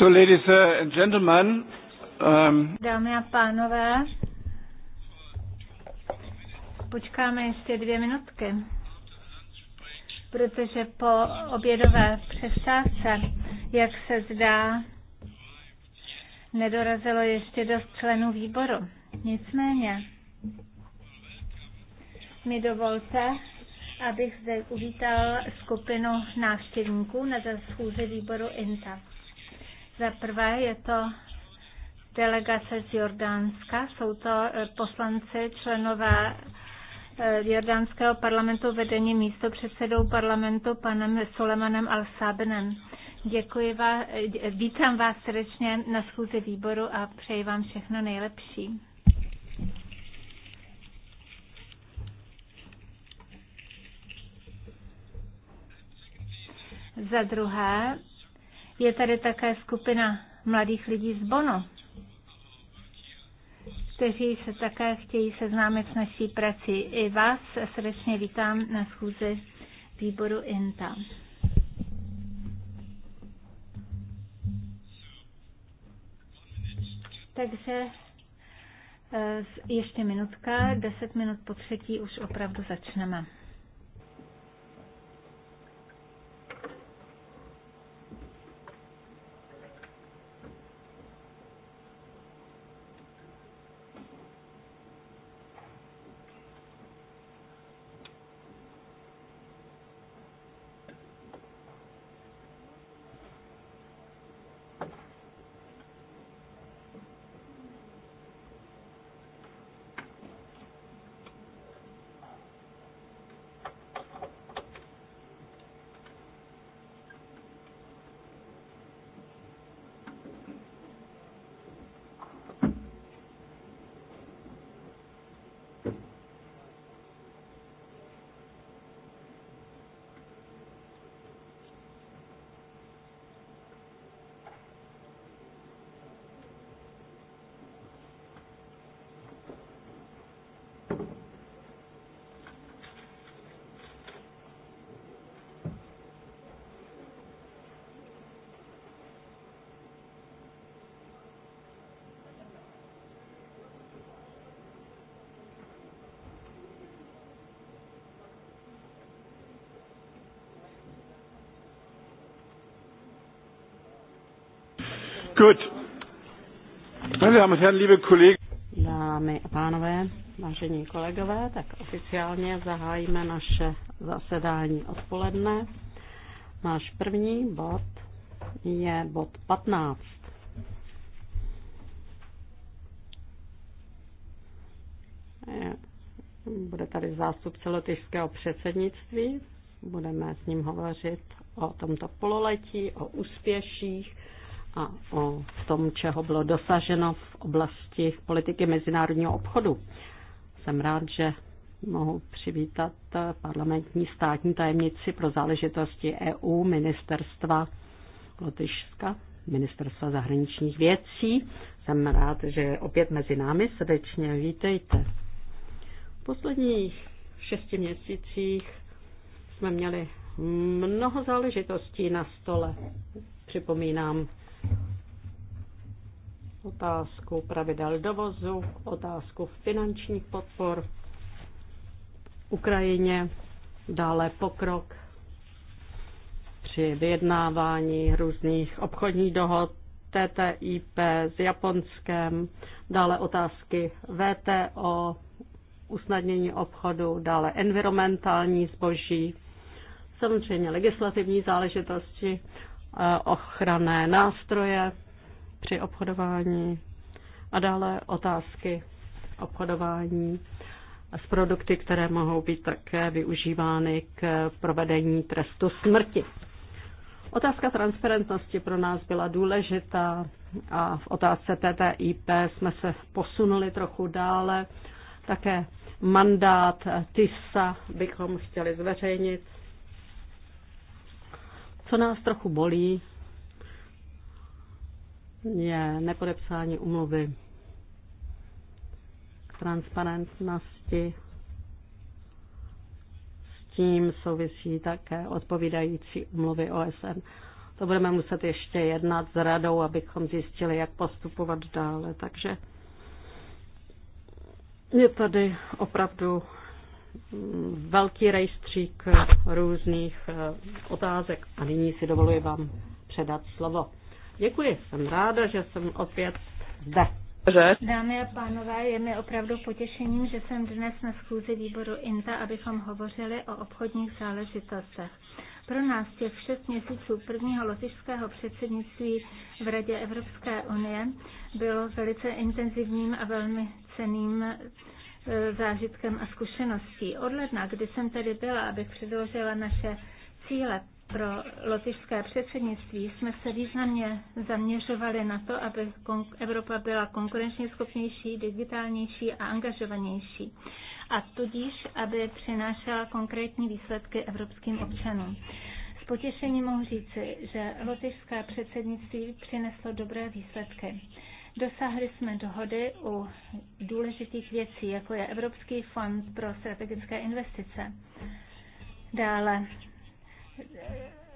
So, ladies uh, and gentlemen, um, Dámy a pánové, počkáme ještě dvě minutky, protože po obědové přestávce, jak se zdá, nedorazilo ještě dost členů výboru. Nicméně mi dovolte, abych zde uvítal skupinu návštěvníků na schůze výboru INTA. Za prvé je to delegace z Jordánska, jsou to eh, poslanci, členové eh, jordánského parlamentu vedení místo předsedou parlamentu panem Sulemanem Al-Sabnem. Děkuji vám vítám vás srdečně na schůzi výboru a přeji vám všechno nejlepší. Za druhé, je tady také skupina mladých lidí z Bono, kteří se také chtějí seznámit s naší prací. I vás srdečně vítám na schůzi výboru INTA. Takže eh, ještě minutka, deset minut po třetí už opravdu začneme. Gut. Meine Damen und Herren, liebe Kollegen. Dámy a pánové, vážení kolegové, tak oficiálně zahájíme naše zasedání odpoledne. Náš první bod je bod 15. Bude tady zástupce lotyšského předsednictví, budeme s ním hovořit o tomto pololetí, o úspěších a o tom, čeho bylo dosaženo v oblasti politiky mezinárodního obchodu. Jsem rád, že mohu přivítat parlamentní státní tajemnici pro záležitosti EU, ministerstva Lotyšska, ministerstva zahraničních věcí. Jsem rád, že je opět mezi námi. Srdečně vítejte. V posledních šesti měsících jsme měli mnoho záležitostí na stole. Připomínám otázku pravidel dovozu, otázku finančních podpor Ukrajině, dále pokrok při vyjednávání různých obchodních dohod TTIP s Japonskem, dále otázky VTO, usnadnění obchodu, dále environmentální zboží, samozřejmě legislativní záležitosti, eh, ochranné nástroje, při obchodování a dále otázky obchodování s produkty, které mohou být také využívány k provedení trestu smrti. Otázka transparentnosti pro nás byla důležitá a v otázce TTIP jsme se posunuli trochu dále. Také mandát TISA bychom chtěli zveřejnit. Co nás trochu bolí, je nepodepsání umluvy k transparentnosti. S tím souvisí také odpovídající umluvy OSN. To budeme muset ještě jednat s radou, abychom zjistili, jak postupovat dále. Takže je tady opravdu velký rejstřík různých eh, otázek a nyní si dovoluji vám předat slovo. Děkuji, jsem ráda, že jsem opět zde. Dámy a pánové, je mi opravdu potěšením, že jsem dnes na schůzi výboru INTA, abychom hovořili o obchodních záležitostech. Pro nás těch šest měsíců prvního lotyšského předsednictví v Radě Evropské unie bylo velice intenzivním a velmi ceným e, zážitkem a zkušeností. Od ledna, kdy jsem tady byla, abych předložila naše cíle pro lotyšské předsednictví jsme se významně zaměřovali na to, aby Evropa byla konkurenčně schopnější, digitálnější a angažovanější a tudíž, aby přinášela konkrétní výsledky evropským občanům. S potěšením mohu říci, že lotyšské předsednictví přineslo dobré výsledky. Dosáhli jsme dohody u důležitých věcí, jako je Evropský fond pro strategické investice. Dále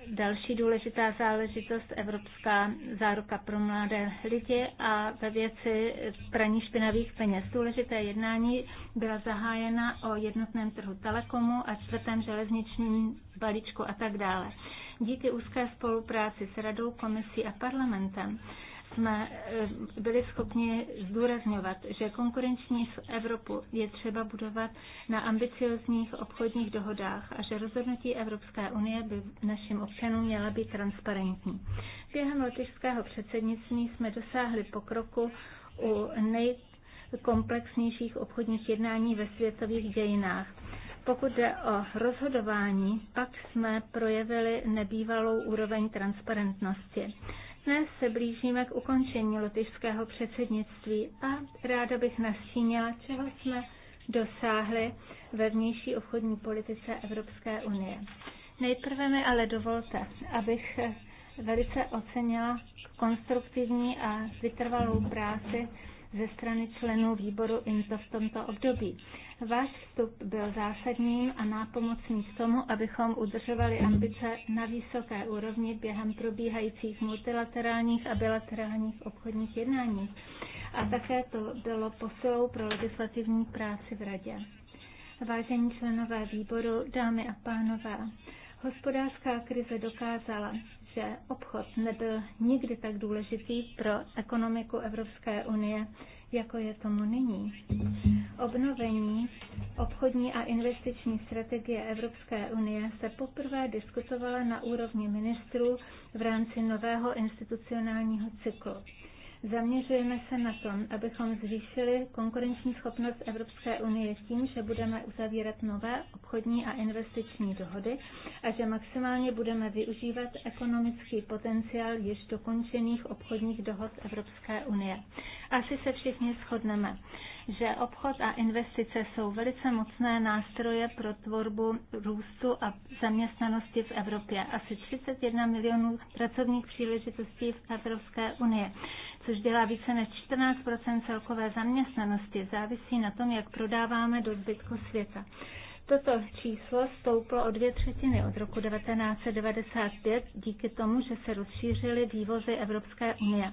další důležitá záležitost Evropská záruka pro mladé lidi a ve věci praní špinavých peněz. Důležité jednání byla zahájena o jednotném trhu telekomu a čtvrtém železničním balíčku a tak dále. Díky úzké spolupráci s Radou, komisí a parlamentem jsme eh, byli schopni zdůrazňovat, že konkurenční Evropu je třeba budovat na ambiciozních obchodních dohodách a že rozhodnutí Evropské unie by našim občanům měla být transparentní. Během lotyšského předsednictví jsme dosáhli pokroku u nejkomplexnějších obchodních jednání ve světových dějinách. Pokud jde o rozhodování, pak jsme projevili nebývalou úroveň transparentnosti. Dnes se blížíme k ukončení lotyšského předsednictví a ráda bych nastínila, čeho jsme dosáhli ve vnější obchodní politice Evropské unie. Nejprve mi ale dovolte, abych velice ocenila konstruktivní a vytrvalou práci ze strany členů výboru INTO v tomto období. Váš vstup byl zásadním a nápomocným k tomu, abychom udržovali ambice na vysoké úrovni během probíhajících multilaterálních a bilaterálních obchodních jednání. A také to bylo posilou pro legislativní práci v Radě. Vážení členové výboru, dámy a pánové, hospodářská krize dokázala, že obchod nebyl nikdy tak důležitý pro ekonomiku Evropské unie, jako je tomu nyní. Obnovení obchodní a investiční strategie Evropské unie se poprvé diskutovala na úrovni ministrů v rámci nového institucionálního cyklu. Zaměřujeme se na tom, abychom zvýšili konkurenční schopnost Evropské unie tím, že budeme uzavírat nové obchodní a investiční dohody a že maximálně budeme využívat ekonomický potenciál již dokončených obchodních dohod Evropské unie. Asi se všichni shodneme, že obchod a investice jsou velice mocné nástroje pro tvorbu růstu a zaměstnanosti v Evropě. Asi 31 milionů pracovních příležitostí v Evropské unie což dělá více než 14 celkové zaměstnanosti, závisí na tom, jak prodáváme do zbytku světa. Toto číslo stouplo o dvě třetiny od roku 1995 díky tomu, že se rozšířily vývozy Evropské unie.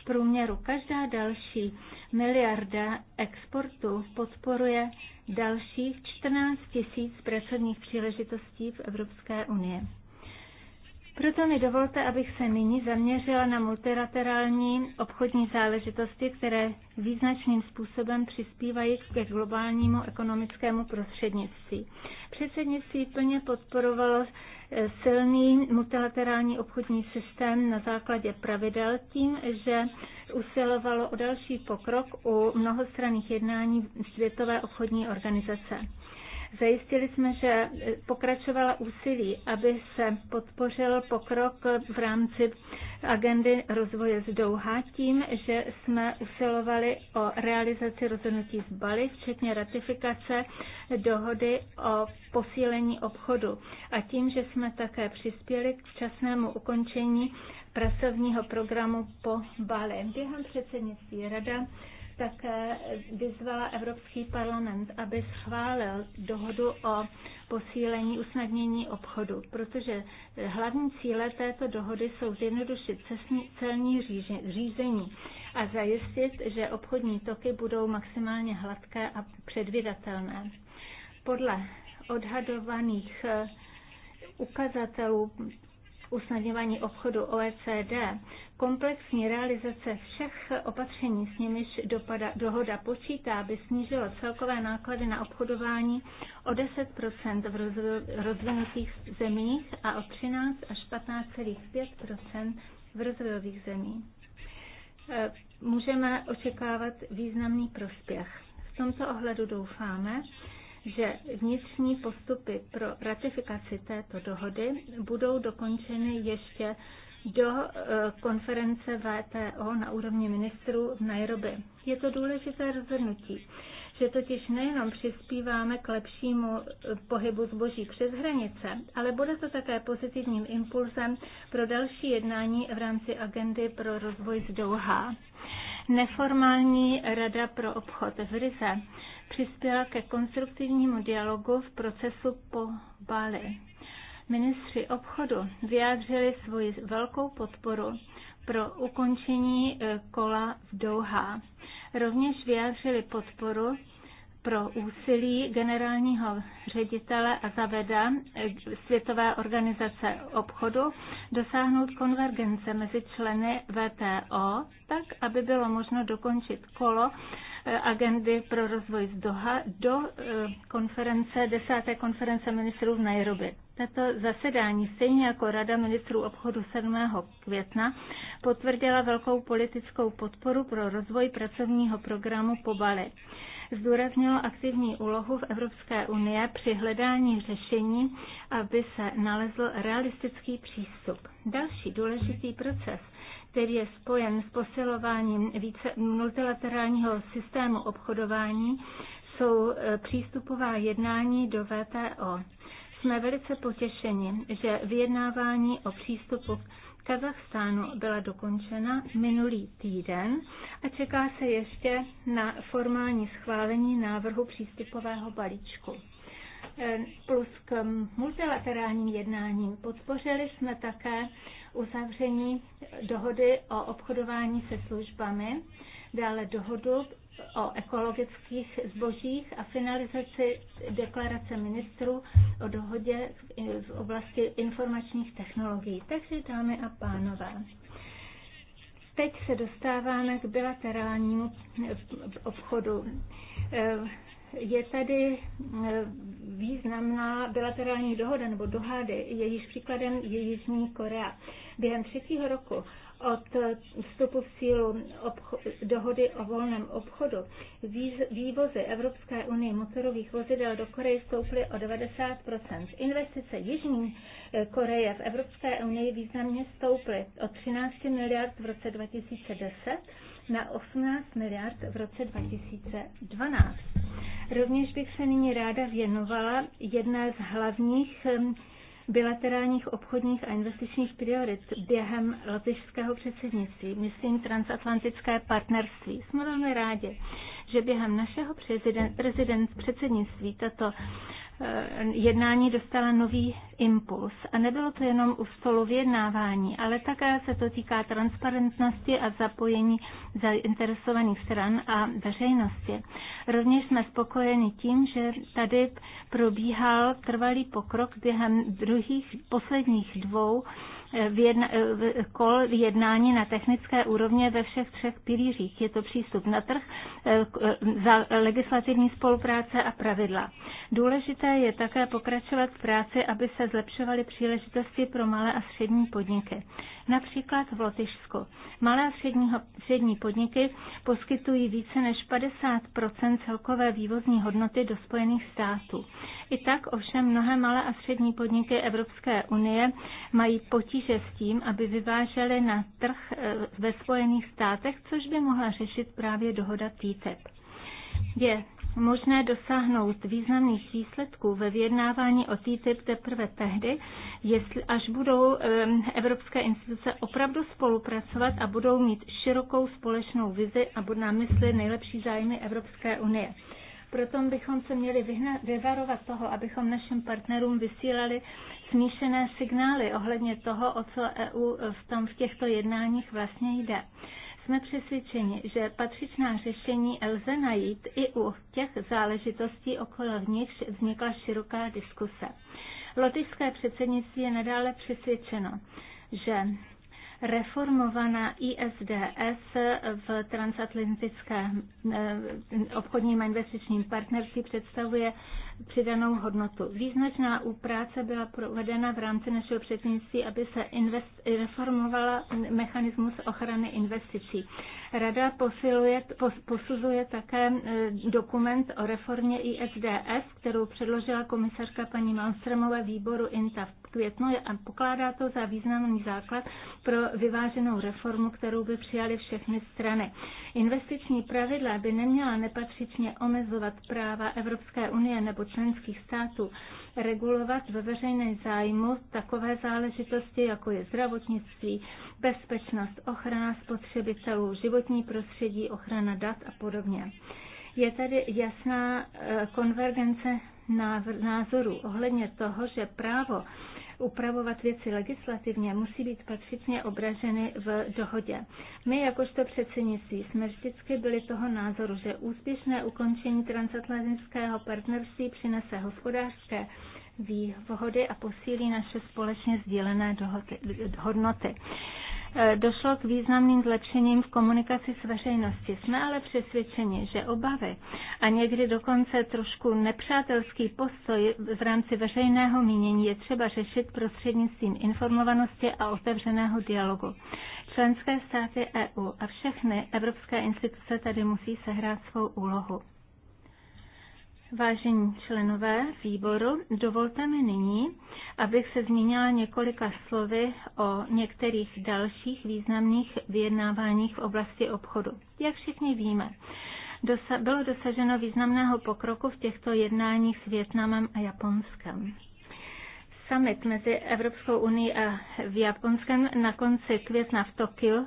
V průměru každá další miliarda exportu podporuje dalších 14 tisíc pracovních příležitostí v Evropské unii. Proto mi dovolte, abych se nyní zaměřila na multilaterální obchodní záležitosti, které význačným způsobem přispívají ke globálnímu ekonomickému prostřednictví. Předsednictví plně podporovalo eh, silný multilaterální obchodní systém na základě pravidel tím, že usilovalo o další pokrok u mnohostranných jednání Světové obchodní organizace. Zajistili jsme, že pokračovala úsilí, aby se podpořil pokrok v rámci agendy rozvoje z Douha tím, že jsme usilovali o realizaci rozhodnutí z Bali, včetně ratifikace dohody o posílení obchodu a tím, že jsme také přispěli k včasnému ukončení pracovního programu po Bali. Během předsednictví rada také vyzvala Evropský parlament, aby schválil dohodu o posílení usnadnění obchodu, protože hlavní cíle této dohody jsou zjednodušit celní řízení a zajistit, že obchodní toky budou maximálně hladké a předvydatelné. Podle odhadovaných eh, ukazatelů usnadňování obchodu OECD, komplexní realizace všech opatření, s nimiž dopada, dohoda počítá, by snížilo celkové náklady na obchodování o 10 v rozvinutých zemích a o 13 až 15,5 v rozvojových zemích. E, můžeme očekávat významný prospěch. V tomto ohledu doufáme, že vnitřní postupy pro ratifikaci této dohody budou dokončeny ještě do eh, konference VTO na úrovni ministrů v Nairobi. Je to důležité rozhodnutí, že totiž nejenom přispíváme k lepšímu eh, pohybu zboží přes hranice, ale bude to také pozitivním impulzem pro další jednání v rámci agendy pro rozvoj z Doha. Neformální rada pro obchod v Rize přispěla ke konstruktivnímu dialogu v procesu po Bali. Ministři obchodu vyjádřili svoji velkou podporu pro ukončení eh, kola v Doha. Rovněž vyjádřili podporu pro úsilí generálního ředitele a zaveda eh, Světové organizace obchodu dosáhnout konvergence mezi členy VTO, tak, aby bylo možno dokončit kolo eh, agendy pro rozvoj z Doha do eh, konference, desáté konference ministrů v Nairobi. Tato zasedání, stejně jako Rada ministrů obchodu 7. května, potvrdila velkou politickou podporu pro rozvoj pracovního programu po Bali zdůraznilo aktivní úlohu v Evropské unie při hledání řešení, aby se nalezl realistický přístup. Další důležitý proces, který je spojen s posilováním více multilaterálního systému obchodování, jsou e, přístupová jednání do VTO. Jsme velice potěšeni, že vyjednávání o přístupu Kazachstánu byla dokončena minulý týden a čeká se ještě na formální schválení návrhu přístupového balíčku. E, plus k multilaterálním jednáním podpořili jsme také uzavření dohody o obchodování se službami, dále dohodu o ekologických zbožích a finalizaci deklarace ministrů o dohodě v oblasti informačních technologií. Takže dámy a pánové, teď se dostáváme k bilaterálnímu obchodu. Je tady významná bilaterální dohoda nebo dohady, jejíž příkladem je Jižní Korea. Během třetího roku od eh, vstupu v sílu dohody o volném obchodu vývozy Evropské unie motorových vozidel do Koreje stouply o 90 Investice Jižní eh, Koreje v Evropské unii významně stouply od 13 miliard v roce 2010 na 18 miliard v roce 2012. Rovněž bych se nyní ráda věnovala jedné z hlavních eh, bilaterálních obchodních a investičních priorit během lotyšského předsednictví, myslím transatlantické partnerství. Jsme velmi rádi, že během našeho prezident, prezident předsednictví tato Eh, jednání dostala nový impuls. A nebylo to jenom u stolu vyjednávání, ale také se to týká transparentnosti a zapojení zainteresovaných stran a veřejnosti. Rovněž jsme spokojeni tím, že tady probíhal trvalý pokrok během druhých, posledních dvou v kol jednání na technické úrovně ve všech třech pilířích. Je to přístup na trh, eh, eh, za legislativní spolupráce a pravidla. Důležité je také pokračovat v práci, aby se zlepšovaly příležitosti pro malé a střední podniky. Například v Lotyšsku. Malé a střední, střední podniky poskytují více než 50 celkové vývozní hodnoty do Spojených států. I tak ovšem mnohé malé a střední podniky Evropské unie mají potíže potíže s tím, aby vyvážely na trh eh, ve Spojených státech, což by mohla řešit právě dohoda TTIP. E Je možné dosáhnout významných výsledků ve vyjednávání o TTIP e teprve tehdy, jestli až budou ehm, evropské instituce opravdu spolupracovat a budou mít širokou společnou vizi a budou na mysli nejlepší zájmy Evropské unie. Proto bychom se měli vyvarovat toho, abychom našim partnerům vysílali smíšené signály ohledně toho, o co EU v, tom, v těchto jednáních vlastně jde jsme přesvědčeni, že patřičná řešení lze najít i u těch záležitostí, okolo nich vznikla široká diskuse. Lotyšské předsednictví je nadále přesvědčeno, že reformovaná ISDS v transatlantickém eh, obchodním a investičním partnerství představuje přidanou hodnotu. Význačná úpráce byla provedena v rámci našeho předsednictví, aby se invest, reformovala mechanismus ochrany investicí. Rada posiluje, pos, posuzuje také e, dokument o reformě ISDS, kterou předložila komisařka paní Malmströmové výboru INTA v květnu a pokládá to za významný základ pro vyváženou reformu, kterou by přijali všechny strany. Investiční pravidla by neměla nepatřičně omezovat práva Evropské unie nebo členských států regulovat ve veřejném zájmu takové záležitosti, jako je zdravotnictví, bezpečnost, ochrana spotřebitelů, životní prostředí, ochrana dat a podobně. Je tady jasná eh, konvergence názorů ohledně toho, že právo upravovat věci legislativně, musí být patřičně obraženy v dohodě. My jakožto předsednictví jsme vždycky byli toho názoru, že úspěšné ukončení transatlantického partnerství přinese hospodářské výhody a posílí naše společně sdílené dohody, hodnoty došlo k významným zlepšením v komunikaci s veřejností. Jsme ale přesvědčeni, že obavy a někdy dokonce trošku nepřátelský postoj v rámci veřejného mínění je třeba řešit prostřednictvím informovanosti a otevřeného dialogu. Členské státy EU a všechny evropské instituce tady musí sehrát svou úlohu. Vážení členové výboru, dovolte mi nyní, abych se zmínila několika slovy o některých dalších významných vyjednáváních v oblasti obchodu. Jak všichni víme, dosa- bylo dosaženo významného pokroku v těchto jednáních s Větnamem a Japonskem summit mezi Evropskou unii a v Japonském na konci května v Tokiu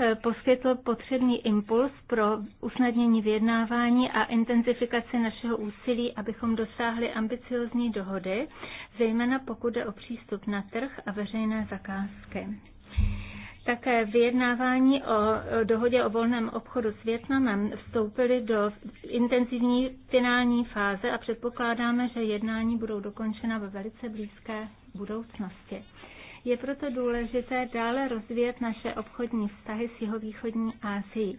eh, poskytl potřebný impuls pro usnadnění vyjednávání a intenzifikaci našeho úsilí, abychom dosáhli ambiciozní dohody, zejména pokud jde o přístup na trh a veřejné zakázky. Také vyjednávání o dohodě o volném obchodu s Větnamem vstoupily do intenzivní finální fáze a předpokládáme, že jednání budou dokončena ve velice blízké budoucnosti. Je proto důležité dále rozvíjet naše obchodní vztahy s jihovýchodní Asií.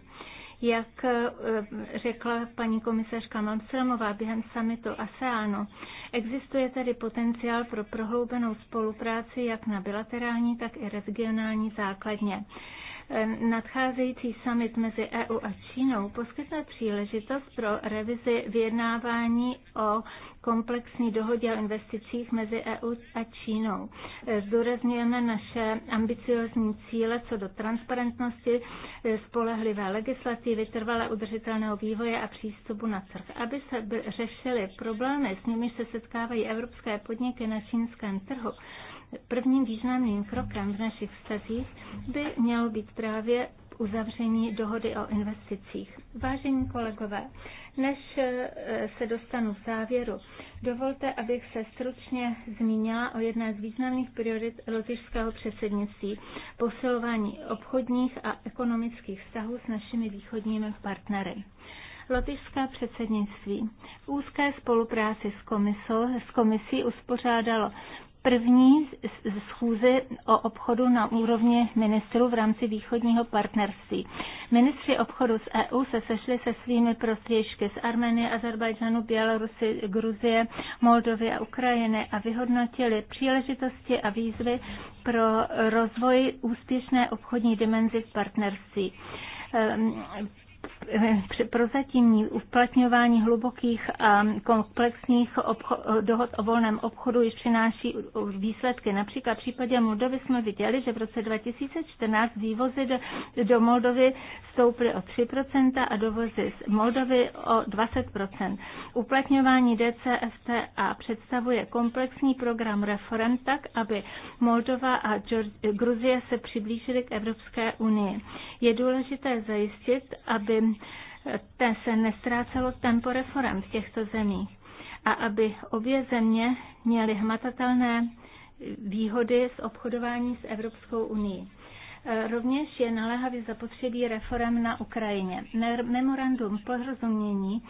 Jak eh, řekla paní komisařka Malmstromová během samitu ASEANu, existuje tedy potenciál pro prohloubenou spolupráci jak na bilaterální, tak i regionální základně. Eh, nadcházející summit mezi EU a Čínou poskytne příležitost pro revizi vyjednávání o komplexní dohodě o investicích mezi EU a Čínou. Eh, zdůrazňujeme naše ambiciozní cíle co do transparentnosti, eh, spolehlivé legislativy, trvalé udržitelného vývoje a přístupu na trh. Aby se řešily problémy, s nimiž se setkávají evropské podniky na čínském trhu, Prvním významným krokem v našich vztazích by mělo být právě uzavření dohody o investicích. Vážení kolegové, než e, se dostanu k závěru, dovolte, abych se stručně zmínila o jedné z významných priorit lotyšského předsednictví posilování obchodních a ekonomických vztahů s našimi východními partnery lotyšské předsednictví. V úzké spolupráci s, komisou, s komisí uspořádalo první schůzi o obchodu na úrovni ministrů v rámci východního partnerství. Ministři obchodu z EU se sešli se svými protěžky z Armenie, Azerbajdžanu, Bělorusy, Gruzie, Moldovy a Ukrajiny a vyhodnotili příležitosti a výzvy pro rozvoj úspěšné obchodní dimenzi v partnerství ehm, prozatímní uplatňování hlubokých a komplexních dohod o volném obchodu již přináší výsledky. Například v případě Moldovy jsme viděli, že v roce 2014 vývozy do, Moldovy stouply o 3% a dovozy z Moldovy o 20%. Uplatňování DCFTA představuje komplexní program reform tak, aby Moldova a Gruzie se přiblížily k Evropské unii. Je důležité zajistit, aby ten se nestrácelo tempo reform v těchto zemích a aby obě země měly hmatatelné výhody z obchodování s Evropskou unii. Eh, rovněž je naléhavě zapotřebí reform na Ukrajině. Memorandum porozumění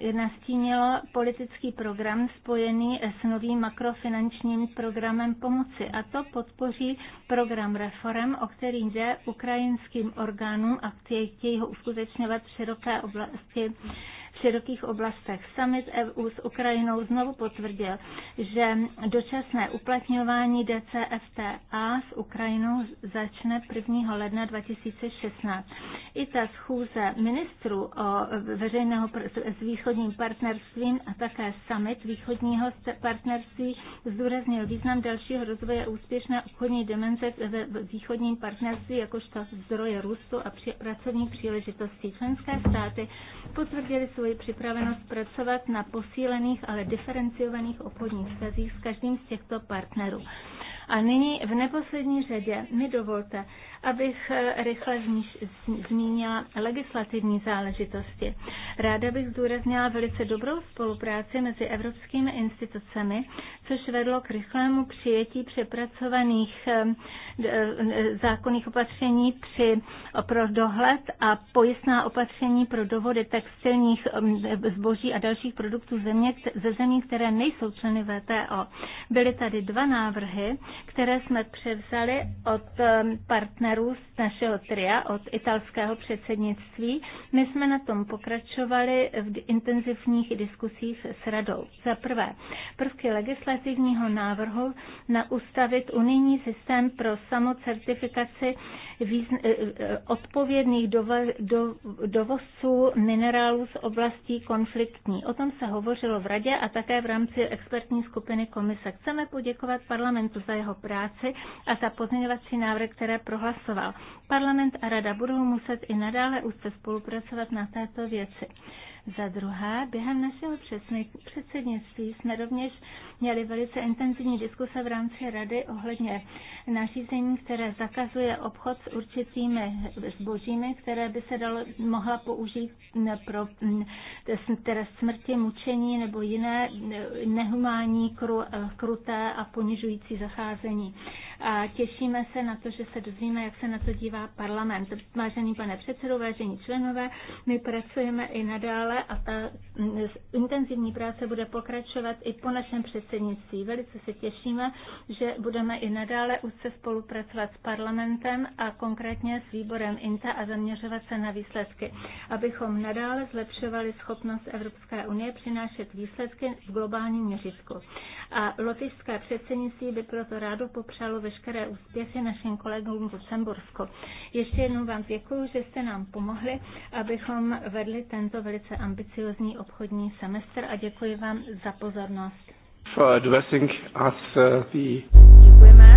eh, nastínilo politický program spojený eh, s novým makrofinančním programem pomoci a to podpoří program reform, o který jde ukrajinským orgánům a chtějí ho uskutečňovat v široké oblasti širokých oblastech. Summit EU s Ukrajinou znovu potvrdil, že dočasné uplatňování DCFTA s Ukrajinou začne 1. ledna 2016. I ta schůze ministrů o veřejného s východním partnerstvím a také summit východního partnerství zdůraznil význam dalšího rozvoje úspěšné obchodní dimenze ve východním partnerství jakožto zdroje růstu a při, pracovní příležitosti. Členské státy potvrdili svůj svoji připravenost pracovat na posílených, ale diferenciovaných obchodních vztazích s každým z těchto partnerů. A nyní v neposlední řadě mi dovolte, abych eh, rychle zmínila legislativní záležitosti. Ráda bych zdůraznila velice dobrou spolupráci mezi evropskými institucemi, což vedlo k rychlému přijetí přepracovaných eh, eh, zákonných opatření při, pro dohled a pojistná opatření pro dovody textilních mm, zboží a dalších produktů země, ze zemí, které nejsou členy VTO. Byly tady dva návrhy, které jsme převzali od partnerů nárůst našeho tria od italského předsednictví. My jsme na tom pokračovali v intenzivních diskusích s radou. Za prvé, prvky legislativního návrhu na ustavit unijní systém pro samocertifikaci eh, eh, odpovědných dovozců minerálů z oblastí konfliktní. O tom se hovořilo v radě a také v rámci expertní skupiny komise. Chceme poděkovat parlamentu za jeho práci a za pozměňovací návrh, které prohlásil hlasoval. Parlament a rada budou muset i nadále úzce spolupracovat na této věci. Za druhé, během našeho předsednictví jsme rovněž měli velice intenzivní diskuse v rámci rady ohledně nařízení, které zakazuje obchod s určitými zbožími, které by se dalo, mohla použít pro které mm, smrti, mučení nebo jiné mm, nehumání, kru, kruté a ponižující zacházení. A těšíme se na to, že se dozvíme, jak se na to dívá parlament. Vážený pane předsedo, vážení členové, my pracujeme i nadále dále a ta mm, intenzivní práce bude pokračovat i po našem předsednictví. Velice se těšíme, že budeme i nadále úzce spolupracovat s parlamentem a konkrétně s výborem INTA a zaměřovat se na výsledky, abychom nadále zlepšovali schopnost Evropské unie přinášet výsledky v globálním měřitku. A lotyšské předsednictví by proto rádo popřálo veškeré úspěchy našim kolegům v Lucembursku. Ještě jednou vám děkuji, že jste nám pomohli, abychom vedli tento velice ambiciozní obchodní semestr a děkuji vám za pozornost. For addressing us, uh, the... Děkujeme.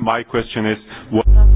my question is what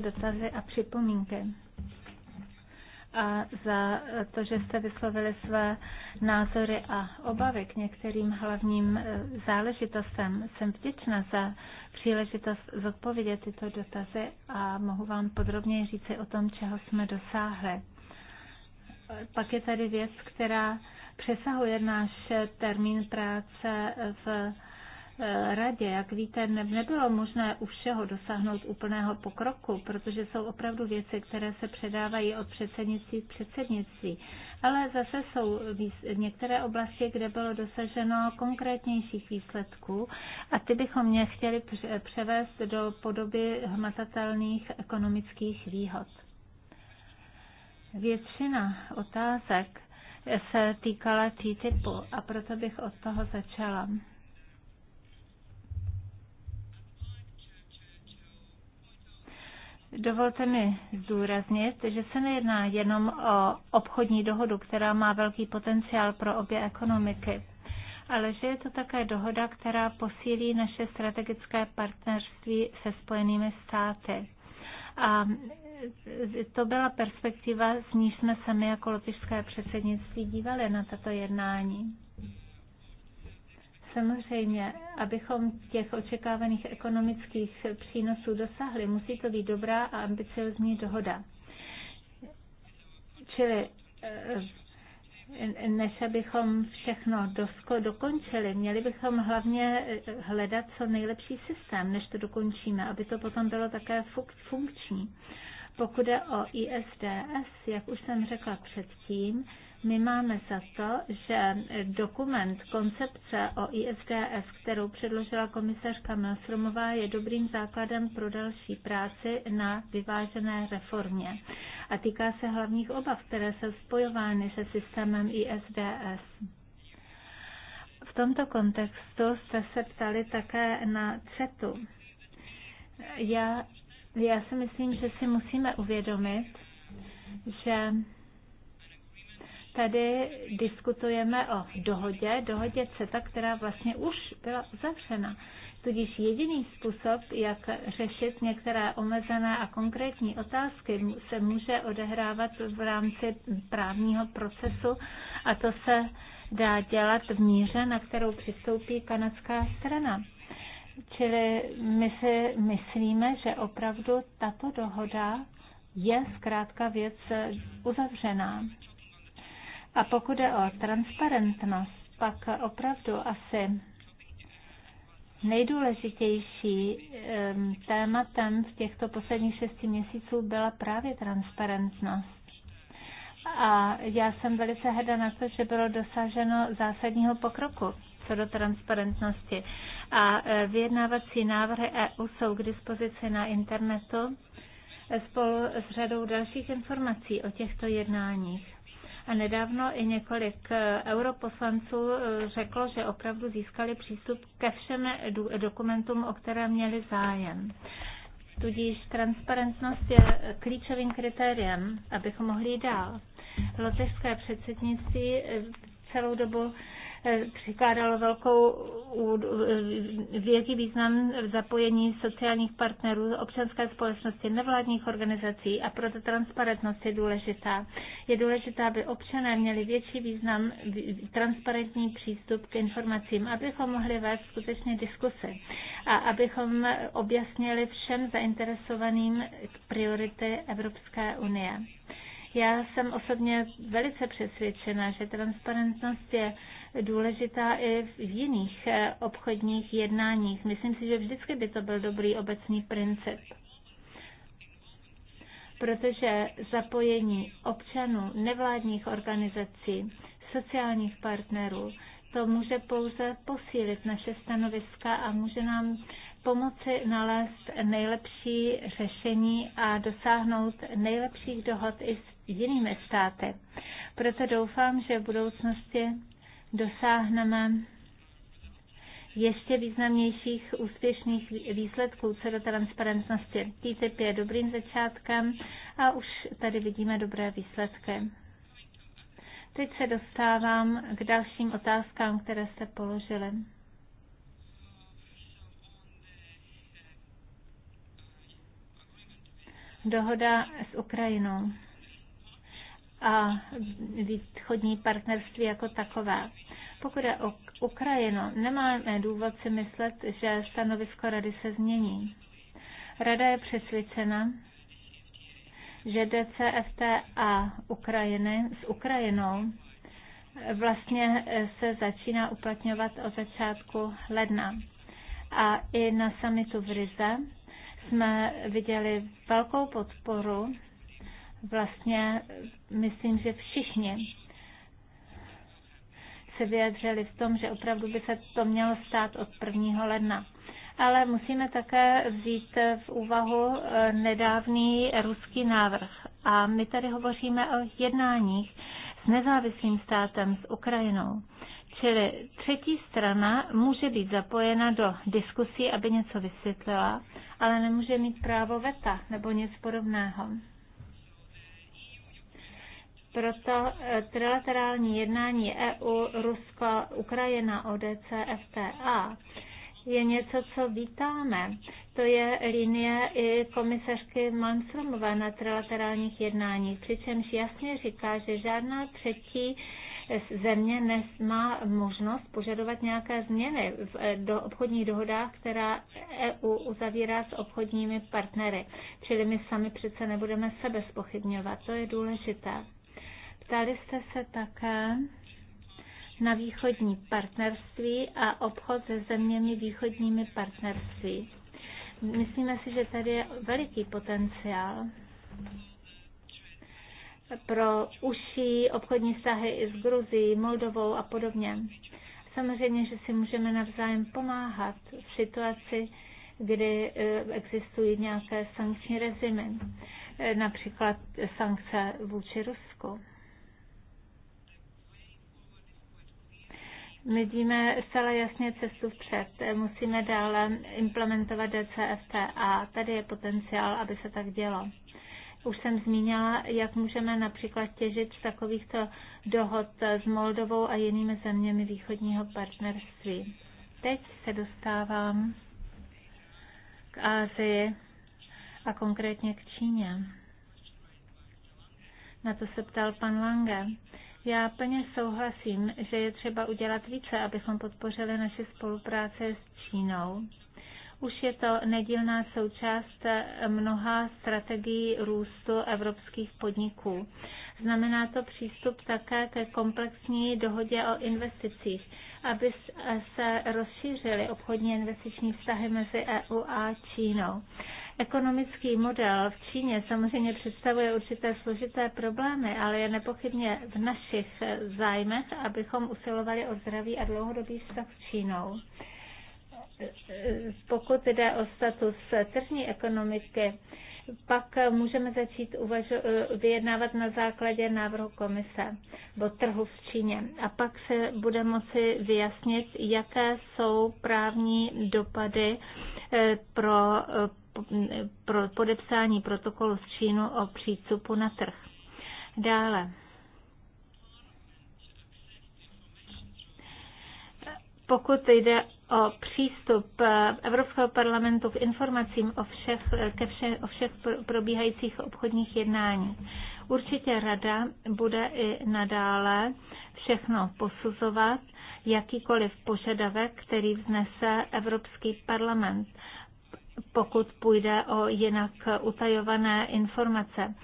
dotazy a připomínky a za to, že jste vyslovili své názory a obavy k některým hlavním eh, záležitostem. Jsem vděčná za příležitost zodpovědět tyto dotazy a mohu vám podrobněji říci o tom, čeho jsme dosáhli. Pak je tady věc, která přesahuje náš termín práce v radě, jak víte, nebylo možné u všeho dosáhnout úplného pokroku, protože jsou opravdu věci, které se předávají od předsednictví k předsednictví. Ale zase jsou některé oblasti, kde bylo dosaženo konkrétnějších výsledků a ty bychom mě chtěli převést do podoby hmatatelných ekonomických výhod. Většina otázek se týkala TTIPu a proto bych od toho začala. Dovolte mi zdůraznit, že se nejedná jenom o obchodní dohodu, která má velký potenciál pro obě ekonomiky, ale že je to také dohoda, která posílí naše strategické partnerství se Spojenými státy. A to byla perspektiva, z níž jsme sami jako lotyšské předsednictví dívali na tato jednání. Samozřejmě, abychom těch očekávaných ekonomických přínosů dosáhli, musí to být dobrá a ambiciozní dohoda. Čili eh, než abychom všechno dosko dokončili, měli bychom hlavně eh, hledat co nejlepší systém, než to dokončíme, aby to potom bylo také funkční. Pokud je o ISDS, jak už jsem řekla předtím, my máme za to, že dokument koncepce o IFDF, kterou předložila komisařka Milstromová, je dobrým základem pro další práci na vyvážené reformě a týká se hlavních obav, které jsou spojovány se systémem ISDS. V tomto kontextu jste se ptali také na CETu. Já, já si myslím, že si musíme uvědomit, že tady diskutujeme o dohodě, dohodě CETA, která vlastně už byla uzavřena. Tudíž jediný způsob, jak řešit některé omezené a konkrétní otázky, se může odehrávat v rámci právního procesu a to se dá dělat v míře, na kterou přistoupí kanadská strana. Čili my si myslíme, že opravdu tato dohoda je zkrátka věc uzavřená. A pokud je o transparentnost, pak opravdu asi nejdůležitější ehm, tématem v těchto posledních šesti měsíců byla právě transparentnost. A já jsem velice hrdá na to, že bylo dosaženo zásadního pokroku co do transparentnosti. A e, vyjednávací návrhy EU jsou k dispozici na internetu spolu s řadou dalších informací o těchto jednáních. A nedávno i několik eh, europoslanců eh, řeklo, že opravdu získali přístup ke všem dokumentům, o které měli zájem. Tudíž transparentnost je klíčovým kritériem, abychom mohli jít dál. Lotyšské předsednictví eh, celou dobu Eh, přikládalo velkou eh, větší význam v zapojení sociálních partnerů, občanské společnosti, nevládních organizací a proto transparentnost je důležitá. Je důležité, aby občané měli větší význam, transparentní přístup k informacím, abychom mohli vést skutečně diskusy a abychom objasnili všem zainteresovaným priority Evropské unie. Já jsem osobně velice přesvědčena, že transparentnost je důležitá i v jiných eh, obchodních jednáních. Myslím si, že vždycky by to byl dobrý obecný princip protože zapojení občanů, nevládních organizací, sociálních partnerů, to může pouze posílit naše stanoviska a může nám pomoci nalézt nejlepší řešení a dosáhnout nejlepších dohod i s jinými státy. Proto doufám, že v budoucnosti dosáhneme ještě významnějších úspěšných výsledků co do transparentnosti. TTIP je dobrým začátkem a už tady vidíme dobré výsledky. Teď se dostávám k dalším otázkám, které jste položili. Dohoda s Ukrajinou a východní partnerství jako takové. Pokud je o Ukrajinu, nemáme důvod si myslet, že stanovisko Rady se změní. Rada je přesvědčena, že a Ukrajiny s Ukrajinou vlastně se začíná uplatňovat od začátku ledna. A i na samitu v Rize jsme viděli velkou podporu vlastně myslím, že všichni se vyjadřili v tom, že opravdu by se to mělo stát od 1. ledna. Ale musíme také vzít v úvahu eh, nedávný ruský návrh. A my tady hovoříme o jednáních s nezávislým státem, s Ukrajinou. Čili třetí strana může být zapojena do diskusí, aby něco vysvětlila, ale nemůže mít právo veta nebo nic podobného. Proto eh, trilaterální jednání EU, Rusko, Ukrajina, ODC, FTA je něco, co vítáme. To je linie i komisařky Manstromové na trilaterálních jednáních, přičemž jasně říká, že žádná třetí země nemá možnost požadovat nějaké změny v eh, do obchodních dohodách, která EU uzavírá s obchodními partnery. Čili my sami přece nebudeme sebe spochybňovat. To je důležité. Ptali jste se také na východní partnerství a obchod se zeměmi východními partnerství. Myslíme si, že tady je veliký potenciál pro užší obchodní vztahy i s Gruzií, Moldovou a podobně. Samozřejmě, že si můžeme navzájem pomáhat v situaci, kdy e, existují nějaké sankční režimy, e, například sankce vůči Rusku. Vidíme zcela jasně cestu vpřed. Musíme dále implementovat DCFT a tady je potenciál, aby se tak dělo. Už jsem zmínila, jak můžeme například těžit z takovýchto dohod s Moldovou a jinými zeměmi východního partnerství. Teď se dostávám k Ázii a konkrétně k Číně. Na to se ptal pan Lange. Já plně souhlasím, že je třeba udělat více, abychom podpořili naše spolupráce s Čínou. Už je to nedílná součást mnoha strategií růstu evropských podniků. Znamená to přístup také ke komplexní dohodě o investicích, aby se rozšířily obchodní investiční vztahy mezi EU a Čínou. Ekonomický model v Číně samozřejmě představuje určité složité problémy, ale je nepochybně v našich zájmech, abychom usilovali o zdravý a dlouhodobý vztah s Čínou. Pokud jde o status tržní ekonomiky, pak můžeme začít uvažu- vyjednávat na základě návrhu komise o trhu v Číně. A pak se bude moci vyjasnit, jaké jsou právní dopady eh, pro eh, pro podepsání protokolu s Čínou o přístupu na trh. Dále. Pokud jde o přístup Evropského parlamentu k informacím o všech, ke vše, o všech probíhajících obchodních jednání. Určitě rada bude i nadále všechno posuzovat, jakýkoliv požadavek, který vznese Evropský parlament pokud půjde o jinak utajované informace,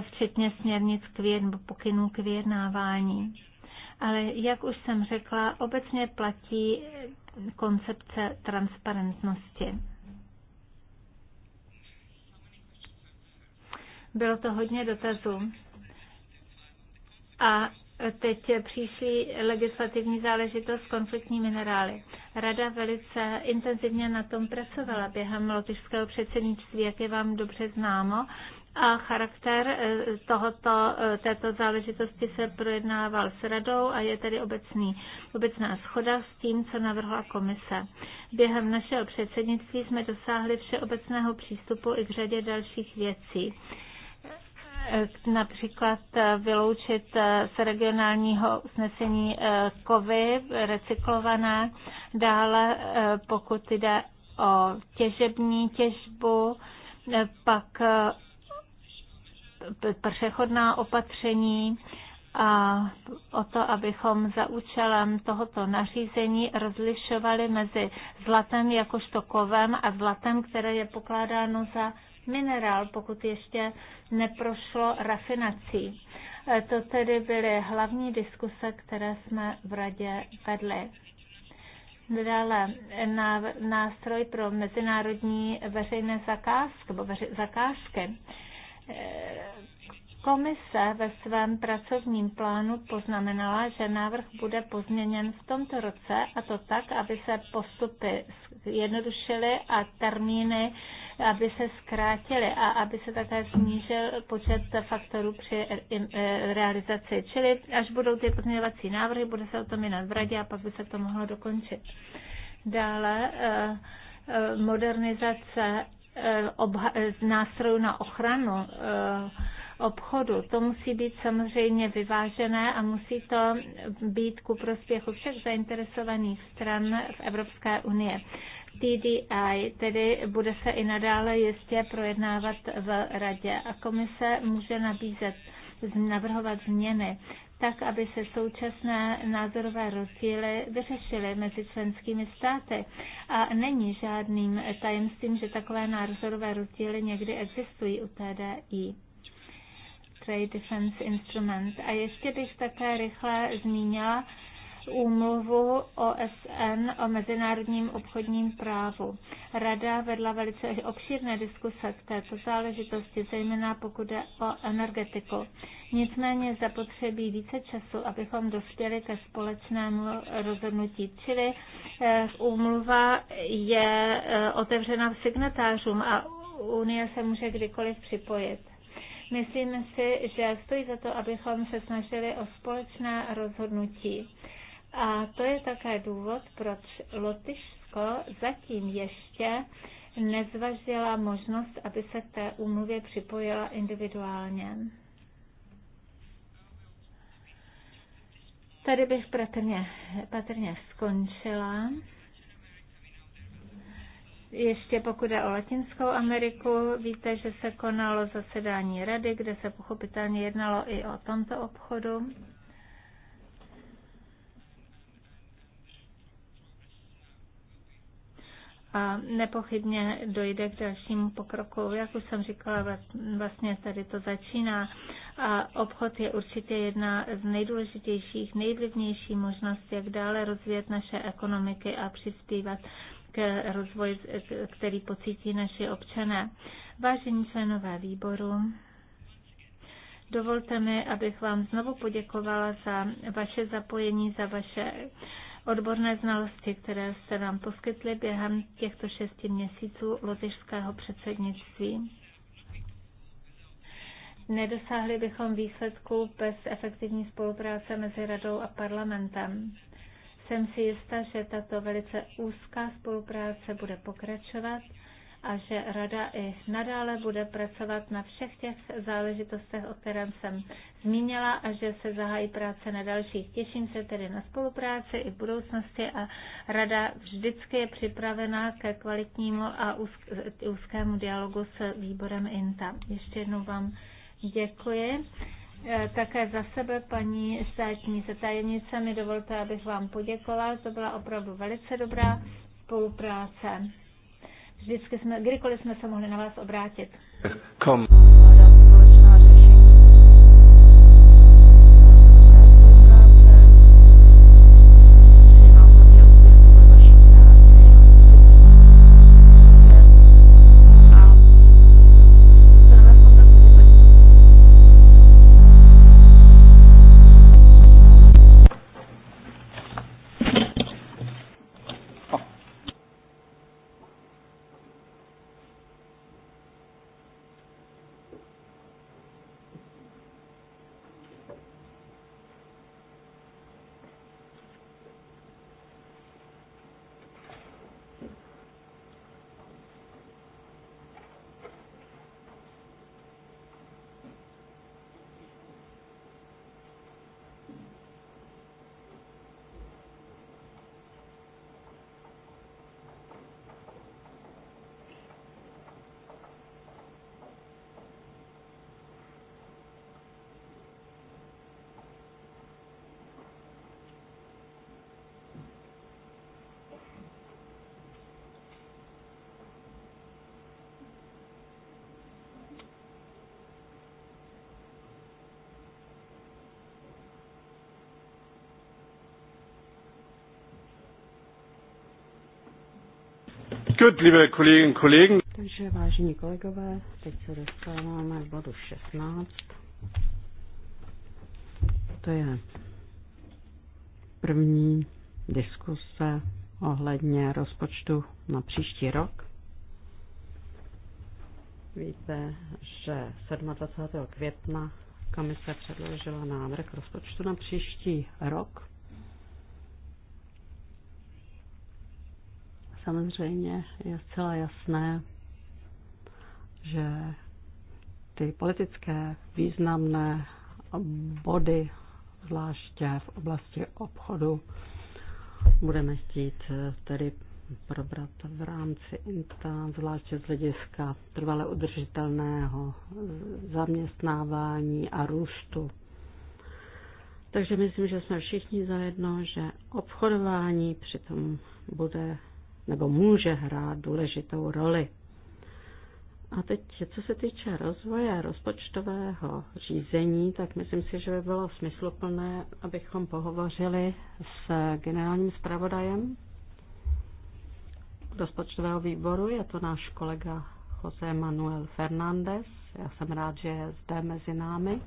včetně směrnic k vyjedn- pokynů k vyjednávání. Ale jak už jsem řekla, obecně platí koncepce transparentnosti. Bylo to hodně dotazů. A teď přišly legislativní záležitost s konfliktní minerály. Rada velice intenzivně na tom pracovala během lotyšského předsednictví, jak je vám dobře známo. A charakter eh, tohoto, eh, této záležitosti se projednával s radou a je tedy obecný, obecná schoda s tím, co navrhla komise. Během našeho předsednictví jsme dosáhli všeobecného přístupu i k řadě dalších věcí například eh, vyloučit eh, z regionálního usnesení eh, kovy recyklované, dále pokud jde o těžební těžbu, pak přechodná opatření a o to, abychom za účelem tohoto nařízení rozlišovali mezi zlatem jakožto kovem a zlatem, které je pokládáno za minerál, pokud ještě neprošlo rafinací. E, to tedy byly hlavní diskuse, které jsme v radě vedli. Dále na nástroj pro mezinárodní veřejné zakázky, nebo veři, zakázky. E, komise ve svém pracovním plánu poznamenala, že návrh bude pozměněn v tomto roce a to tak, aby se postupy jednodušily a termíny aby se zkrátily a aby se také snížil počet faktorů při e, e, realizaci. Čili až budou ty pozměňovací návrhy, bude se o tom jednat v radě a pak by se to mohlo dokončit. Dále e, modernizace nástrojů na ochranu obchodu. To musí být samozřejmě vyvážené a musí to být ku prospěchu všech zainteresovaných stran v Evropské unie. TDI, tedy bude se i nadále jistě projednávat v radě a komise může nabízet, navrhovat změny tak, aby se současné názorové rozdíly vyřešily mezi členskými státy. A není žádným tajemstvím, že takové názorové rozdíly někdy existují u TDI. Trade Defense Instrument. A ještě bych také rychle zmínila, úmluvu OSN o mezinárodním obchodním právu. Rada vedla velice obšírné diskuse k této záležitosti, zejména pokud jde o energetiku. Nicméně zapotřebí více času, abychom dospěli ke společnému rozhodnutí. Čili eh, úmluva je eh, otevřena signatářům a Unie se může kdykoliv připojit. Myslím si, že stojí za to, abychom se snažili o společné rozhodnutí. A to je také důvod, proč Lotyšsko zatím ještě nezvažila možnost, aby se k té úmluvě připojila individuálně. Tady bych patrně, patrně skončila. Ještě pokud je o Latinskou Ameriku, víte, že se konalo zasedání rady, kde se pochopitelně jednalo i o tomto obchodu. a nepochybně dojde k dalšímu pokroku. Jak už jsem říkala, vlastně tady to začíná a obchod je určitě jedna z nejdůležitějších, nejvlivnějších možností, jak dále rozvíjet naše ekonomiky a přispívat k rozvoji, který pocítí naši občané. Vážení členové výboru, dovolte mi, abych vám znovu poděkovala za vaše zapojení, za vaše odborné znalosti, které se nám poskytly během těchto šesti měsíců lotyšského předsednictví. Nedosáhli bychom výsledku bez efektivní spolupráce mezi radou a parlamentem. Jsem si jistá, že tato velice úzká spolupráce bude pokračovat a že Rada i nadále bude pracovat na všech těch záležitostech, o kterém jsem zmínila a že se zahájí práce na dalších. Těším se tedy na spolupráci i v budoucnosti a Rada vždycky je připravená ke kvalitnímu a úzkému dialogu s výborem INTA. Ještě jednou vám děkuji e, také za sebe, paní státní zatajenice, mi dovolte, abych vám poděkovala. To byla opravdu velice dobrá spolupráce. Vždycky jsme, kdykoliv jsme se mohli na vás obrátit. Kom. Gut, liebe Kolleginnen und Kollegen. Takže vážení kolegové, teď se dostáváme k bodu 16. To je první diskuse ohledně rozpočtu na příští rok. Víte, že 27. května komise předložila návrh rozpočtu na příští rok Samozřejmě je zcela jasné, že ty politické významné body, zvláště v oblasti obchodu, budeme chtít eh, tedy probrat v rámci INTA, zvláště z hlediska trvale udržitelného eh, zaměstnávání a růstu. Takže myslím, že jsme všichni zajedno, že obchodování přitom bude nebo může hrát důležitou roli. A teď, co se týče rozvoje rozpočtového řízení, tak myslím si, že by bylo smysluplné, abychom pohovořili s generálním zpravodajem rozpočtového výboru. Je to náš kolega José Manuel Fernández. Já jsem rád, že je zde mezi námi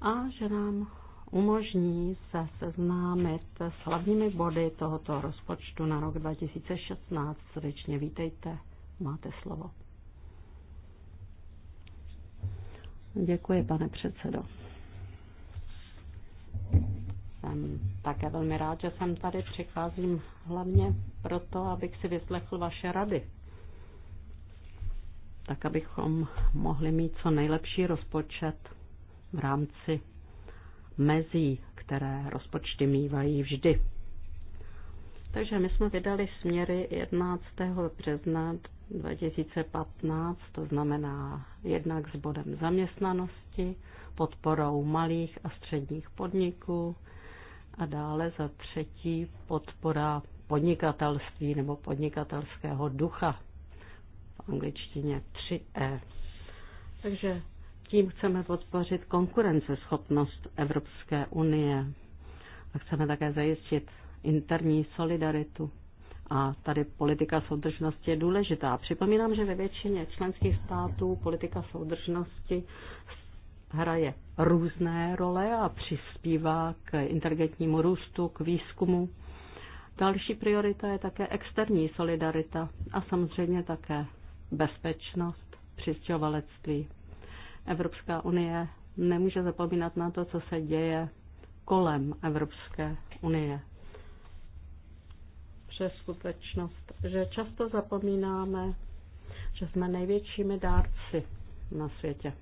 a že nám umožní se seznámit s hlavními body tohoto rozpočtu na rok 2016. Srdečně vítejte, máte slovo. Děkuji, pane předsedo. Jsem také velmi rád, že jsem tady. Přicházím hlavně proto, abych si vyslechl vaše rady. Tak, abychom mohli mít co nejlepší rozpočet v rámci mezí, které rozpočty mývají vždy. Takže my jsme vydali směry 11. března 2015, to znamená jednak s bodem zaměstnanosti, podporou malých a středních podniků a dále za třetí podpora podnikatelství nebo podnikatelského ducha v angličtině 3E. Takže tím chceme podpořit konkurenceschopnost Evropské unie a chceme také zajistit interní solidaritu. A tady politika soudržnosti je důležitá. Připomínám, že ve většině členských států politika soudržnosti hraje různé role a přispívá k inteligentnímu růstu, k výzkumu. Další priorita je také externí solidarita a samozřejmě také bezpečnost, přistěhovalectví Evropská unie nemůže zapomínat na to, co se děje kolem Evropské unie. Přes skutečnost, že často zapomínáme, že jsme největšími dárci na světě.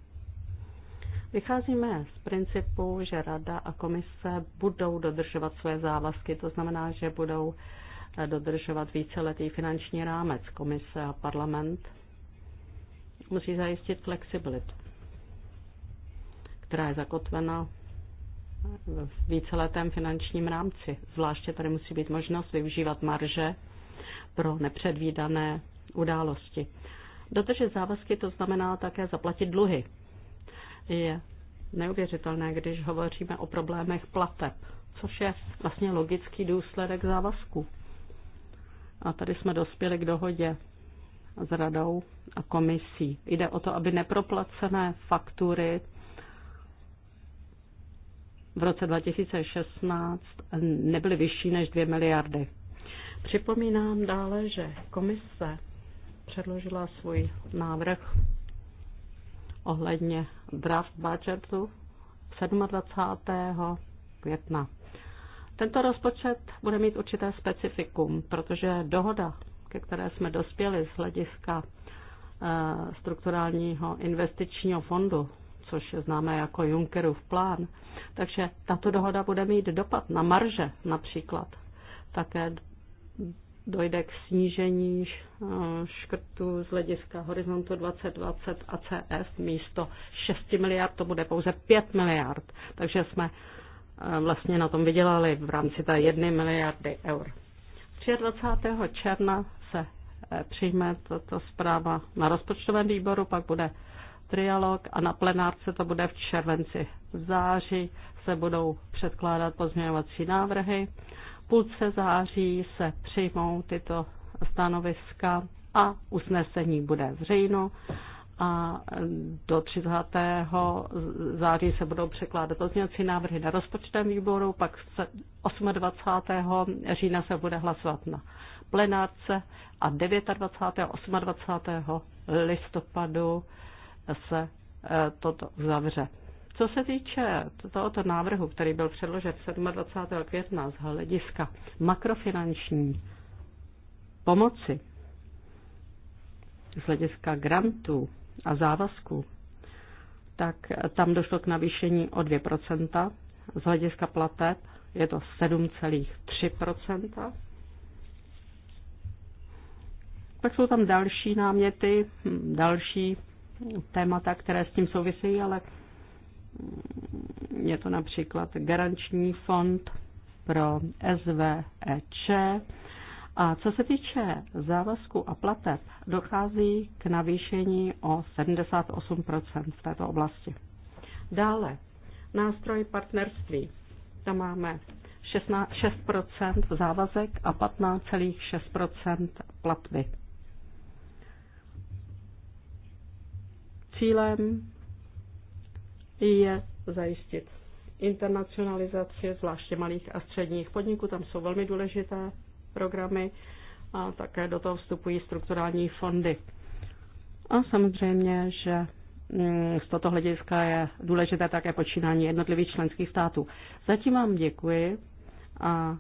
Vycházíme z principu, že Rada a komise budou dodržovat své závazky, to znamená, že budou dodržovat víceletý finanční rámec komise a parlament. Musí zajistit flexibilitu která je zakotvena v víceletém finančním rámci. Zvláště tady musí být možnost využívat marže pro nepředvídané události. Dotržet závazky to znamená také zaplatit dluhy. Je neuvěřitelné, když hovoříme o problémech plateb, což je vlastně logický důsledek závazku. A tady jsme dospěli k dohodě s radou a komisí. Jde o to, aby neproplacené faktury v roce 2016 nebyly vyšší než 2 miliardy. Připomínám dále, že komise předložila svůj návrh ohledně draft budgetu 27. května. Tento rozpočet bude mít určité specifikum, protože dohoda, ke které jsme dospěli z hlediska eh, strukturálního investičního fondu což je známé jako Junckerův plán. Takže tato dohoda bude mít dopad na marže například. Také dojde k snížení škrtů z hlediska horizontu 2020 a CF místo 6 miliard, to bude pouze 5 miliard. Takže jsme eh, vlastně na tom vydělali v rámci té 1 miliardy eur. 23. června se eh, přijme tato zpráva na rozpočtovém výboru, pak bude trialog a na plenárce to bude v červenci. V září se budou předkládat pozměňovací návrhy. V půlce září se přijmou tyto stanoviska a usnesení bude v říjnu a do 30. září se budou překládat pozměňovací návrhy na rozpočtovém výboru, pak 28. října se bude hlasovat na plenárce a 29. a 28. listopadu se eh, toto zavře. Co se týče tohoto návrhu, který byl předložen 27. května z hlediska makrofinanční pomoci, z hlediska grantů a závazků, tak tam došlo k navýšení o 2%. Z hlediska plateb je to 7,3%. Pak jsou tam další náměty, hm, další témata, které s tím souvisejí, ale je to například garanční fond pro SVEČ. A co se týče závazku a plateb, dochází k navýšení o 78 v této oblasti. Dále, nástroj partnerství. Tam máme 6 závazek a 15,6 platby. Cílem je zajistit internacionalizaci, zvláště malých a středních podniků. Tam jsou velmi důležité programy a také do toho vstupují strukturální fondy. A samozřejmě, že mm, z toto hlediska je důležité také počínání jednotlivých členských států. Zatím vám děkuji a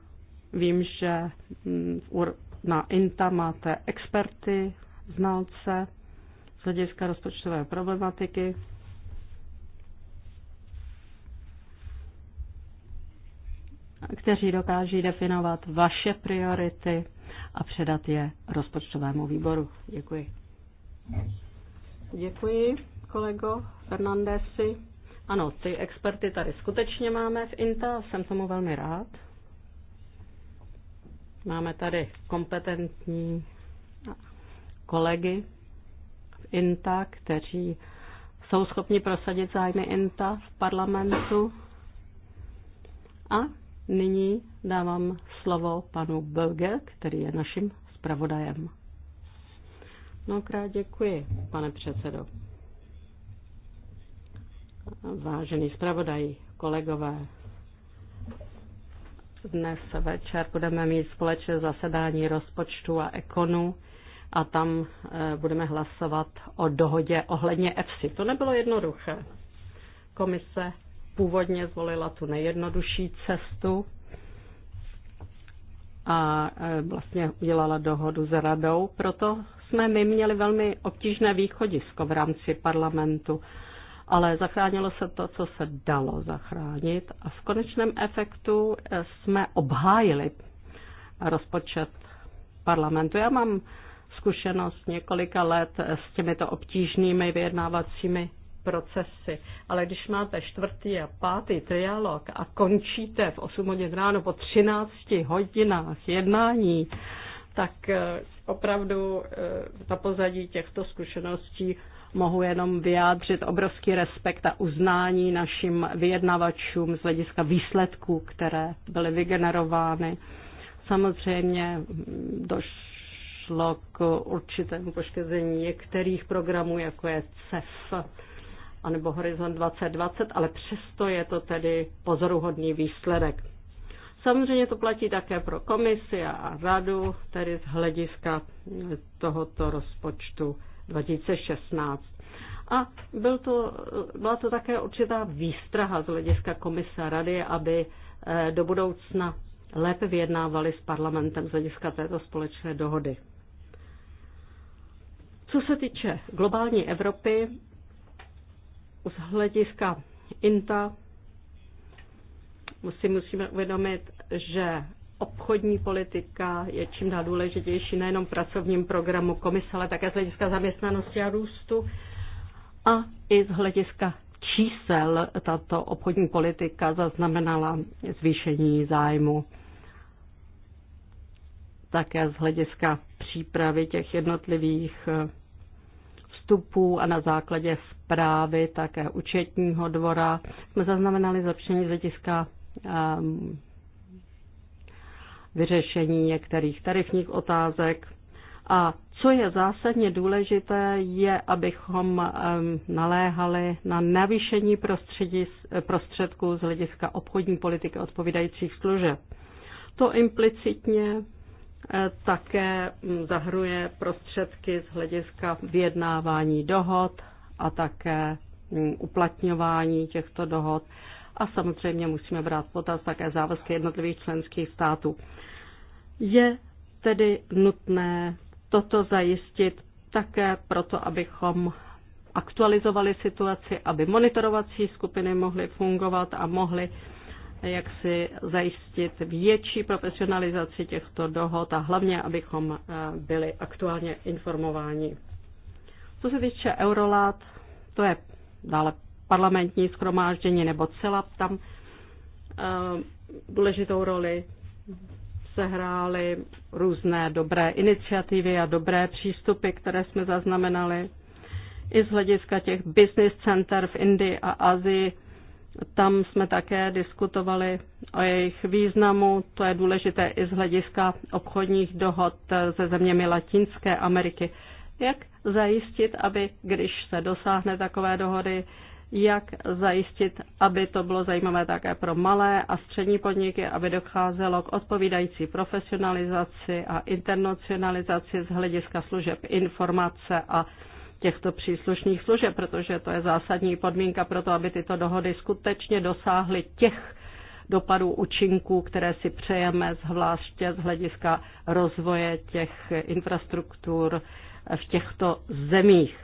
vím, že mm, na INTA máte experty, znalce, hlediska rozpočtové problematiky. kteří dokáží definovat vaše priority a předat je rozpočtovému výboru. Děkuji. Děkuji, kolego Fernandesi. Ano, ty experty tady skutečně máme v INTA, jsem tomu velmi rád. Máme tady kompetentní kolegy INTA, kteří jsou schopni prosadit zájmy INTA v parlamentu. A nyní dávám slovo panu Belge, který je naším zpravodajem. Mnohokrát děkuji, pane předsedo. Vážený zpravodaj, kolegové, dnes večer budeme mít společné zasedání rozpočtu a ekonu a tam eh, budeme hlasovat o dohodě ohledně EFSI. To nebylo jednoduché. Komise původně zvolila tu nejjednodušší cestu a eh, vlastně udělala dohodu s radou. Proto jsme my měli velmi obtížné východisko v rámci parlamentu, ale zachránilo se to, co se dalo zachránit a v konečném efektu eh, jsme obhájili rozpočet parlamentu. Já mám zkušenost několika let s těmito obtížnými vyjednávacími procesy. Ale když máte čtvrtý a pátý trialog a končíte v 8 hodin ráno po 13 hodinách jednání, tak eh, opravdu eh, na pozadí těchto zkušeností mohu jenom vyjádřit obrovský respekt a uznání našim vyjednavačům z hlediska výsledků, které byly vygenerovány. Samozřejmě hm, došlo došlo k určitému poškození některých programů, jako je CEF anebo Horizon 2020, ale přesto je to tedy pozoruhodný výsledek. Samozřejmě to platí také pro komisi a radu, tedy z hlediska tohoto rozpočtu 2016. A byl to, byla to také určitá výstraha z hlediska komise a rady, aby eh, do budoucna lépe vyjednávali s parlamentem z hlediska této společné dohody. Co se týče globální Evropy, z hlediska INTA si musíme uvědomit, že obchodní politika je čím dál důležitější nejenom v pracovním programu komise, ale také z hlediska zaměstnanosti a růstu a i z hlediska čísel tato obchodní politika zaznamenala zvýšení zájmu také z hlediska přípravy těch jednotlivých postupů a na základě zprávy také účetního dvora jsme zaznamenali zlepšení z hlediska um, vyřešení některých tarifních otázek. A co je zásadně důležité, je, abychom um, naléhali na navýšení prostředků z hlediska obchodní politiky odpovídajících služeb. To implicitně Eh, také mm, zahrnuje prostředky z hlediska vyjednávání dohod a také mm, uplatňování těchto dohod. A samozřejmě musíme brát potaz také závazky jednotlivých členských států. Je tedy nutné toto zajistit také proto, abychom aktualizovali situaci, aby monitorovací skupiny mohly fungovat a mohly jak si zajistit větší profesionalizaci těchto dohod a hlavně, abychom eh, byli aktuálně informováni. Co se týče Eurolat, to je dále parlamentní schromáždění nebo celá. tam eh, důležitou roli sehrály různé dobré iniciativy a dobré přístupy, které jsme zaznamenali. I z hlediska těch business center v Indii a Azii tam jsme také diskutovali o jejich významu, to je důležité i z hlediska obchodních dohod se zeměmi Latinské Ameriky. Jak zajistit, aby když se dosáhne takové dohody, jak zajistit, aby to bylo zajímavé také pro malé a střední podniky, aby docházelo k odpovídající profesionalizaci a internacionalizaci z hlediska služeb informace a těchto příslušných služeb, protože to je zásadní podmínka pro to, aby tyto dohody skutečně dosáhly těch dopadů účinků, které si přejeme, zvláště z hlediska rozvoje těch infrastruktur v těchto zemích.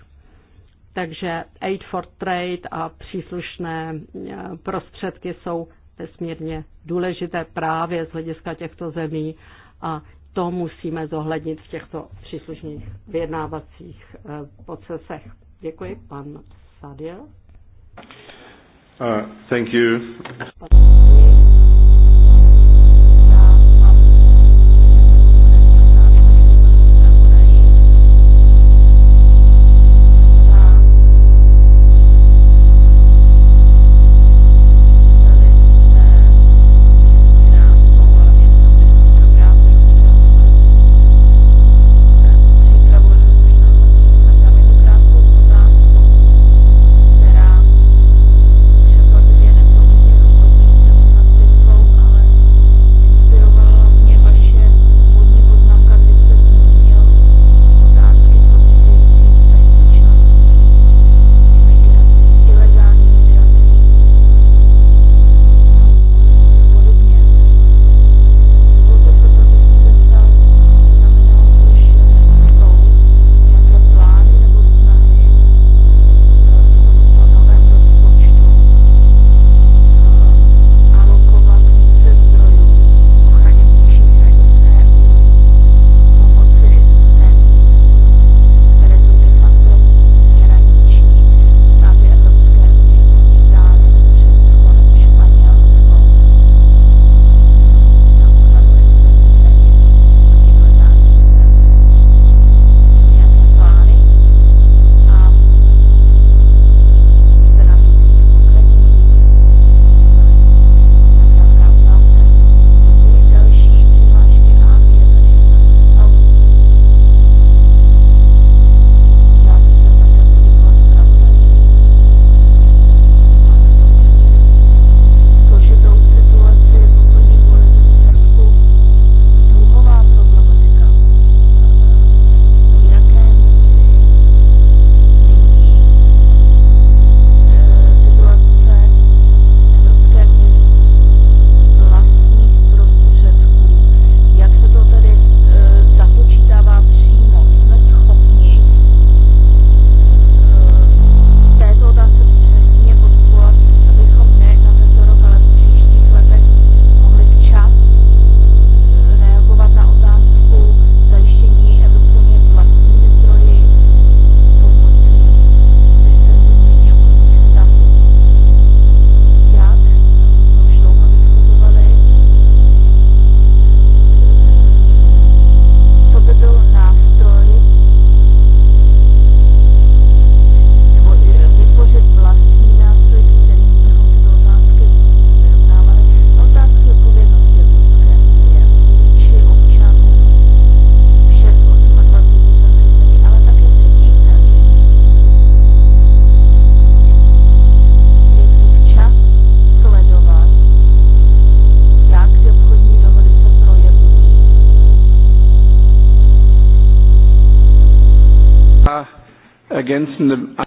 Takže Aid for Trade a příslušné eh, prostředky jsou nesmírně důležité právě z hlediska těchto zemí a to musíme zohlednit v těchto příslušných vyjednávacích eh, procesech. Děkuji, pan Sadia. Uh, thank you.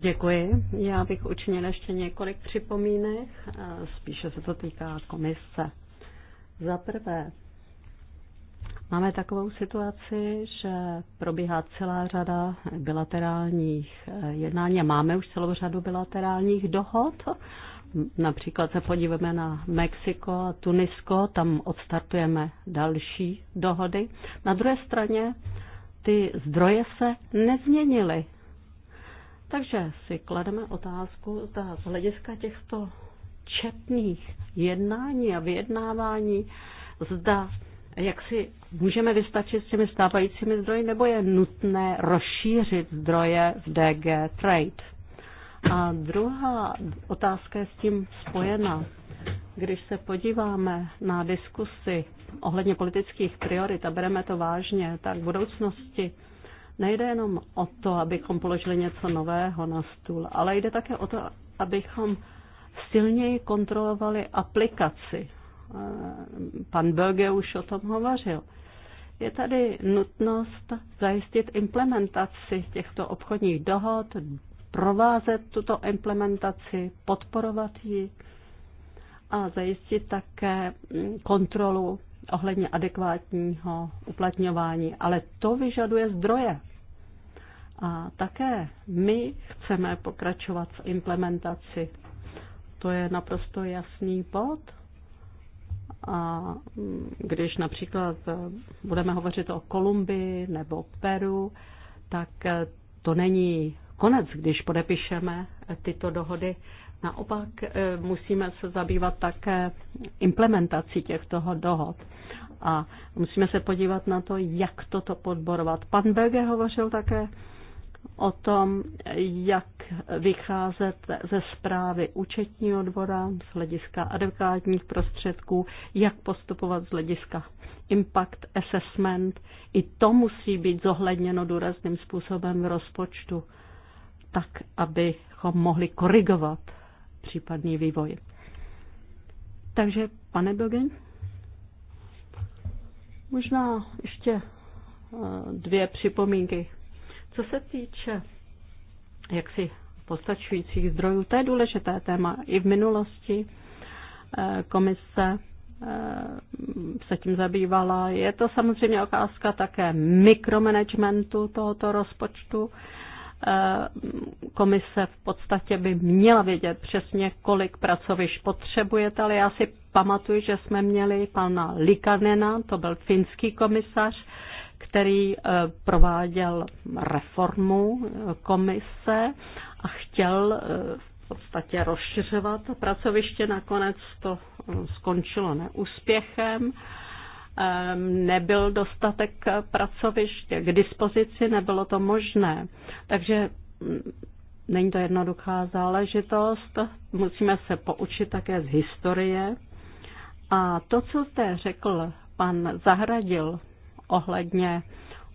Děkuji. Já bych učinila ještě několik připomínek, spíše se to týká komise. Za prvé, máme takovou situaci, že probíhá celá řada bilaterálních eh, jednání a máme už celou řadu bilaterálních dohod. Například se podíváme na Mexiko a Tunisko, tam odstartujeme další dohody. Na druhé straně ty zdroje se nezměnily takže si klademe otázku, zda z hlediska těchto četných jednání a vyjednávání, zda jak si můžeme vystačit s těmi stávajícími zdroji, nebo je nutné rozšířit zdroje v DG Trade. A druhá otázka je s tím spojena. Když se podíváme na diskusy ohledně politických priorit a bereme to vážně, tak v budoucnosti Nejde jenom o to, abychom položili něco nového na stůl, ale jde také o to, abychom silněji kontrolovali aplikaci. Eh, pan Belge už o tom hovořil. Je tady nutnost zajistit implementaci těchto obchodních dohod, provázet tuto implementaci, podporovat ji a zajistit také kontrolu ohledně adekvátního uplatňování, ale to vyžaduje zdroje. A také my chceme pokračovat v implementaci. To je naprosto jasný bod. A když například budeme hovořit o Kolumbii nebo Peru, tak to není konec, když podepíšeme tyto dohody Naopak eh, musíme se zabývat také implementací těchto dohod a musíme se podívat na to, jak toto podborovat. Pan Belge hovořil také o tom, jak vycházet ze zprávy účetního dvora z hlediska advokátních prostředků, jak postupovat z hlediska impact assessment. I to musí být zohledněno důrazným způsobem v rozpočtu, tak abychom mohli korigovat případný vývoj. Takže, pane Bögen, možná ještě eh, dvě připomínky. Co se týče jaksi postačujících zdrojů, to je důležité téma. I v minulosti eh, komise eh, se tím zabývala. Je to samozřejmě otázka také mikromanagementu tohoto rozpočtu. Eh, komise v podstatě by měla vědět přesně, kolik pracovišť potřebujete, ale já si pamatuju, že jsme měli pana Likanena, to byl finský komisař, který eh, prováděl reformu eh, komise a chtěl v podstatě rozšiřovat pracoviště. Nakonec to skončilo neúspěchem nebyl dostatek pracoviště k dispozici, nebylo to možné. Takže mm, není to jednoduchá záležitost, musíme se poučit také z historie. A to, co jste řekl pan Zahradil ohledně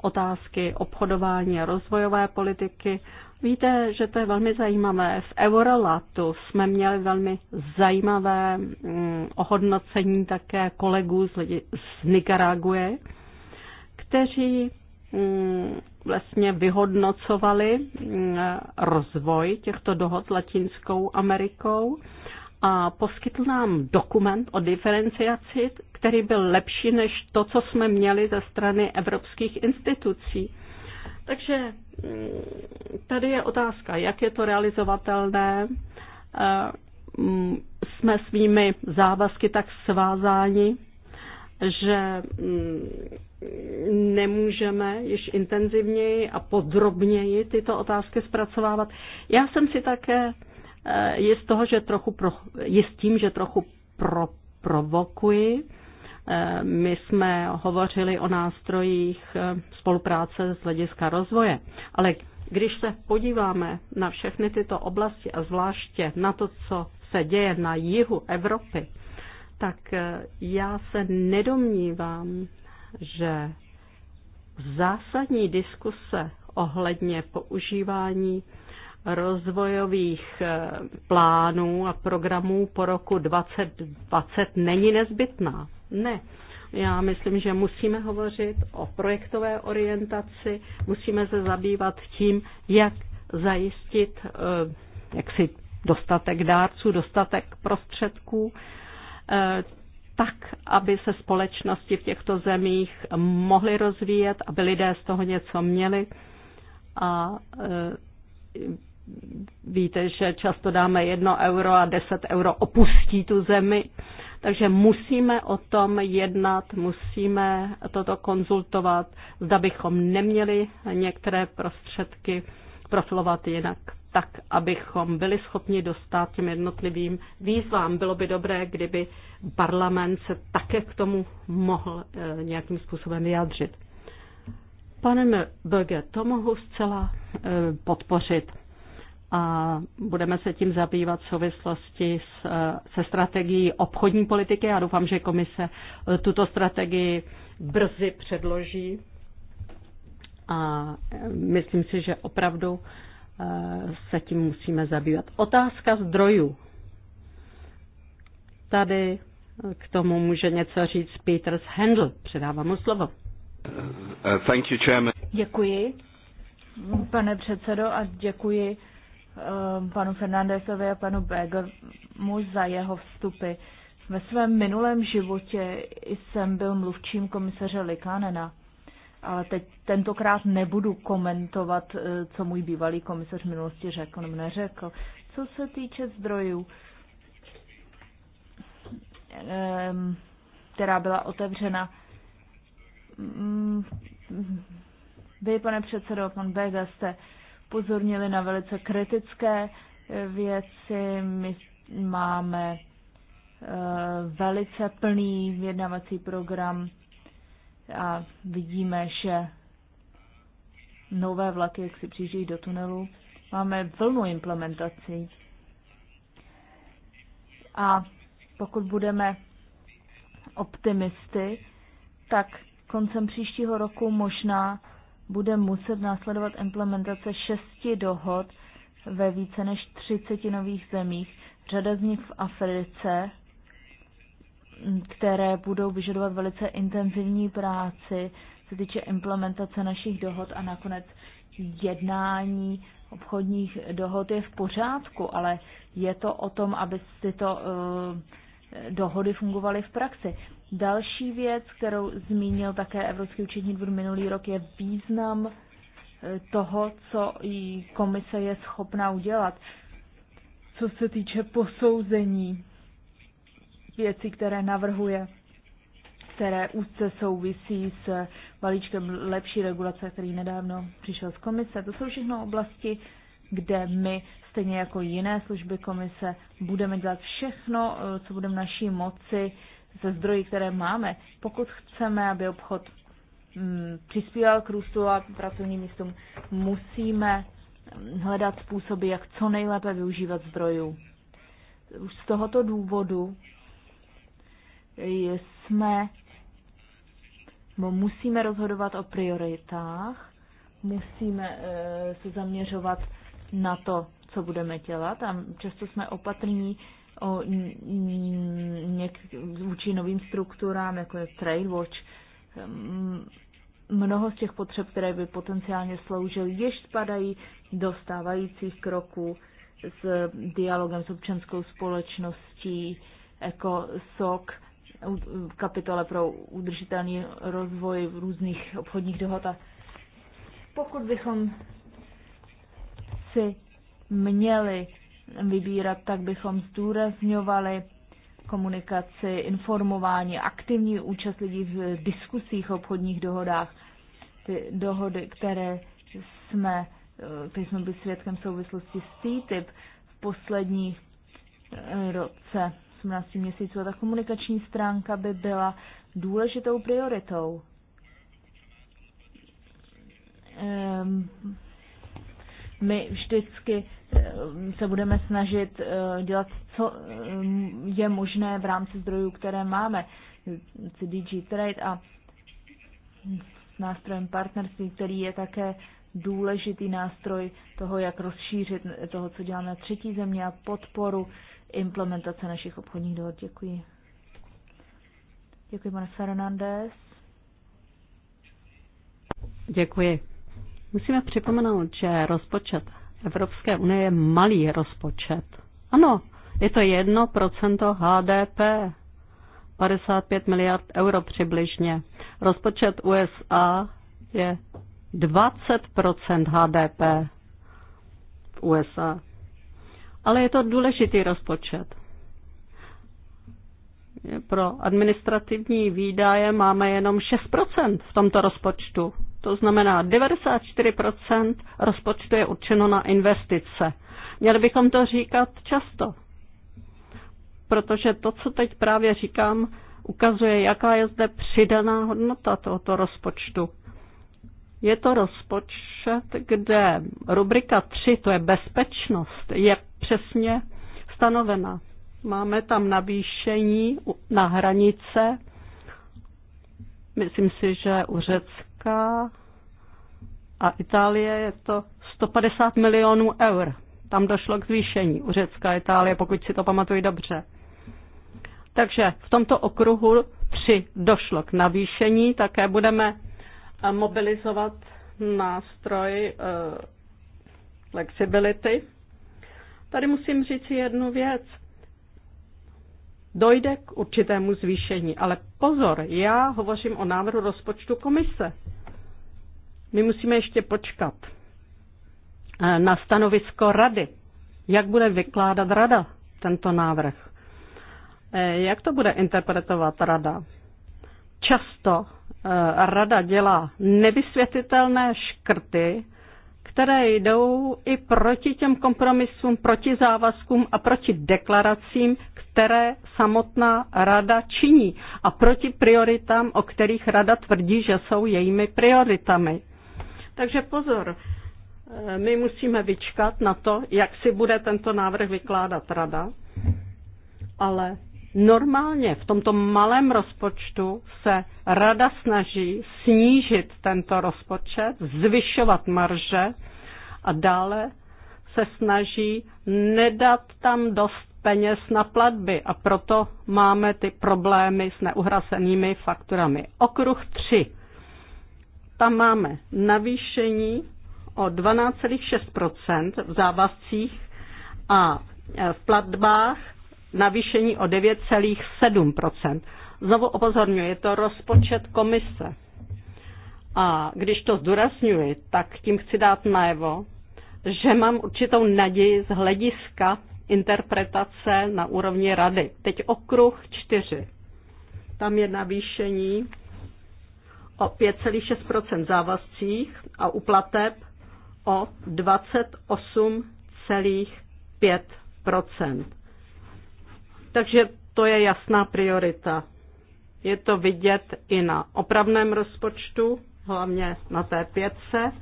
otázky obchodování a rozvojové politiky, Víte, že to je velmi zajímavé. V Eurolatu jsme měli velmi zajímavé mm, ohodnocení také kolegů z, lidi, z Nicaraguje, kteří mm, vlastně vyhodnocovali mm, rozvoj těchto dohod s Latinskou Amerikou a poskytl nám dokument o diferenciaci, který byl lepší než to, co jsme měli ze strany evropských institucí. Takže mm, tady je otázka, jak je to realizovatelné. Eh, mm, jsme svými závazky tak svázáni, že mm, nemůžeme již intenzivněji a podrobněji tyto otázky zpracovávat. Já jsem si také eh, je toho, že trochu pro, jistím, tím, že trochu pro, provokuji my jsme hovořili o nástrojích eh, spolupráce z hlediska rozvoje, ale když se podíváme na všechny tyto oblasti a zvláště na to, co se děje na jihu Evropy, tak eh, já se nedomnívám, že zásadní diskuse ohledně používání rozvojových eh, plánů a programů po roku 2020 není nezbytná. Ne. Já myslím, že musíme hovořit o projektové orientaci, musíme se zabývat tím, jak zajistit eh, jak si dostatek dárců, dostatek prostředků, eh, tak, aby se společnosti v těchto zemích mohly rozvíjet, aby lidé z toho něco měli. A eh, víte, že často dáme jedno euro a deset euro opustí tu zemi. Takže musíme o tom jednat, musíme toto konzultovat, zda bychom neměli některé prostředky profilovat jinak tak, abychom byli schopni dostat těm jednotlivým výzvám. Bylo by dobré, kdyby parlament se také k tomu mohl eh, nějakým způsobem vyjádřit. Pane Böge, to mohu zcela eh, podpořit a budeme se tím zabývat v souvislosti s, eh, se strategií obchodní politiky. Já doufám, že komise eh, tuto strategii brzy předloží a eh, myslím si, že opravdu se tím musíme zabývat. Otázka zdrojů. Tady k tomu může něco říct Peters Handel. Předávám mu slovo. Uh, děkuji, pane předsedo, a děkuji Eh, panu Fernandesovi a panu Begemu za jeho vstupy. Ve svém minulém životě jsem byl mluvčím komisaře Likanena, ale teď tentokrát nebudu komentovat, eh, co můj bývalý komisař v minulosti řekl nebo neřekl. Co se týče zdrojů, ehm, která byla otevřena, mm, vy, pane předsedo, pan Bega, jste upozornili na velice kritické eh, věci. My máme eh, velice plný vědnavací program a vidíme, že nové vlaky, jak si přijíždějí do tunelu, máme vlnu implementací. A pokud budeme optimisty, tak koncem příštího roku možná bude muset následovat implementace šesti dohod ve více než 30 nových zemích, řada z nich v Africe, které budou vyžadovat velice intenzivní práci, se týče implementace našich dohod a nakonec jednání obchodních dohod je v pořádku, ale je to o tom, aby tyto uh, dohody fungovaly v praxi. Další věc, kterou zmínil také Evropský účetní dvůr minulý rok, je význam e, toho, co i komise je schopna udělat, co se týče posouzení věcí, které navrhuje, které úzce souvisí s balíčkem lepší regulace, který nedávno přišel z komise. To jsou všechno oblasti, kde my, stejně jako jiné služby komise, budeme dělat všechno, e, co budeme naší moci, ze zdrojí, které máme, pokud chceme, aby obchod mm, přispíval k růstu a pracovním místům, musíme hledat způsoby, jak co nejlépe využívat zdrojů. Už z tohoto důvodu jsme, musíme rozhodovat o prioritách, musíme e, se zaměřovat na to, co budeme dělat a často jsme opatrní o něk, vůči novým strukturám, jako je Trade Watch. Mnoho z těch potřeb, které by potenciálně sloužily, jež spadají do stávajících kroků s dialogem s občanskou společností, jako sok kapitole pro udržitelný rozvoj v různých obchodních dohod. A pokud bychom si měli vybírat, tak bychom zdůrazňovali komunikaci, informování, aktivní účast lidí v diskusích o obchodních dohodách. Ty dohody, které jsme, které eh, jsme byli svědkem v souvislosti s TTIP v poslední eh, roce, 18 měsíců, a ta komunikační stránka by byla důležitou prioritou. Ehm, my vždycky eh, se budeme snažit eh, dělat, co eh, je možné v rámci zdrojů, které máme, CDG Trade a nástrojem partnerství, který je také důležitý nástroj toho, jak rozšířit toho, co děláme na třetí země a podporu implementace našich obchodních dohod. Děkuji. Děkuji, pane Fernandez. Děkuji. Musíme připomenout, že rozpočet Evropské unie je malý rozpočet. Ano, je to 1% HDP, 55 miliard euro přibližně. Rozpočet USA je 20% HDP v USA. Ale je to důležitý rozpočet. Pro administrativní výdaje máme jenom 6% v tomto rozpočtu. To znamená, 94% rozpočtu je určeno na investice. Měli bychom to říkat často, protože to, co teď právě říkám, ukazuje, jaká je zde přidaná hodnota tohoto rozpočtu. Je to rozpočet, kde rubrika 3, to je bezpečnost, je přesně stanovena. Máme tam navýšení na hranice. Myslím si, že u Řecka Řecka a Itálie je to 150 milionů eur. Tam došlo k zvýšení u Řecka a Itálie, pokud si to pamatuju dobře. Takže v tomto okruhu 3 došlo k navýšení, také budeme eh, mobilizovat nástroj eh, flexibility. Tady musím říct jednu věc. Dojde k určitému zvýšení, ale pozor, já hovořím o návrhu rozpočtu komise. My musíme ještě počkat eh, na stanovisko rady. Jak bude vykládat rada tento návrh? Eh, jak to bude interpretovat rada? Často eh, rada dělá nevysvětlitelné škrty, které jdou i proti těm kompromisům, proti závazkům a proti deklaracím, které samotná rada činí a proti prioritám, o kterých rada tvrdí, že jsou jejími prioritami. Takže pozor, eh, my musíme vyčkat na to, jak si bude tento návrh vykládat rada, ale normálně v tomto malém rozpočtu se rada snaží snížit tento rozpočet, zvyšovat marže a dále se snaží nedat tam dost peněz na platby a proto máme ty problémy s neuhrazenými fakturami. Okruh 3. Tam máme navýšení o 12,6 v závazcích a e, v platbách navýšení o 9,7 Znovu opozorňuji, je to rozpočet komise. A když to zdůrazňuji, tak tím chci dát najevo, že mám určitou naději z hlediska interpretace na úrovni rady. Teď okruh čtyři. Tam je navýšení o 5,6 závazcích a u plateb o 28,5 Takže to je jasná priorita. Je to vidět i na opravném rozpočtu, hlavně na té pětce.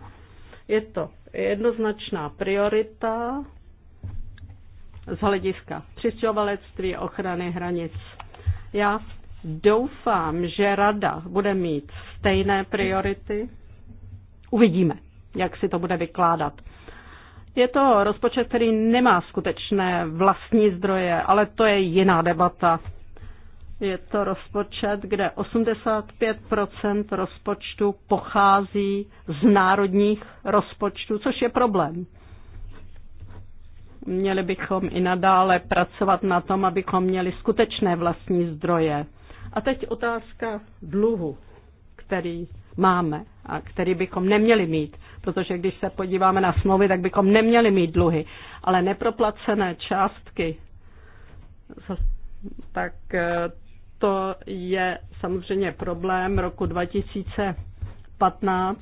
Je to jednoznačná priorita z hlediska přistěhovalectví ochrany hranic. Já Doufám, že rada bude mít stejné priority. Uvidíme, jak si to bude vykládat. Je to rozpočet, který nemá skutečné vlastní zdroje, ale to je jiná debata. Je to rozpočet, kde 85 rozpočtu pochází z národních rozpočtů, což je problém. Měli bychom i nadále pracovat na tom, abychom měli skutečné vlastní zdroje. A teď otázka dluhu, který máme a který bychom neměli mít, protože když se podíváme na smlouvy, tak bychom neměli mít dluhy, ale neproplacené částky, tak eh, to je samozřejmě problém roku 2015.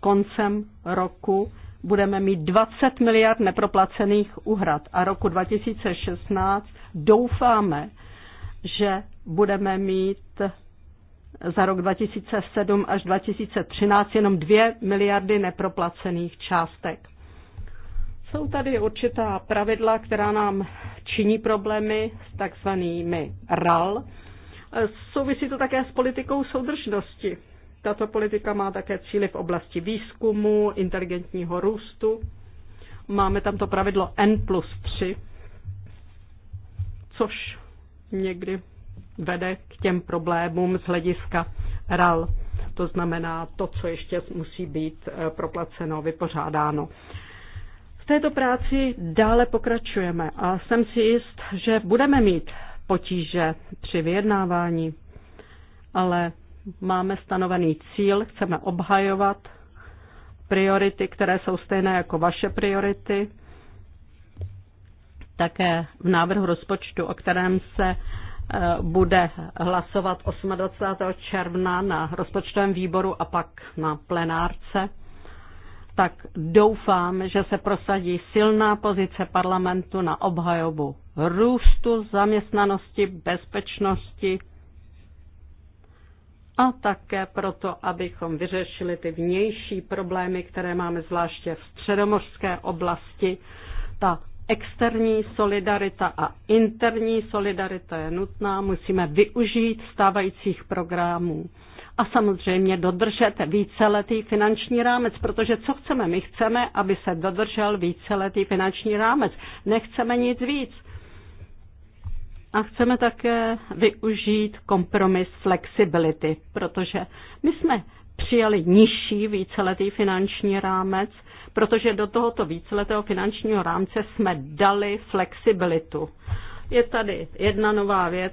Koncem roku budeme mít 20 miliard neproplacených úhrad a roku 2016 doufáme, že budeme mít za rok 2007 až 2013 jenom 2 miliardy neproplacených částek. Jsou tady určitá pravidla, která nám činí problémy s takzvanými RAL. Souvisí to také s politikou soudržnosti. Tato politika má také cíly v oblasti výzkumu, inteligentního růstu. Máme tam to pravidlo N plus 3, což někdy vede k těm problémům z hlediska RAL. To znamená to, co ještě musí být eh, proplaceno, vypořádáno. V této práci dále pokračujeme a jsem si jist, že budeme mít potíže při vyjednávání, ale máme stanovený cíl, chceme obhajovat priority, které jsou stejné jako vaše priority. Také v návrhu rozpočtu, o kterém se Eh, bude hlasovat 28. června na rozpočtovém výboru a pak na plenárce, tak doufám, že se prosadí silná pozice parlamentu na obhajobu růstu, zaměstnanosti, bezpečnosti a také proto, abychom vyřešili ty vnější problémy, které máme zvláště v středomořské oblasti. Ta Externí solidarita a interní solidarita je nutná, musíme využít stávajících programů a samozřejmě dodržet víceletý finanční rámec, protože co chceme? My chceme, aby se dodržel víceletý finanční rámec. Nechceme nic víc. A chceme také využít kompromis flexibility, protože my jsme přijali nižší víceletý finanční rámec protože do tohoto víceletého finančního rámce jsme dali flexibilitu. Je tady jedna nová věc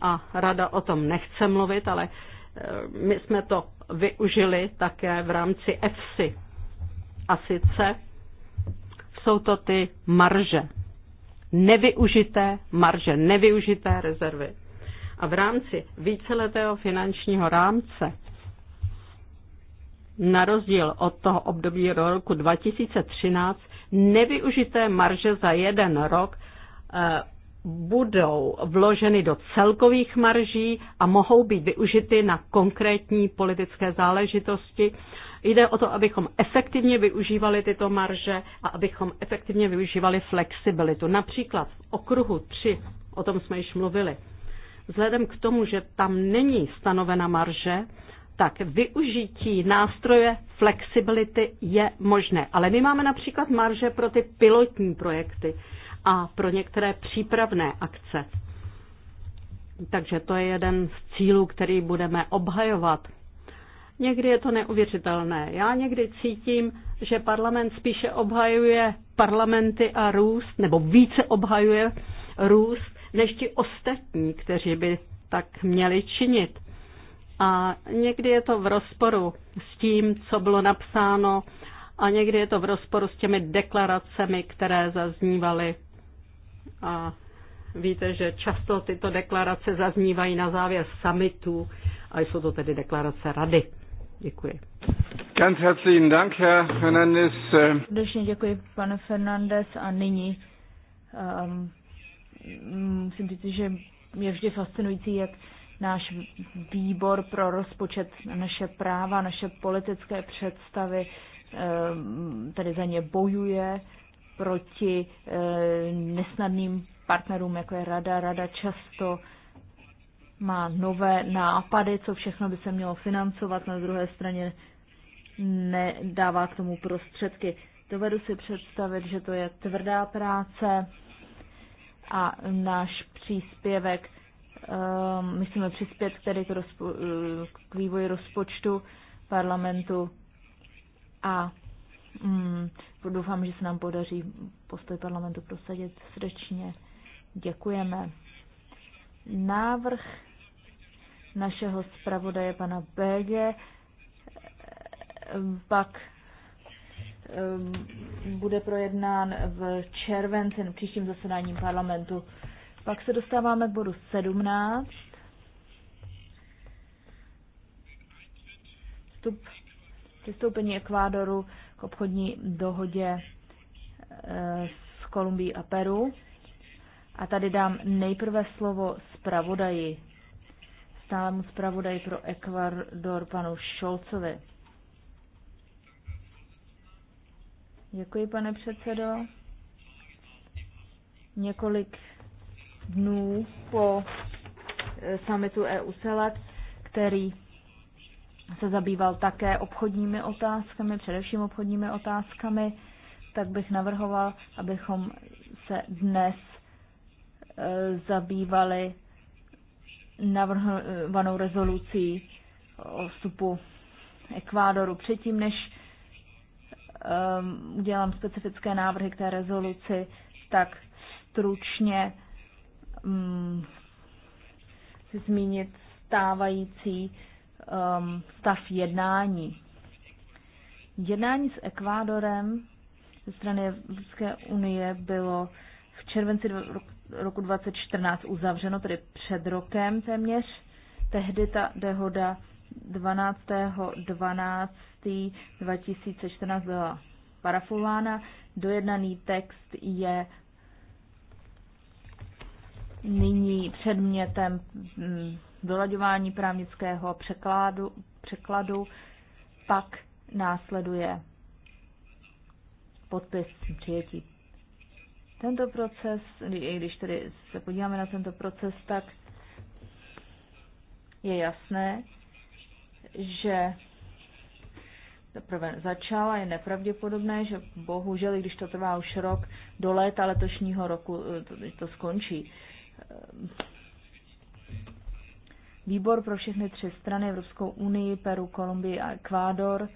a rada o tom nechce mluvit, ale eh, my jsme to využili také v rámci EFSI. A sice jsou to ty marže. Nevyužité marže, nevyužité rezervy. A v rámci víceletého finančního rámce na rozdíl od toho období do roku 2013 nevyužité marže za jeden rok eh, budou vloženy do celkových marží a mohou být využity na konkrétní politické záležitosti. Jde o to, abychom efektivně využívali tyto marže a abychom efektivně využívali flexibilitu. Například v okruhu 3, o tom jsme již mluvili, vzhledem k tomu, že tam není stanovena marže, tak využití nástroje flexibility je možné. Ale my máme například marže pro ty pilotní projekty a pro některé přípravné akce. Takže to je jeden z cílů, který budeme obhajovat. Někdy je to neuvěřitelné. Já někdy cítím, že parlament spíše obhajuje parlamenty a růst, nebo více obhajuje růst, než ti ostatní, kteří by tak měli činit a někdy je to v rozporu s tím, co bylo napsáno a někdy je to v rozporu s těmi deklaracemi, které zaznívaly. A víte, že často tyto deklarace zaznívají na závěr summitu, a jsou to tedy deklarace rady. Děkuji. Ganz herzlichen Dank, Herr Fernandes. Srdečně děkuji, pane Fernandes. A nyní um, musím říct, že mě vždy fascinující, jak náš výbor pro rozpočet, naše práva, naše politické představy, eh, tedy za ně bojuje proti eh, nesnadným partnerům, jako je rada. Rada často má nové nápady, co všechno by se mělo financovat, na druhé straně nedává k tomu prostředky. Dovedu si představit, že to je tvrdá práce a náš příspěvek Ehm, my přispět tedy k, rozpo, eh, k vývoji rozpočtu parlamentu a mm, doufám, že se nám podaří postoj parlamentu prosadit srdečně. Děkujeme. Návrh našeho zpravodaje pana BG eh, pak ehm, bude projednán v červenci příštím zasedáním parlamentu pak se dostáváme k bodu 17. Vstup přistoupení Ekvádoru k obchodní dohodě e, s Kolumbií a Peru. A tady dám nejprve slovo zpravodaji, stálemu zpravodaji pro Ekvador panu Šolcovi. Děkuji, pane předsedo. Několik dnů po eh, summitu EU CELAC, který se zabýval také obchodními otázkami, především obchodními otázkami, tak bych navrhoval, abychom se dnes eh, zabývali navrhovanou rezolucí o vstupu Ekvádoru. Předtím, než eh, udělám specifické návrhy k té rezoluci, tak stručně um, zmínit stávající um, stav jednání. Jednání s Ekvádorem ze strany Evropské unie bylo v červenci roku 2014 uzavřeno, tedy před rokem téměř. Tehdy ta dehoda 12.12.2014 byla parafována. Dojednaný text je nyní předmětem mm, dolaďování právnického překládu, překladu, pak následuje podpis přijetí. Tento proces, i když tedy se podíváme na tento proces, tak je jasné, že teprve začala, je nepravděpodobné, že bohužel, i když to trvá už rok, do léta letošního roku eh, to, to skončí. Výbor pro všechny tři strany, Evropskou unii, Peru, Kolumbii a Ekvádor,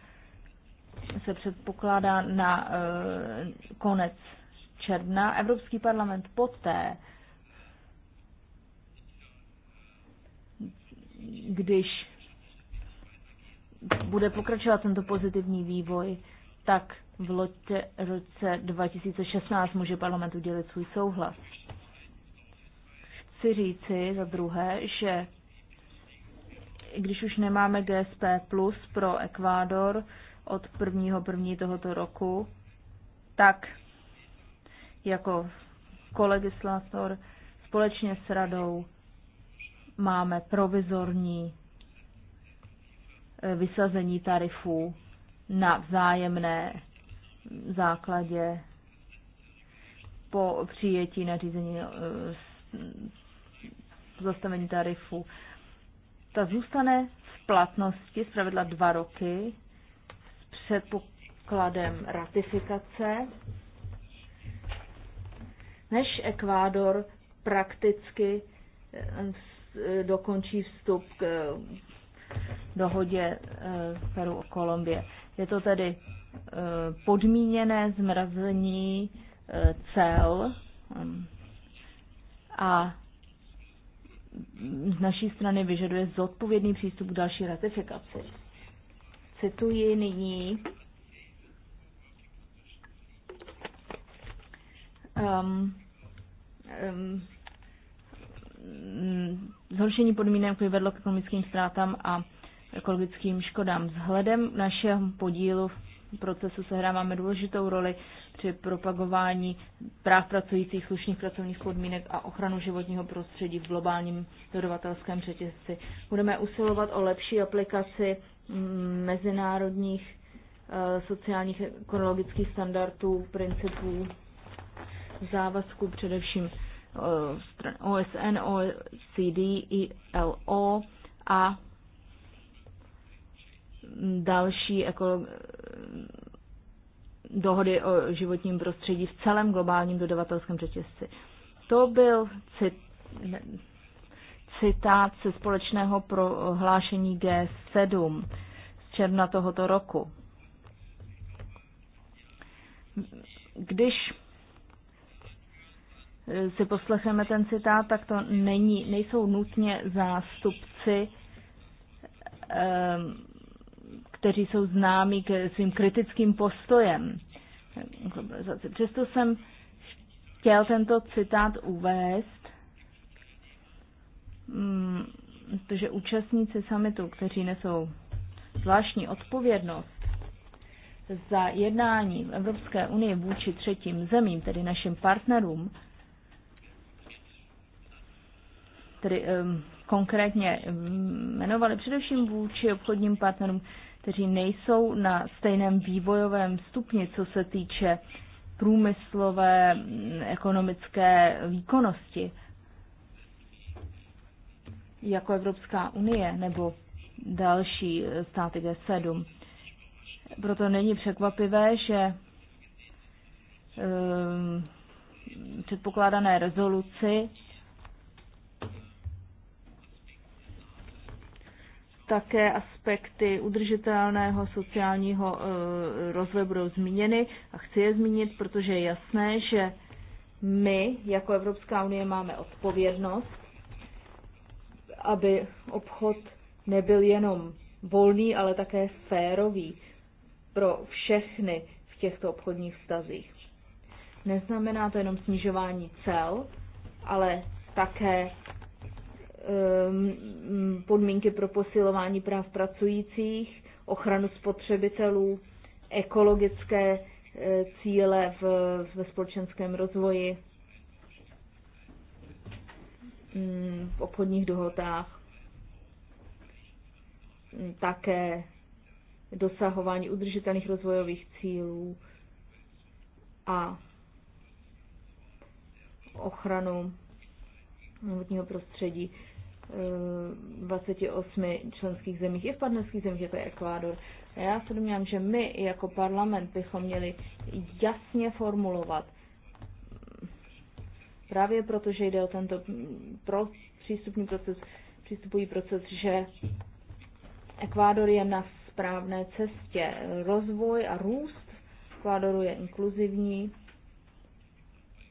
se předpokládá na eh, konec června. Evropský parlament poté, když bude pokračovat tento pozitivní vývoj, tak v roce 2016 může parlament udělit svůj souhlas chci říci za druhé, že když už nemáme GSP plus pro Ekvádor od prvního 1. tohoto roku, tak jako kolegislátor společně s radou máme provizorní eh, vysazení tarifů na vzájemné základě po přijetí nařízení eh, zastavení tarifu. Ta zůstane v platnosti z pravidla dva roky s předpokladem ratifikace, než Ekvádor prakticky eh, eh, dokončí vstup k eh, dohodě Peru o Kolumbie. Je to tedy podmíněné zmrazení cel a z naší strany vyžaduje zodpovědný přístup k další ratifikaci. Cituji nyní um, um, zhoršení podmínek by vedlo k ekonomickým ztrátám a ekologickým škodám. Vzhledem našeho podílu v procesu sehráváme důležitou roli při propagování práv pracujících slušných pracovních podmínek a ochranu životního prostředí v globálním dodavatelském řetězci. Budeme usilovat o lepší aplikaci mm, mezinárodních eh, sociálních ekologických standardů, principů, závazků především OSN, eh, OECD, ILO a další ekolo- dohody o životním prostředí v celém globálním dodavatelském řetězci. To byl cit, citát ze společného prohlášení G7 z června tohoto roku. Když si poslechneme ten citát, tak to není, nejsou nutně zástupci ehm, kteří jsou známí k svým kritickým postojem. Přesto jsem chtěl tento citát uvést, mm, protože účastníci samitu, kteří nesou zvláštní odpovědnost za jednání v Evropské unii vůči třetím zemím, tedy našim partnerům, tedy um, konkrétně jmenovali především vůči obchodním partnerům, kteří nejsou na stejném vývojovém stupni, co se týče průmyslové, ekonomické výkonnosti, jako Evropská unie nebo další státy G7. Proto není překvapivé, že ehm, předpokládané rezoluci také aspekty udržitelného sociálního eh, rozvoje budou zmíněny a chci je zmínit, protože je jasné, že my jako Evropská unie máme odpovědnost, aby obchod nebyl jenom volný, ale také férový pro všechny v těchto obchodních vztazích. Neznamená to jenom snižování cel, ale také Ehm, podmínky pro posilování práv pracujících, ochranu spotřebitelů, ekologické eh, cíle v, ve společenském rozvoji, mm, v obchodních dohodách, mm, také dosahování udržitelných rozvojových cílů a ochranu životního prostředí. 28 eh, členských zemích i v partnerských zemích, jako je Ekvádor. A já se domnívám, že my jako parlament bychom měli jasně formulovat, právě protože jde o tento pro přístupný proces, přístupový proces, že Ekvádor je na správné cestě. Rozvoj a růst Ekvádoru je inkluzivní,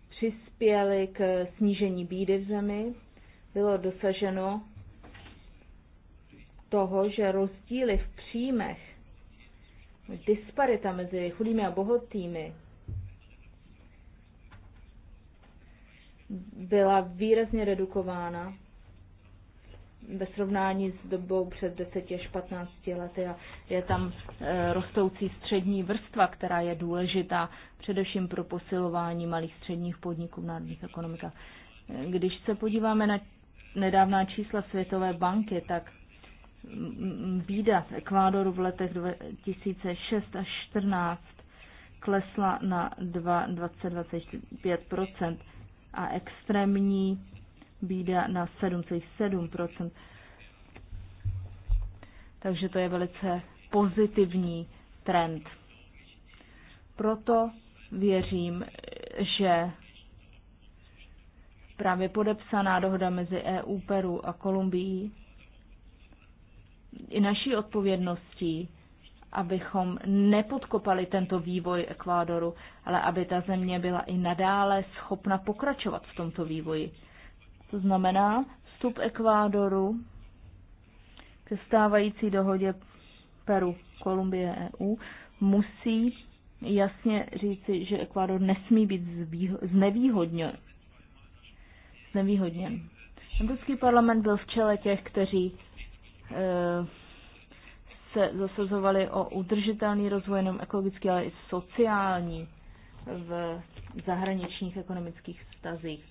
přispěli k snížení bídy v zemi, bylo dosaženo toho, že rozdíly v příjmech, disparita mezi chudými a bohatými byla výrazně redukována ve srovnání s dobou před 10 až 15 lety a je tam e, rostoucí střední vrstva, která je důležitá především pro posilování malých středních podniků v národních ekonomikách. E, když se podíváme na nedávná čísla Světové banky, tak mm, mm, bída v Ekvádoru v letech 2006 až 14 klesla na 20-25 a extrémní bída na 7,7 Takže to je velice pozitivní trend. Proto věřím, že právě podepsaná dohoda mezi EU, Peru a Kolumbií, i naší odpovědností, abychom nepodkopali tento vývoj Ekvádoru, ale aby ta země byla i nadále schopna pokračovat v tomto vývoji. To znamená vstup Ekvádoru ke stávající dohodě Peru, Kolumbie, EU musí jasně říci, že Ekvádor nesmí být znevýhodněn znevýhodněn. Evropský parlament byl v čele těch, kteří eh, se zasazovali o udržitelný rozvoj, jenom ekologický, ale i sociální v zahraničních ekonomických vztazích.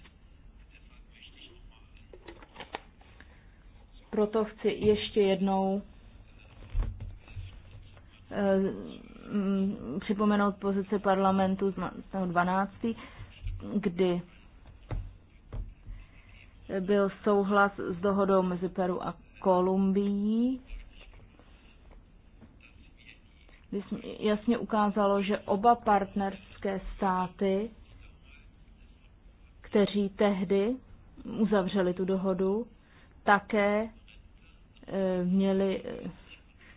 Proto chci ještě jednou eh, připomenout pozici parlamentu z 12., kdy byl souhlas s dohodou mezi Peru a Kolumbií. Jasně ukázalo, že oba partnerské státy, kteří tehdy uzavřeli tu dohodu, také eh, měli eh,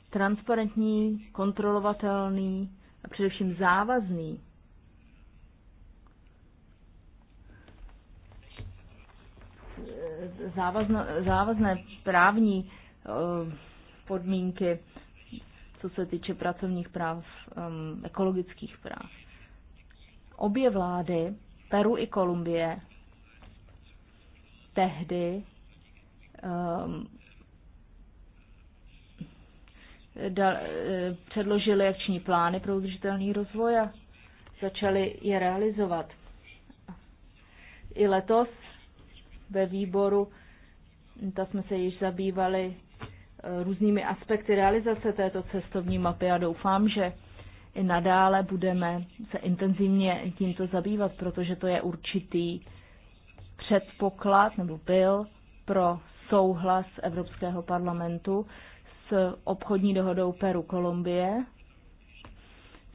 transparentní, kontrolovatelný a především závazný závazno, závazné právní eh, podmínky, co se týče pracovních práv, ehm, ekologických práv. Obě vlády, Peru i Kolumbie, tehdy um, ehm, da, eh, předložili akční plány pro udržitelný rozvoj a začali je realizovat. I letos ve výboru. Ta jsme se již zabývali eh, různými aspekty realizace této cestovní mapy a doufám, že i nadále budeme se intenzivně tímto zabývat, protože to je určitý předpoklad nebo byl pro souhlas Evropského parlamentu s obchodní dohodou Peru-Kolumbie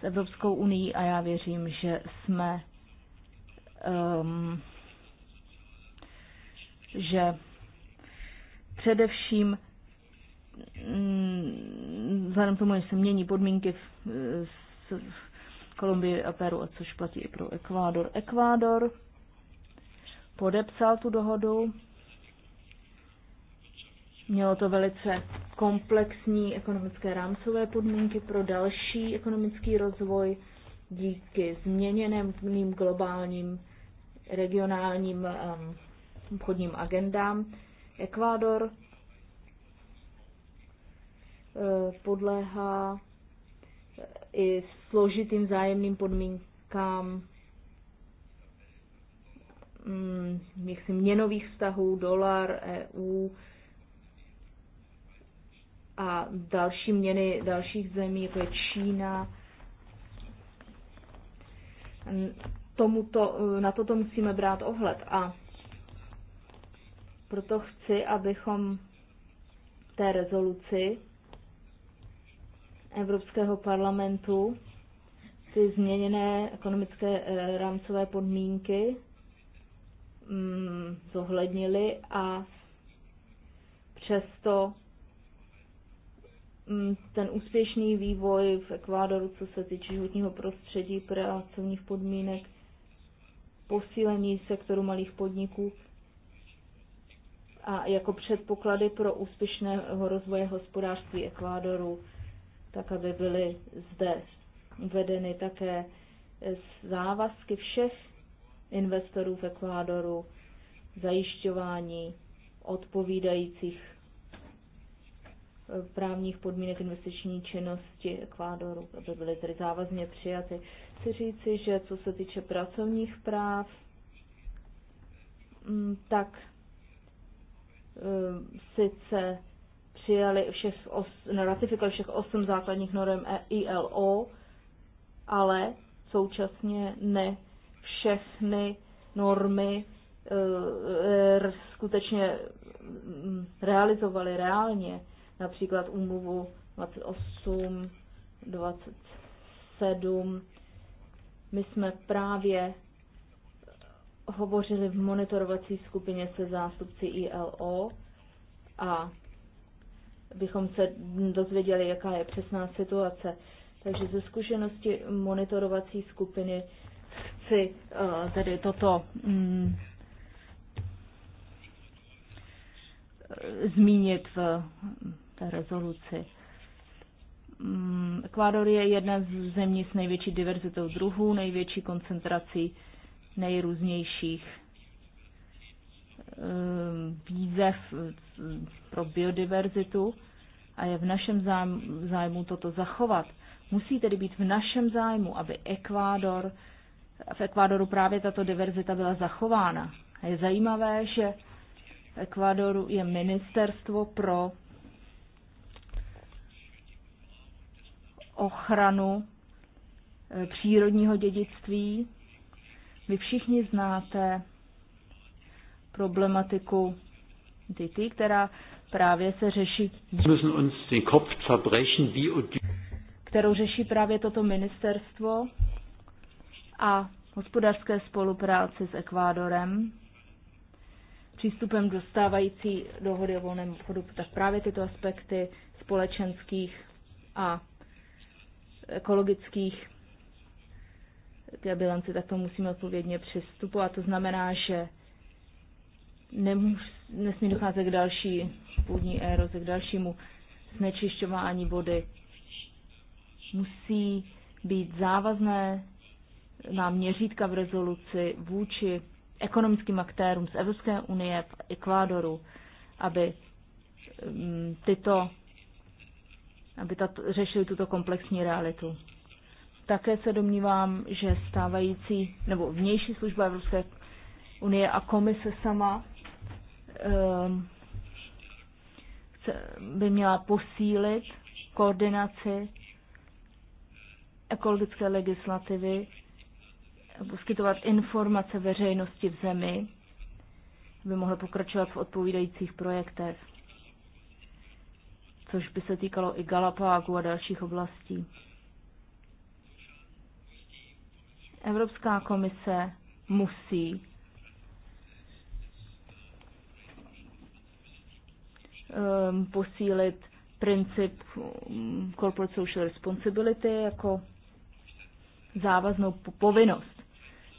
s Evropskou unii a já věřím, že jsme um, že především mm, vzhledem tomu, že se mění podmínky v, v Kolumbii a Peru, a což platí i pro Ekvádor. Ekvádor podepsal tu dohodu. Mělo to velice komplexní ekonomické rámcové podmínky pro další ekonomický rozvoj díky změněným globálním regionálním um, obchodním agendám. Ekvádor eh, podléhá eh, i složitým zájemným podmínkám mm, jaksi měnových vztahů, dolar, EU a další měny dalších zemí, jako je Čína. Tomuto, eh, na toto musíme brát ohled. A proto chci, abychom té rezoluci Evropského parlamentu ty změněné ekonomické eh, rámcové podmínky mm, zohlednili a přesto mm, ten úspěšný vývoj v Ekvádoru, co se týče životního prostředí, pracovních podmínek, posílení sektoru malých podniků, a jako předpoklady pro úspěšného rozvoje hospodářství Ekvádoru, tak aby byly zde vedeny také závazky všech investorů v Ekvádoru, zajišťování odpovídajících eh, právních podmínek investiční činnosti Ekvádoru, aby byly tedy závazně přijaty. Chci říci, že co se týče pracovních práv, mm, tak Eh, sice přijali všech os, ratifikovali všech osm základních norm e ILO, ale současně ne všechny normy eh, eh, skutečně mm, realizovali reálně, například úmluvu 28, 27. My jsme právě hovořili v monitorovací skupině se zástupci ILO a bychom se dozvěděli, jaká je přesná situace. Takže ze zkušenosti monitorovací skupiny chci uh, tedy toto mm, zmínit v té rezoluci. Mm, Ekvádor je jedna z zemí s největší diverzitou druhů, největší koncentrací nejrůznějších ehm, výzev ehm, pro biodiverzitu a je v našem zájmu toto zachovat. Musí tedy být v našem zájmu, aby Ekvádor, v Ekvádoru právě tato diverzita byla zachována. A je zajímavé, že v Ekvádoru je ministerstvo pro ochranu e, přírodního dědictví vy všichni znáte problematiku dětí, která právě se řeší, kterou řeší právě toto ministerstvo a hospodářské spolupráci s Ekvádorem, přístupem dostávající dohody o volném obchodu, tak právě tyto aspekty společenských a ekologických té bilanci, tak to musíme odpovědně přistupovat. To znamená, že nemůž, nesmí docházet k další půdní éroze, k dalšímu znečišťování vody. Musí být závazné na měřítka v rezoluci vůči ekonomickým aktérům z Evropské unie v Ekvádoru, aby mm, tyto aby tato, řešili tuto komplexní realitu. Také se domnívám, že stávající nebo vnější služba Evropské unie a komise sama um, by měla posílit koordinaci ekologické legislativy, poskytovat informace veřejnosti v zemi, aby mohla pokračovat v odpovídajících projektech, což by se týkalo i Galapágu a dalších oblastí. Evropská komise musí um, posílit princip um, corporate social responsibility jako závaznou povinnost.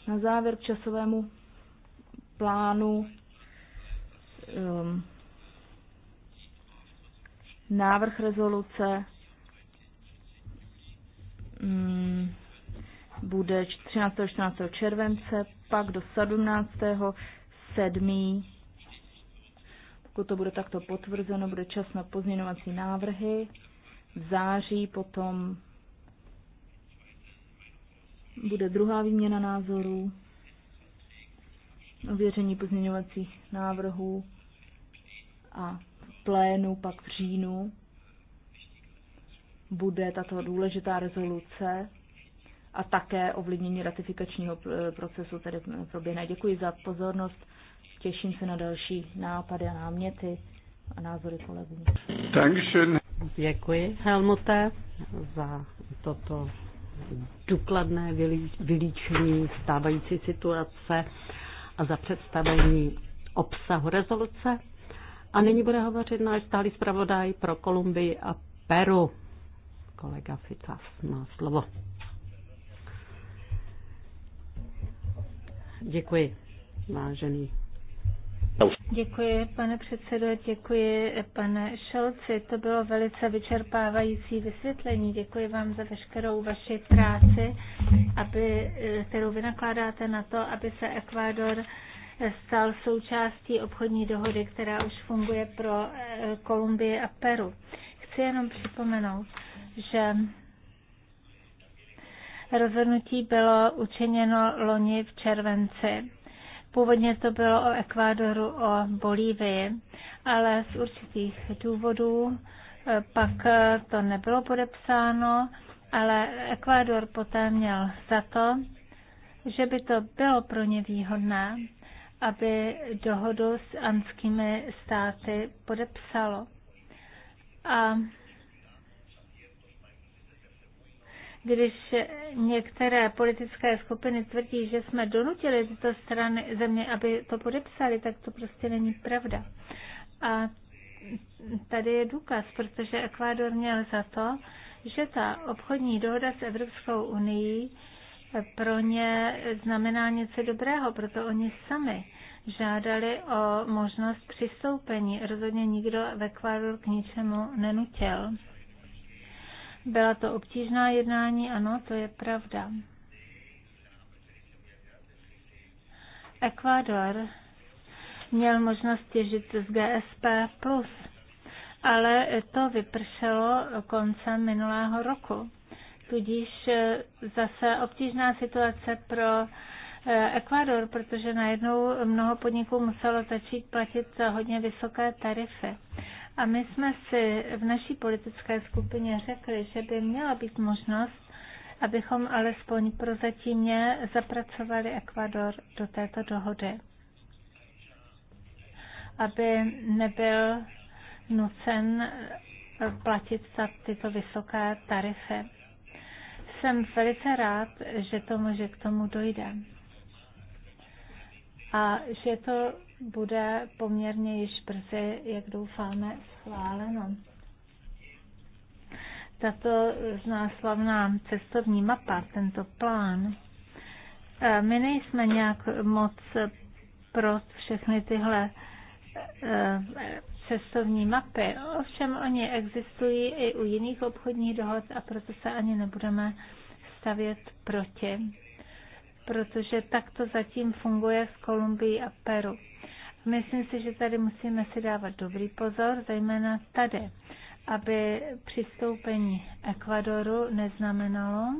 Na závěr k časovému plánu um, návrh rezoluce um, bude 13. 14. července, pak do 17. 7. Pokud to bude takto potvrzeno, bude čas na pozměňovací návrhy. V září potom bude druhá výměna názorů, ověření pozměňovacích návrhů a v plénu pak v říjnu bude tato důležitá rezoluce a také ovlivnění ratifikačního procesu tedy proběhne. Děkuji za pozornost, těším se na další nápady a náměty a názory kolegů. Děkuji, Helmute, za toto důkladné vylíčení stávající situace a za představení obsahu rezoluce. A nyní bude hovořit náš stálý zpravodaj pro Kolumbii a Peru. Kolega Fitas má slovo. Děkuji, vážený Děkuji, pane předsedo, děkuji, pane Šelci. To bylo velice vyčerpávající vysvětlení. Děkuji vám za veškerou vaši práci, aby, kterou vynakládáte na to, aby se Ekvádor stal součástí obchodní dohody, která už funguje pro eh, Kolumbii a Peru. Chci jenom připomenout, že Rozhodnutí bylo učiněno loni v červenci. Původně to bylo o Ekvádoru, o Bolívii, ale z určitých důvodů eh, pak eh, to nebylo podepsáno, ale Ekvádor poté měl za to, že by to bylo pro ně výhodné, aby dohodu s anskými státy podepsalo. A když některé politické skupiny tvrdí, že jsme donutili tyto strany země, aby to podepsali, tak to prostě není pravda. A tady je důkaz, protože Ekvádor měl za to, že ta obchodní dohoda s Evropskou unii pro ně znamená něco dobrého, proto oni sami žádali o možnost přistoupení. Rozhodně nikdo v Ekvádoru k ničemu nenutil. Byla to obtížná jednání, ano, to je pravda. Ekvádor měl možnost těžit z GSP+, ale to vypršelo koncem minulého roku. Tudíž zase obtížná situace pro eh, Ekvador, protože najednou mnoho podniků muselo začít platit hodně vysoké tarify. A my jsme si v naší politické skupině řekli, že by měla být možnost, abychom alespoň prozatímně zapracovali Ekvador do této dohody, aby nebyl nucen platit za tyto vysoké tarify. Jsem velice rád, že tomu, že k tomu dojde. A že to bude poměrně již brzy, jak doufáme, schváleno. Tato znáslavná cestovní mapa, tento plán, eh, my nejsme nějak moc pro všechny tyhle eh, cestovní mapy. Ovšem oni existují i u jiných obchodních dohod a proto se ani nebudeme stavět proti, protože takto zatím funguje s Kolumbií a Peru. Myslím si, že tady musíme si dávat dobrý pozor, zejména tady, aby přistoupení Ekvadoru neznamenalo,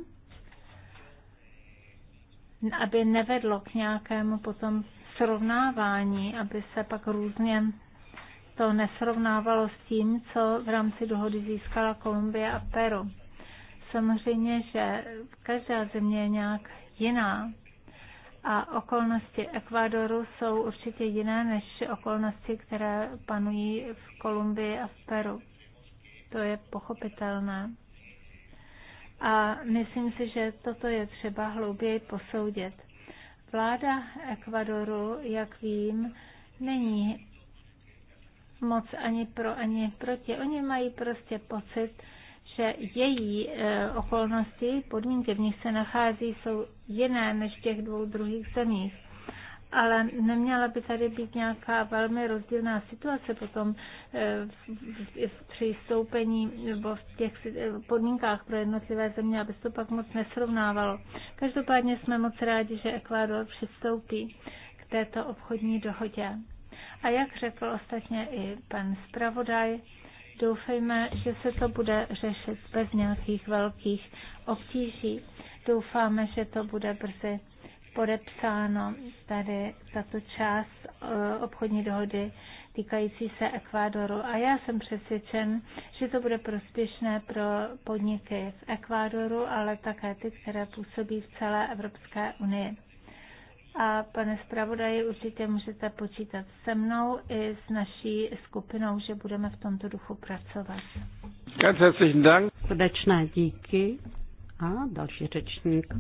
aby nevedlo k nějakému potom srovnávání, aby se pak různě to nesrovnávalo s tím, co v rámci dohody získala Kolumbie a Peru. Samozřejmě, že každá země je nějak jiná a okolnosti Ekvádoru jsou určitě jiné než okolnosti, které panují v Kolumbii a v Peru. To je pochopitelné. A myslím si, že toto je třeba hlouběji posoudit. Vláda Ekvadoru, jak vím, není moc ani pro, ani proti. Oni mají prostě pocit, že její eh, okolnosti, podmínky, v nich se nachází, jsou jiné než v těch dvou druhých zemích. Ale neměla by tady být nějaká velmi rozdílná situace potom eh, při stoupení, nebo v těch eh, podmínkách pro jednotlivé země, aby se to pak moc nesrovnávalo. Každopádně jsme moc rádi, že Ekvádor přistoupí k této obchodní dohodě. A jak řekl ostatně i pan zpravodaj, Doufejme, že se to bude řešit bez nějakých velkých obtíží. Doufáme, že to bude brzy podepsáno tady tato část eh, obchodní dohody týkající se Ekvádoru. A já jsem přesvědčen, že to bude prospěšné pro podniky v Ekvádoru, ale také ty, které působí v celé Evropské unii. A pane zpravodaji, určitě můžete počítat se mnou i s naší skupinou, že budeme v tomto duchu pracovat. Srdečné díky. A další řečník.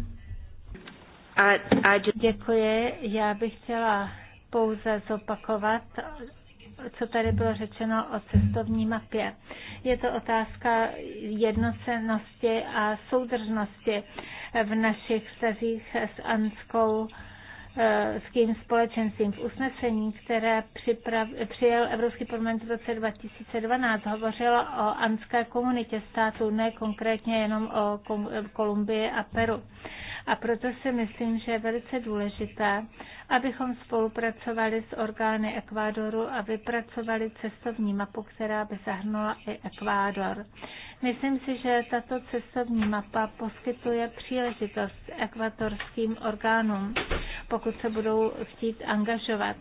A, a děkuji. Já bych chtěla pouze zopakovat, co tady bylo řečeno o cestovní mapě. Je to otázka jednocenosti a soudržnosti v našich vztazích s Anskou Eh, s tím společenstvím. V usnesení, které připrav, přijel Evropský parlament v roce 2012, hovořilo o anské komunitě států, ne konkrétně jenom o Kolumbii a Peru. A proto si myslím, že je velice důležité, abychom spolupracovali s orgány Ekvádoru a vypracovali cestovní mapu, která by zahrnula i Ekvádor. Myslím si, že tato cestovní mapa poskytuje příležitost ekvatorským orgánům, pokud se budou chtít angažovat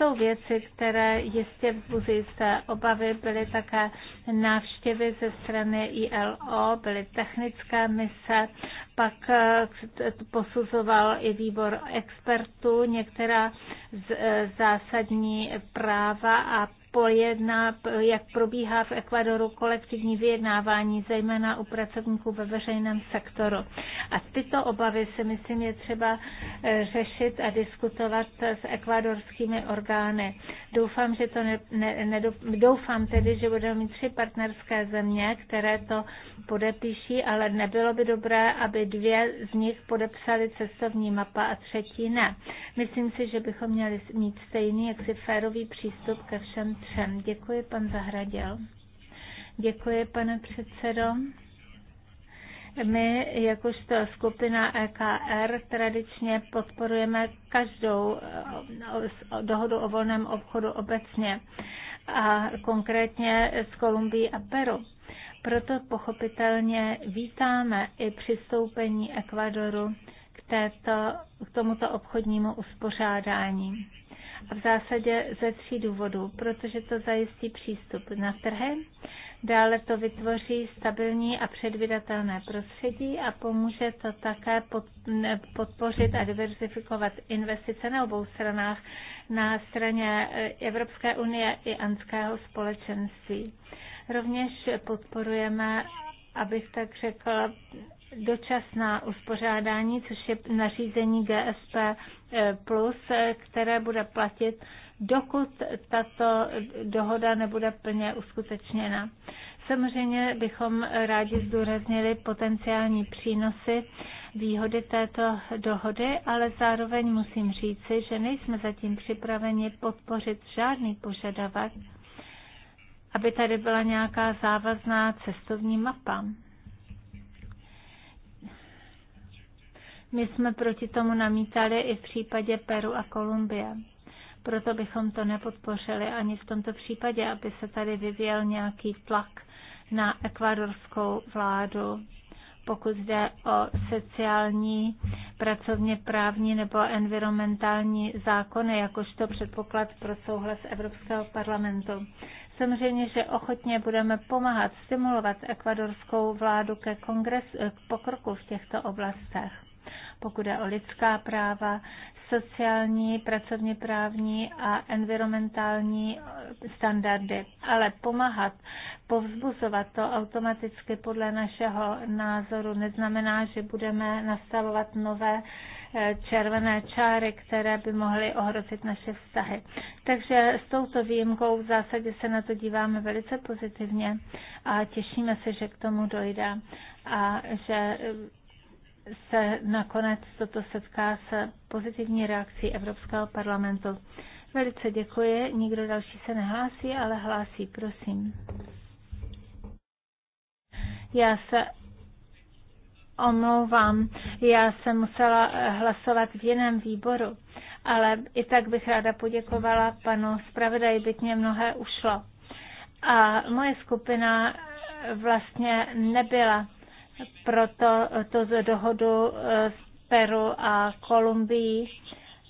jsou věci, které jistě vzbuzují jisté obavy. Byly také návštěvy ze strany ILO, byly technické mise, pak eh, posuzoval i výbor expertů některá eh, zásadní práva a pojedná, jak probíhá v Ekvadoru kolektivní vyjednávání, zejména u pracovníků ve veřejném sektoru. A tyto obavy si myslím je třeba eh, řešit a diskutovat s ekvadorskými orgány. Doufám, že to ne, ne, ne, doufám tedy, že budeme mít tři partnerské země, které to podepíší, ale nebylo by dobré, aby dvě z nich podepsaly cestovní mapa a třetí ne. Myslím si, že bychom měli mít stejný, jaksi férový přístup ke všem ukončen. Děkuji, pan Zahraděl. Děkuji, pane předsedo. My, jakožto skupina EKR, tradičně podporujeme každou eh, dohodu o volném obchodu obecně a konkrétně s Kolumbií a Peru. Proto pochopitelně vítáme i přistoupení Ekvadoru k, této, k tomuto obchodnímu uspořádání. A v zásadě ze tří důvodů, protože to zajistí přístup na trhy, dále to vytvoří stabilní a předvydatelné prostředí a pomůže to také podpořit a diversifikovat investice na obou stranách, na straně eh, Evropské unie i Anského společenství. Rovněž podporujeme abych tak řekla, dočasná uspořádání, což je nařízení GSP+, eh, plus, eh, které bude platit, dokud tato dohoda nebude plně uskutečněna. Samozřejmě bychom rádi zdůraznili potenciální přínosy výhody této dohody, ale zároveň musím říci, že nejsme zatím připraveni podpořit žádný požadavek, aby tady byla nějaká závazná cestovní mapa. My jsme proti tomu namítali i v případě Peru a Kolumbie. Proto bychom to nepodpořili ani v tomto případě, aby se tady vyvíjel nějaký tlak na ekvadorskou vládu, pokud jde o sociální, pracovně právní nebo environmentální zákony, jakožto předpoklad pro souhlas Evropského parlamentu. Samozřejmě, že ochotně budeme pomáhat stimulovat ekvadorskou vládu ke kongres, k pokroku v těchto oblastech pokud je o lidská práva, sociální, pracovně právní a environmentální eh, standardy. Ale pomáhat, povzbuzovat to automaticky podle našeho názoru neznamená, že budeme nastavovat nové eh, červené čáry, které by mohly ohrozit naše vztahy. Takže s touto výjimkou v zásadě se na to díváme velice pozitivně a těšíme se, že k tomu dojde a že eh, se nakonec toto setká se pozitivní reakcí Evropského parlamentu. Velice děkuji. Nikdo další se nehlásí, ale hlásí, prosím. Já se omlouvám, já jsem musela hlasovat v jiném výboru, ale i tak bych ráda poděkovala panu zpravodaji, byť mě mnohé ušlo. A moje skupina vlastně nebyla proto z dohodu eh, s Peru a Kolumbií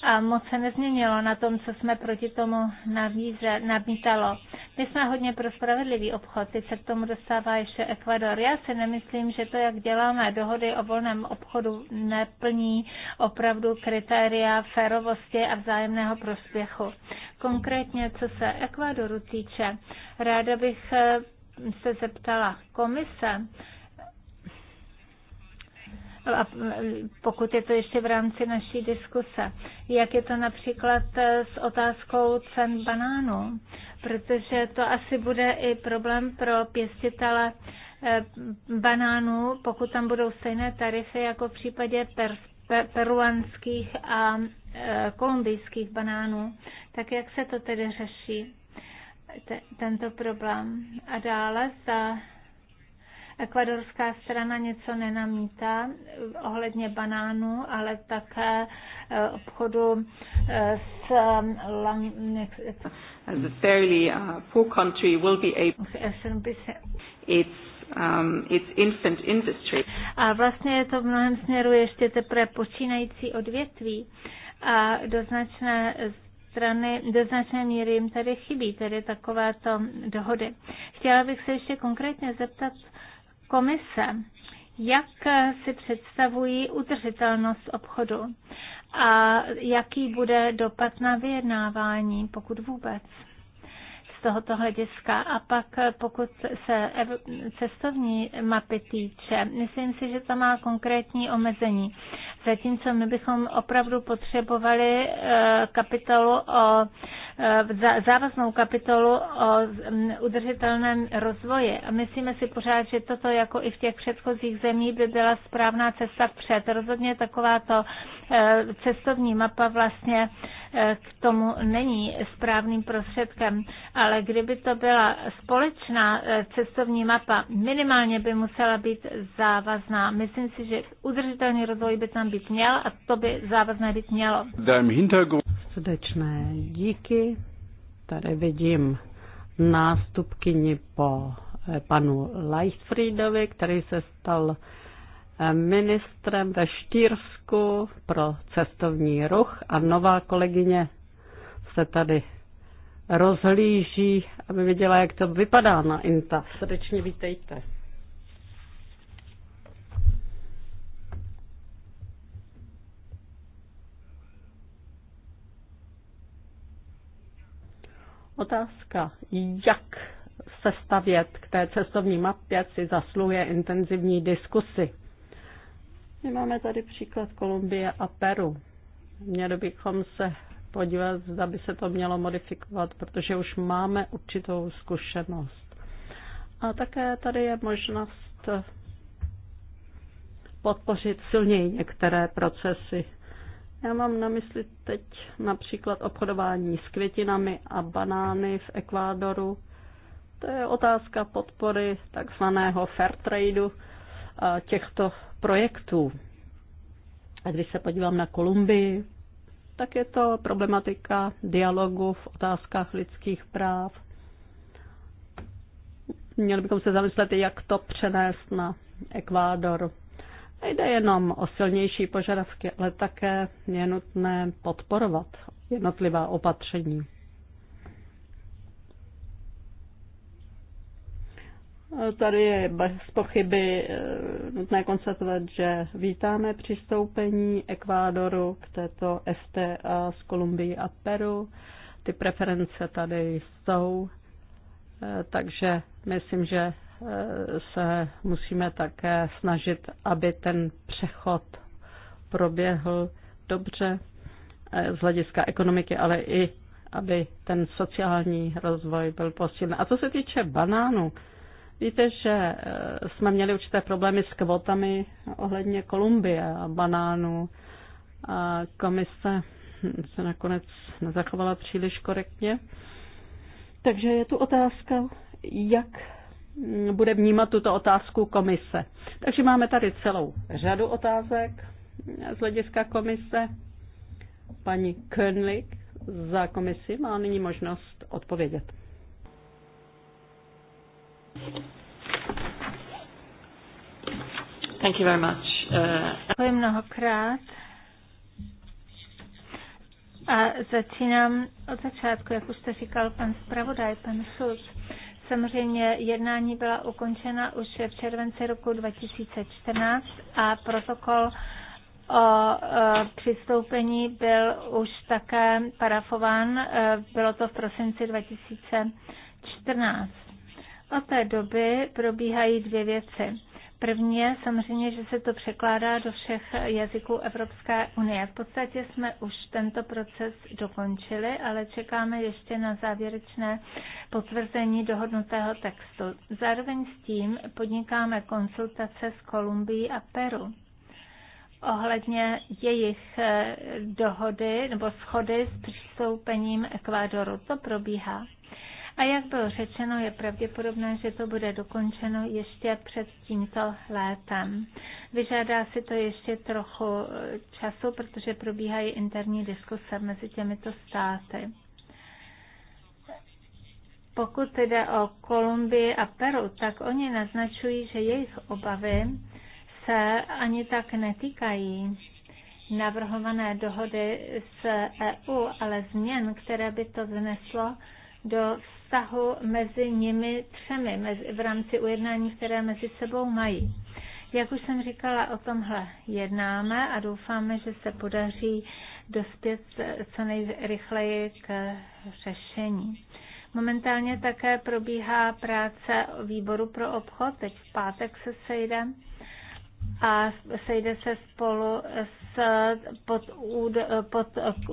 a moc se nezměnilo na tom, co jsme proti tomu navíze, nabítalo. My jsme hodně pro spravedlivý obchod, teď se k tomu dostává ještě Ekvador. Já si nemyslím, že to, jak děláme dohody o volném obchodu, neplní opravdu kritéria férovosti a vzájemného prospěchu. Konkrétně, co se Ekvadoru týče, ráda bych eh, se zeptala komise, a mm, pokud je to ještě v rámci naší diskuse. Jak je to například eh, s otázkou cen banánů, protože to asi bude i problém pro pěstitele eh, banánů, pokud tam budou stejné tarify jako v případě per, per, peruanských a eh, kolumbijských banánů. Tak jak se to tedy řeší, te, tento problém? A dále za Ekvadorská strana něco nenamítá ohledně banánů, ale také eh, obchodu eh, s lang... Eh, and fairly uh, poor country will be able its, um, its infant industry. A vlastně je to v mnohem směru ještě teprve počínající odvětví a do značné strany do značné míry jim tady chybí, tedy takovéto dohody. Chtěla bych se ještě konkrétně zeptat komise, jak si představují udržitelnost obchodu a jaký bude dopad na vyjednávání, pokud vůbec tohoto hlediska. A pak pokud se cestovní mapy týče, myslím si, že to má konkrétní omezení. Zatímco my bychom opravdu potřebovali eh, kapitolu o eh, závaznou kapitolu o mm, udržitelném rozvoji. A myslíme si pořád, že toto jako i v těch předchozích zemích by byla správná cesta vpřed. Rozhodně takováto Eh, cestovní mapa vlastně eh, k tomu není správným prostředkem, ale kdyby to byla společná eh, cestovní mapa, minimálně by musela být závazná. Myslím si, že udržitelný rozvoj by tam být měl a to by závazné být mělo. Srdečné díky. Tady vidím nástupkyni po panu Leichtfriedovi, který se stal ministrem ve štýrsku pro cestovní ruch a nová kolegyně se tady rozhlíží, aby viděla, jak to vypadá na INTA. Srdečně vítejte. Otázka, jak se stavět k té cestovní mapě, si zasluje intenzivní diskusy. My máme tady příklad Kolumbie a Peru. Měli bychom se podívat, zda by se to mělo modifikovat, protože už máme určitou zkušenost. A také tady je možnost podpořit silněji některé procesy. Já mám na mysli teď například obchodování s květinami a banány v Ekvádoru. To je otázka podpory takzvaného fair tradeu, těchto projektů. A když se podívám na Kolumbii, tak je to problematika dialogu v otázkách lidských práv. Měli bychom se zamyslet, jak to přenést na Ekvádor. Nejde jenom o silnější požadavky, ale také je nutné podporovat jednotlivá opatření. Tady je bez pochyby eh, nutné konstatovat, že vítáme přistoupení Ekvádoru k této FTA z Kolumbii a Peru. Ty preference tady jsou, eh, takže myslím, že eh, se musíme také snažit, aby ten přechod proběhl dobře z hlediska ekonomiky, ale i aby ten sociální rozvoj byl posílen. A co se týče banánů, Víte, že eh, jsme měli určité problémy s kvotami ohledně Kolumbie a banánů. A komise se nakonec nezachovala příliš korektně. Takže je tu otázka, jak bude vnímat tuto otázku komise. Takže máme tady celou řadu otázek z hlediska komise. Paní Könlik za komisi má nyní možnost odpovědět. Thank you very much. Uh, Děkuji mnohokrát. A začínám od začátku, jak už jste říkal pan zpravodaj, pan Sus. Samozřejmě jednání byla ukončena už v červenci roku 2014 a protokol o e, přistoupení byl už také parafován. E, bylo to v prosinci 2014. Od té doby probíhají dvě věci. První je samozřejmě, že se to překládá do všech jazyků Evropské unie. V podstatě jsme už tento proces dokončili, ale čekáme ještě na závěrečné potvrzení dohodnutého textu. Zároveň s tím podnikáme konsultace s Kolumbií a Peru ohledně jejich eh, dohody nebo schody s přistoupením Ekvádoru. To probíhá. A jak bylo řečeno, je pravděpodobné, že to bude dokončeno ještě před tímto létem. Vyžádá si to ještě trochu eh, času, protože probíhají interní diskuse mezi těmito státy. Pokud jde o Kolumbii a Peru, tak oni naznačují, že jejich obavy se ani tak netýkají navrhované dohody s EU, ale změn, které by to vneslo do vztahu mezi nimi třemi mezi, v rámci ujednání, které mezi sebou mají. Jak už jsem říkala, o tomhle jednáme a doufáme, že se podaří dospět co nejrychleji k řešení. Momentálně také probíhá práce výboru pro obchod, teď v pátek se sejdeme a sejde se spolu s pod, pod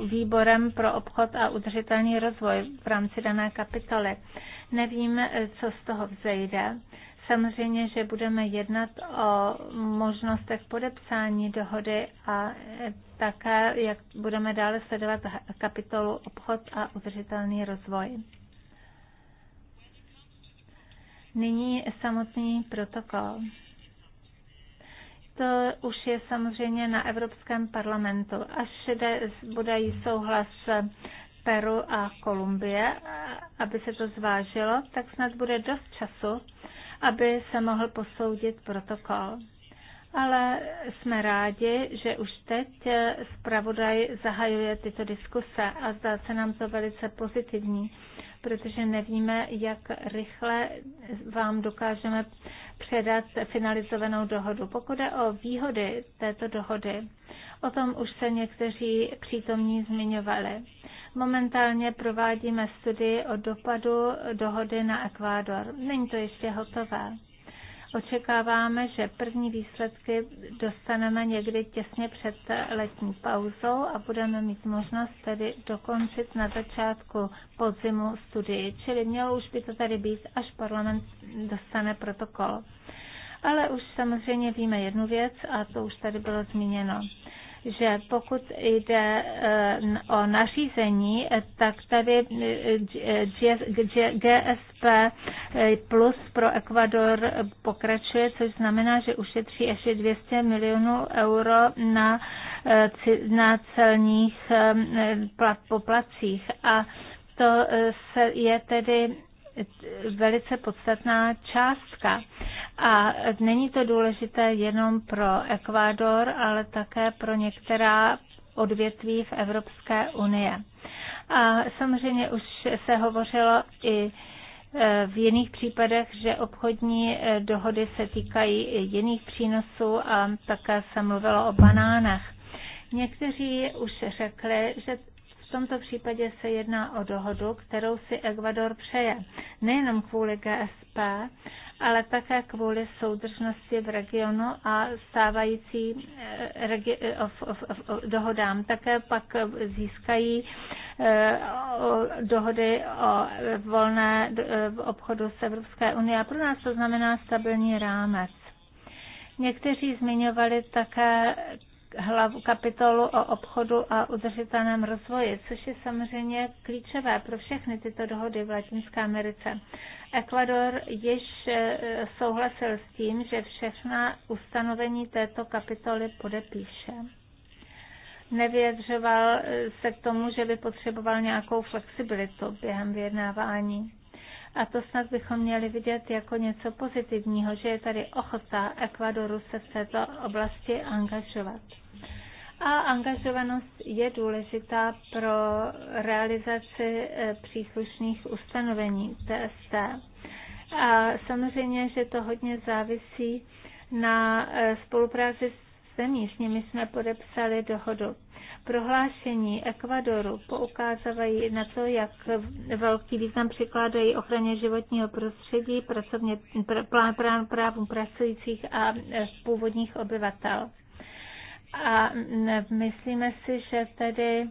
výborem pro obchod a udržitelný rozvoj v rámci dané kapitoly. Nevím, co z toho vzejde. Samozřejmě, že budeme jednat o možnostech podepsání dohody a také, jak budeme dále sledovat kapitolu obchod a udržitelný rozvoj. Nyní samotný protokol to eh, už je samozřejmě na Evropském parlamentu. Až jde, bude jí souhlas Peru a Kolumbie, eh, aby se to zvážilo, tak snad bude dost času, aby se mohl posoudit protokol. Ale jsme rádi, že už teď eh, zpravodaj zahajuje tyto diskuse a zdá se nám to velice pozitivní protože nevíme, jak rychle vám dokážeme předat finalizovanou dohodu. Pokud je o výhody této dohody, o tom už se někteří přítomní zmiňovali. Momentálně provádíme studii o dopadu dohody na Ekvádor. Není to ještě hotové. Očekáváme, že první výsledky dostaneme někdy těsně před letní pauzou a budeme mít možnost tedy dokončit na začátku podzimu studii, čili mělo už by to tady být, až parlament dostane protokol. Ale už samozřejmě víme jednu věc a to už tady bylo zmíněno že pokud jde eh, o nařízení, eh, tak tady eh, GSP plus pro Ekvador pokračuje, což znamená, že ušetří ještě 200 milionů euro na, na celních poplacích. A to je tedy velice podstatná částka. A není to důležité jenom pro Ekvádor, ale také pro některá odvětví v Evropské unie. A samozřejmě už se hovořilo i e, v jiných případech, že obchodní e, dohody se týkají i jiných přínosů a také se mluvilo o banánech. Někteří už řekli, že v tomto případě se jedná o dohodu, kterou si Ekvador přeje. Nejenom kvůli GSP, ale také kvůli soudržnosti v regionu a stávající eh, regi- eh, of, of, of, dohodám. Také pak získají eh, dohody o volné obchodu s Evropské unie. A pro nás to znamená stabilní rámec. Někteří zmiňovali také hlavu kapitolu o obchodu a udržitelném rozvoji, což je samozřejmě klíčové pro všechny tyto dohody v Latinské Americe. Ekvador již e, souhlasil s tím, že všechna ustanovení této kapitoly podepíše nevyjadřoval e, se k tomu, že by potřeboval nějakou flexibilitu během vyjednávání. A to snad bychom měli vidět jako něco pozitivního, že je tady ochota Ekvadoru se v této oblasti angažovat. A angažovanost je důležitá pro realizaci eh, příslušných ustanovení TST. A samozřejmě, že to hodně závisí na eh, spolupráci s zemí, s nimi jsme podepsali dohodu. Prohlášení Ekvadoru poukázávají na to, jak velký význam přikládají ochraně životního prostředí, pracovně, plán pr, právům pracujících a původních obyvatel. A myslíme si, že tedy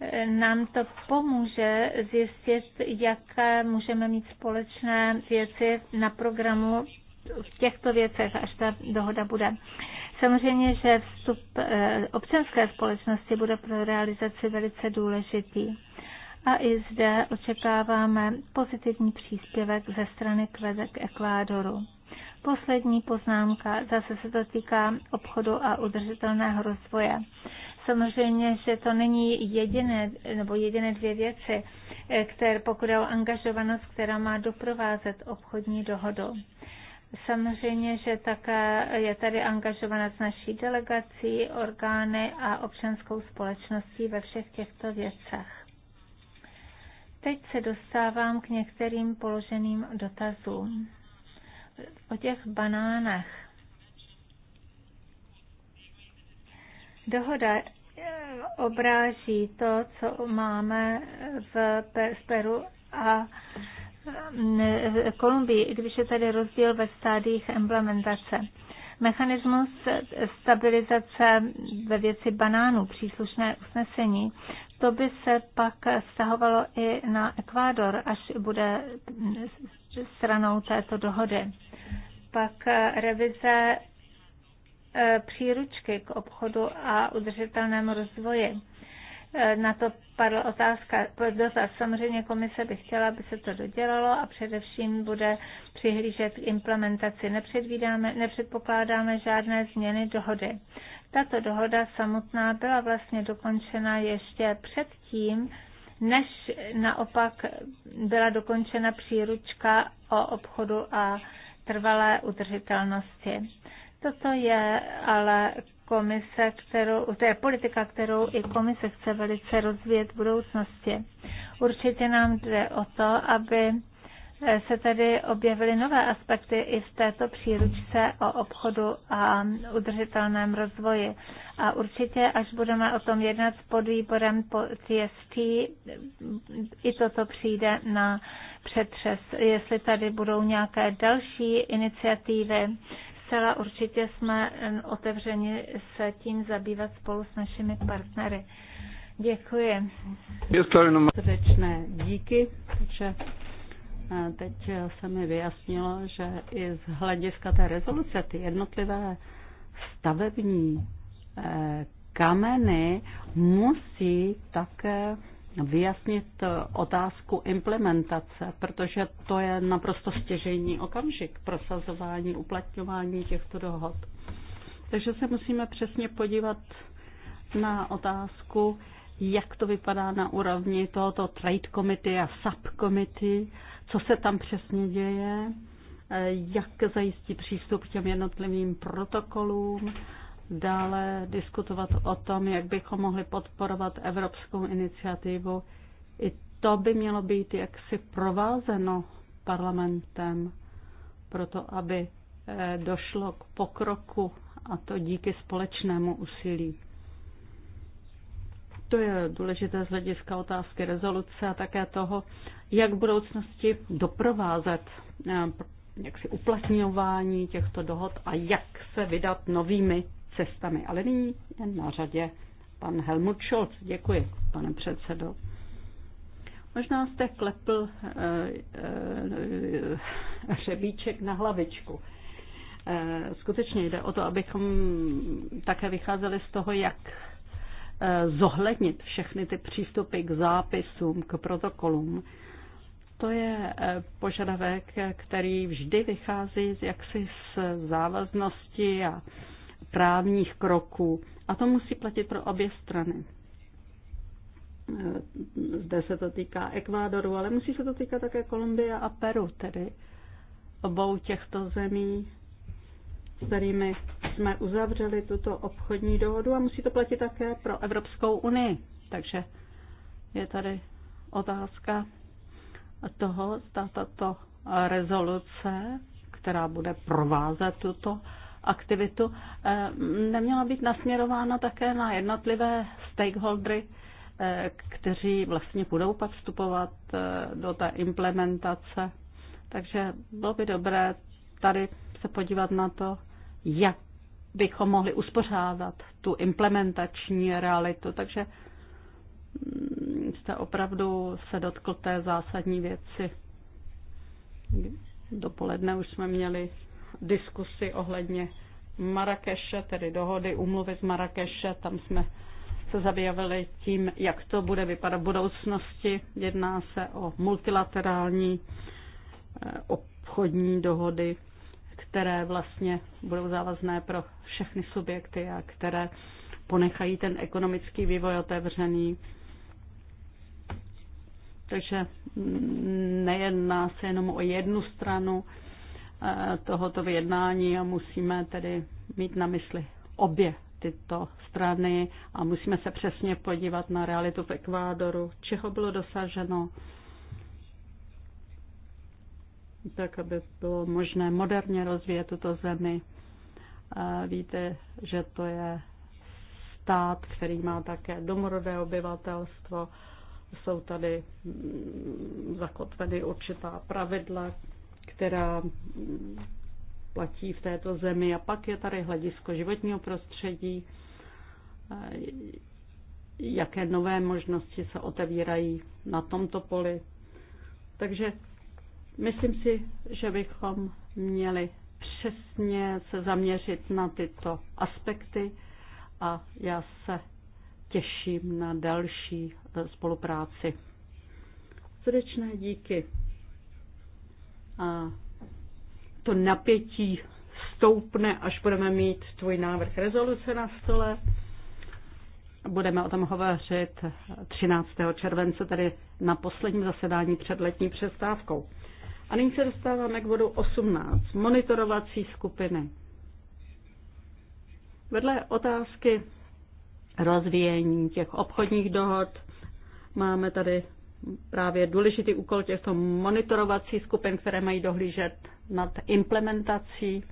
eh, nám to pomůže zjistit, jaké můžeme mít společné věci na programu v těchto věcech, až ta dohoda bude Samozřejmě, že vstup eh, občanské společnosti bude pro realizaci velice důležitý. A i zde očekáváme pozitivní příspěvek ze strany Quebec Ekvádoru. Poslední poznámka, zase se to týká obchodu a udržitelného rozvoje. Samozřejmě, že to není jediné, nebo jediné dvě věci, eh, které, pokud je o angažovanost, která má doprovázet obchodní dohodu. Samozřejmě, že také je tady angažovaná s naší delegací, orgány a občanskou společností ve všech těchto věcech. Teď se dostávám k některým položeným dotazům. O těch banánech. Dohoda eh, obráží to, co máme v Peru a Kolumbii, i když je tady rozdíl ve stádiích implementace. Mechanismus stabilizace ve věci banánů, příslušné usnesení, to by se pak stahovalo i na Ekvádor, až bude stranou této dohody. Pak revize e, příručky k obchodu a udržitelnému rozvoji na to padla otázka, dotaz. Samozřejmě komise by chtěla, aby se to dodělalo a především bude přihlížet k implementaci. Nepředvídáme, nepředpokládáme žádné změny dohody. Tato dohoda samotná byla vlastně dokončena ještě předtím, než naopak byla dokončena příručka o obchodu a trvalé udržitelnosti. Toto je ale komise, kterou, to je politika, kterou i komise chce velice rozvíjet v budoucnosti. Určitě nám jde o to, aby se tady objevily nové aspekty i v této příručce o obchodu a udržitelném rozvoji. A určitě, až budeme o tom jednat s podvýborem po TST, i toto přijde na přetřes, jestli tady budou nějaké další iniciativy, zcela určitě jsme eh, otevřeni se tím zabývat spolu s našimi partnery. Děkuji. Srdečné díky, že eh, teď eh, se mi vyjasnilo, že i z hlediska té rezoluce ty jednotlivé stavební kameny musí také vyjasnit eh, otázku implementace, protože to je naprosto stěžejní okamžik prosazování, uplatňování těchto dohod. Takže se musíme přesně podívat na otázku, jak to vypadá na úrovni tohoto trade committee a subcommittee, co se tam přesně děje, eh, jak zajistí přístup k těm jednotlivým protokolům dále diskutovat o tom, jak bychom mohli podporovat evropskou iniciativu. I to by mělo být jaksi provázeno parlamentem, proto aby eh, došlo k pokroku a to díky společnému úsilí. To je důležité z hlediska otázky rezoluce a také toho, jak v budoucnosti doprovázet eh, jak si uplatňování těchto dohod a jak se vydat novými cestami. Ale nyní je na řadě pan Helmut Scholz. Děkuji, pane předsedo. Možná jste klepl e, e, řebíček na hlavičku. E, skutečně jde o to, abychom také vycházeli z toho, jak zohlednit všechny ty přístupy k zápisům, k protokolům. To je požadavek, který vždy vychází z jaksi z závaznosti a právních kroků. A to musí platit pro obě strany. Eh, zde se to týká Ekvádoru, ale musí se to týkat také Kolumbie a Peru, tedy obou těchto zemí, s kterými jsme uzavřeli tuto obchodní dohodu a musí to platit také pro Evropskou unii. Takže je tady otázka toho, zda tato rezoluce, která bude provázet tuto aktivitu, eh, neměla být nasměrována také na jednotlivé stakeholdery, eh, kteří vlastně budou pak vstupovat eh, do té implementace. Takže bylo by dobré tady se podívat na to, jak bychom mohli uspořádat tu implementační realitu. Takže mm, jste opravdu se dotkl té zásadní věci. Dopoledne už jsme měli diskusi ohledně Marrakeše, tedy dohody, umluvy z Marrakeše. Tam jsme se zabývali tím, jak to bude vypadat v budoucnosti. Jedná se o multilaterální eh, obchodní dohody, které vlastně budou závazné pro všechny subjekty a které ponechají ten ekonomický vývoj otevřený. Takže mm, nejedná se jenom o jednu stranu, Eh, tohoto vyjednání a musíme tedy mít na mysli obě tyto strany a musíme se přesně podívat na realitu v Ekvádoru, čeho bylo dosaženo, tak aby bylo možné moderně rozvíjet tuto zemi. Eh, víte, že to je stát, který má také domorodé obyvatelstvo. Jsou tady mm, zakotveny určitá pravidla, která platí v této zemi. A pak je tady hledisko životního prostředí, jaké nové možnosti se otevírají na tomto poli. Takže myslím si, že bychom měli přesně se zaměřit na tyto aspekty a já se těším na další spolupráci. Srdečné díky a to napětí stoupne, až budeme mít tvůj návrh rezoluce na stole. Budeme o tom hovořit 13. července, tedy na posledním zasedání před letní přestávkou. A nyní se dostáváme k bodu 18. Monitorovací skupiny. Vedle otázky rozvíjení těch obchodních dohod máme tady právě důležitý úkol těchto monitorovacích skupin, které mají dohlížet nad implementací.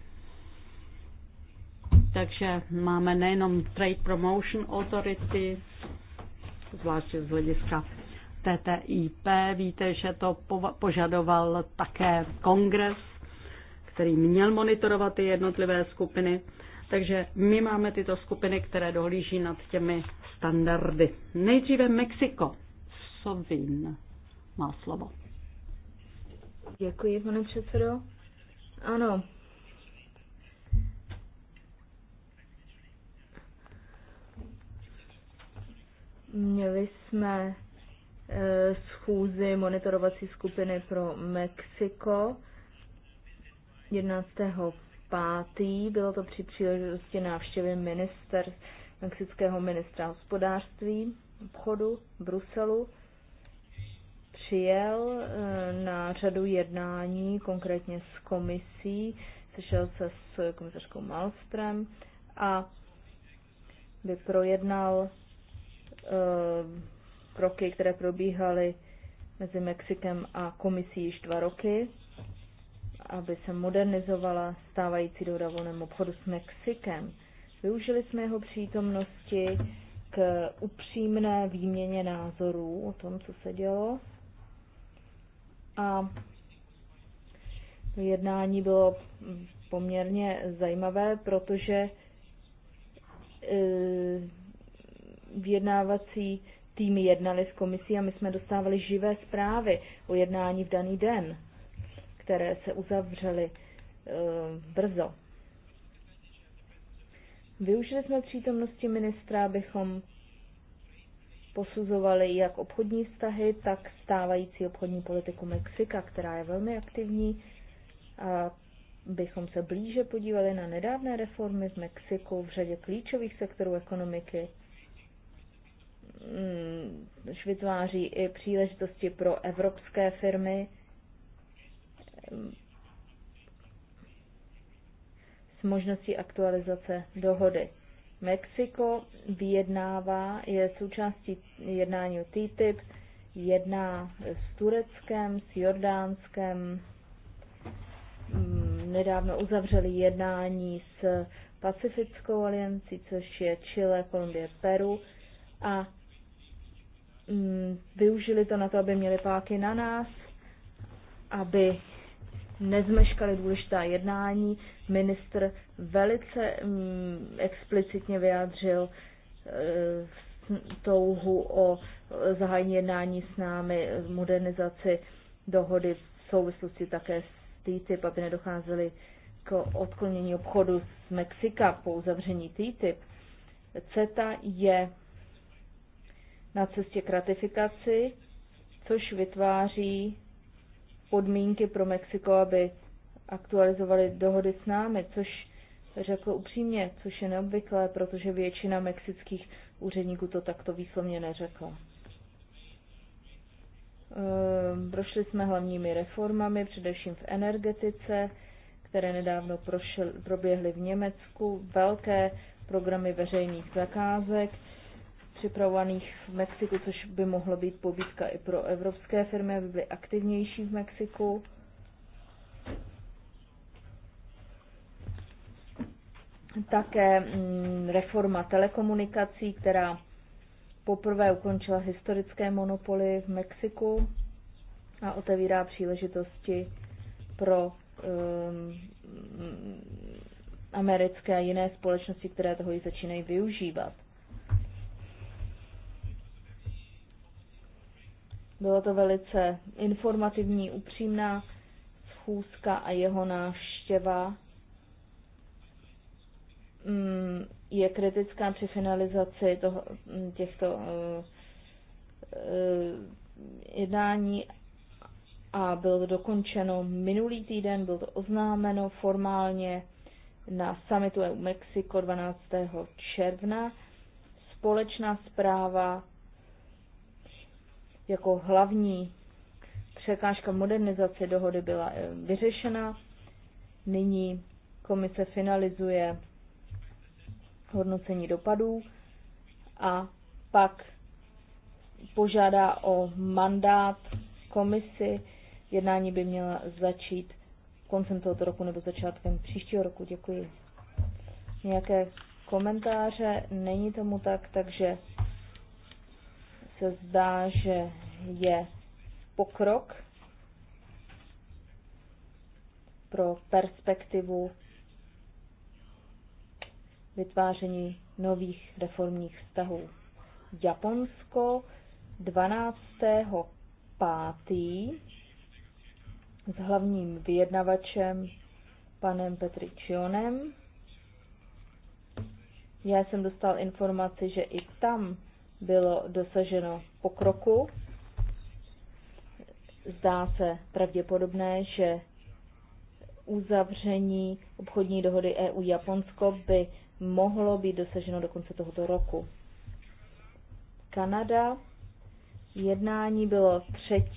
Takže máme nejenom Trade Promotion Authority, zvláště z hlediska TTIP. Víte, že to požadoval také kongres, který měl monitorovat ty jednotlivé skupiny. Takže my máme tyto skupiny, které dohlíží nad těmi standardy. Nejdříve Mexiko. Sovin má slovo. Děkuji, pane předsedo. Ano. Měli jsme e, schůzi monitorovací skupiny pro Mexiko 11. Bylo to při příležitosti návštěvy minister, mexického ministra hospodářství, obchodu v Bruselu přijel eh, na řadu jednání, konkrétně s komisí, sešel se s komisařkou Malstrem a by projednal eh, kroky, které probíhaly mezi Mexikem a komisí již dva roky, aby se modernizovala stávající dohoda volném obchodu s Mexikem. Využili jsme jeho přítomnosti k upřímné výměně názorů o tom, co se dělo a to jednání bylo poměrně zajímavé, protože e, vyjednávací týmy jednali s komisí a my jsme dostávali živé zprávy o jednání v daný den, které se uzavřely e, brzo. Využili jsme přítomnosti ministra, abychom posuzovali jak obchodní vztahy, tak stávající obchodní politiku Mexika, která je velmi aktivní. A bychom se blíže podívali na nedávné reformy v Mexiku v řadě klíčových sektorů ekonomiky, mm, což vytváří i příležitosti pro evropské firmy. s možností aktualizace dohody. Mexiko vyjednává, je součástí jednání o TTIP, jedná s Tureckem, s Jordánskem, mm, nedávno uzavřeli jednání s Pacifickou aliancí, což je Chile, Kolumbie, Peru a mm, využili to na to, aby měli páky na nás, aby nezmeškali důležitá jednání. Ministr velice mm, explicitně vyjádřil eh, touhu o zahájení jednání s námi, modernizaci dohody v souvislosti také s TTIP, aby nedocházeli k odklonění obchodu z Mexika po uzavření TTIP. CETA je na cestě k ratifikaci, což vytváří podmínky pro Mexiko, aby aktualizovali dohody s námi, což řekl upřímně, což je neobvyklé, protože většina mexických úředníků to takto výslovně neřekla. Ehm, prošli jsme hlavními reformami, především v energetice, které nedávno prošel, proběhly v Německu, velké programy veřejných zakázek, připravovaných v Mexiku, což by mohlo být pobídka i pro evropské firmy, aby byly aktivnější v Mexiku. Také mm, reforma telekomunikací, která poprvé ukončila historické monopoly v Mexiku a otevírá příležitosti pro um, americké a jiné společnosti, které toho i začínají využívat. Byla to velice informativní, upřímná schůzka a jeho návštěva mm, je kritická při finalizaci toho, mm, těchto uh, jednání a bylo to dokončeno minulý týden, bylo to oznámeno formálně na summitu EU Mexiko 12. června. Společná zpráva jako hlavní překážka modernizace dohody byla eh, vyřešena. Nyní komise finalizuje hodnocení dopadů a pak požádá o mandát komisi. Jednání by měla začít koncem tohoto roku nebo začátkem příštího roku. Děkuji. Nějaké komentáře? Není tomu tak, takže se zdá, že je pokrok pro perspektivu vytváření nových reformních vztahů. Japonsko 12. 5. s hlavním vyjednavačem panem Petričionem. Já jsem dostal informaci, že i tam bylo dosaženo pokroku. Zdá se pravděpodobné, že uzavření obchodní dohody EU-Japonsko by mohlo být dosaženo do konce tohoto roku. Kanada. Jednání bylo 3.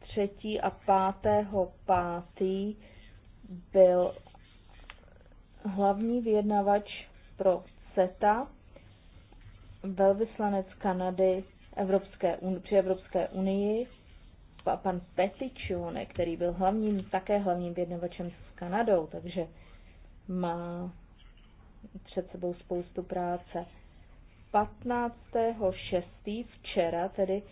3. a 5. 5. byl hlavní vyjednavač pro CETA velvyslanec Kanady Evropské, při Evropské unii, pan Petičone, který byl hlavním, také hlavním vědnovačem s Kanadou, takže má před sebou spoustu práce. 15.6. včera tedy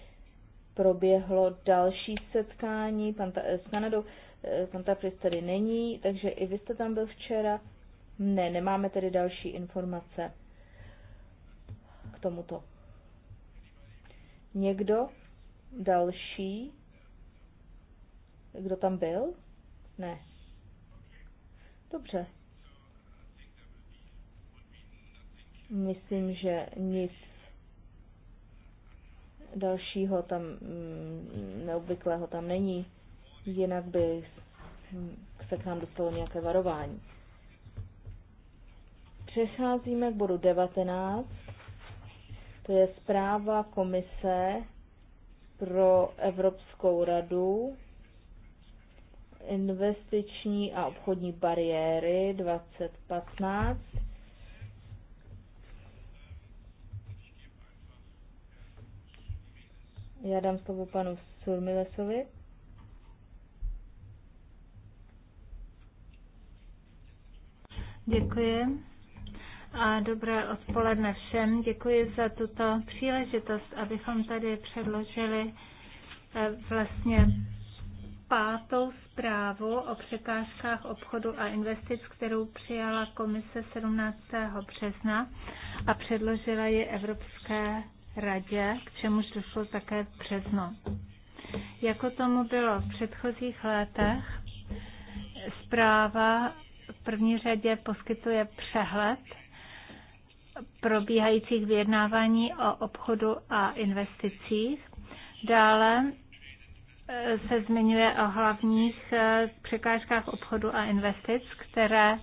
proběhlo další setkání pan ta, s Kanadou. Eh, pan Tafris tedy není, takže i vy jste tam byl včera. Ne, nemáme tedy další informace tomuto. Někdo další, kdo tam byl? Ne. Dobře. Myslím, že nic dalšího tam mm, neobvyklého tam není. Jinak by se k nám dostalo nějaké varování. Přecházíme k bodu 19. To je zpráva komise pro Evropskou radu investiční a obchodní bariéry 2015. Já dám slovo panu Surmilesovi. Děkuji a dobré odpoledne všem. Děkuji za tuto příležitost, abychom tady předložili eh, vlastně pátou zprávu o překážkách obchodu a investic, kterou přijala komise 17. března a předložila ji Evropské radě, k čemuž došlo také v březnu. Jako tomu bylo v předchozích letech, zpráva v první řadě poskytuje přehled probíhajících vyjednávání o obchodu a investicích. Dále e, se zmiňuje o hlavních e, překážkách obchodu a investic, které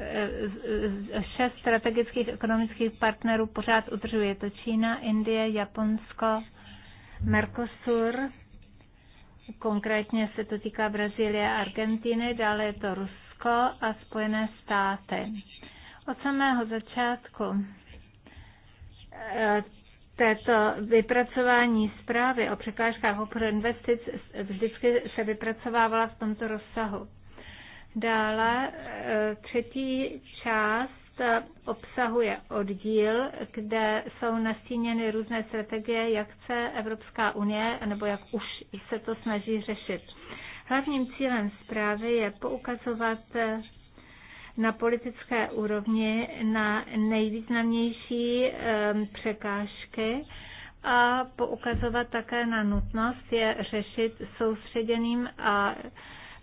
e, šest strategických ekonomických partnerů pořád udržuje. To Čína, Indie, Japonsko, Mercosur, konkrétně se to týká Brazílie a Argentiny, dále je to Rusko a Spojené státy. Od samého začátku eh, této vypracování zprávy o překážkách obchodu investic vždycky se vypracovávala v tomto rozsahu. Dále eh, třetí část eh, obsahuje oddíl, kde jsou nastíněny různé strategie, jak chce Evropská unie, nebo jak už se to snaží řešit. Hlavním cílem zprávy je poukazovat na politické úrovni na nejvýznamnější ehm, překážky a poukazovat také na nutnost je řešit soustředěným a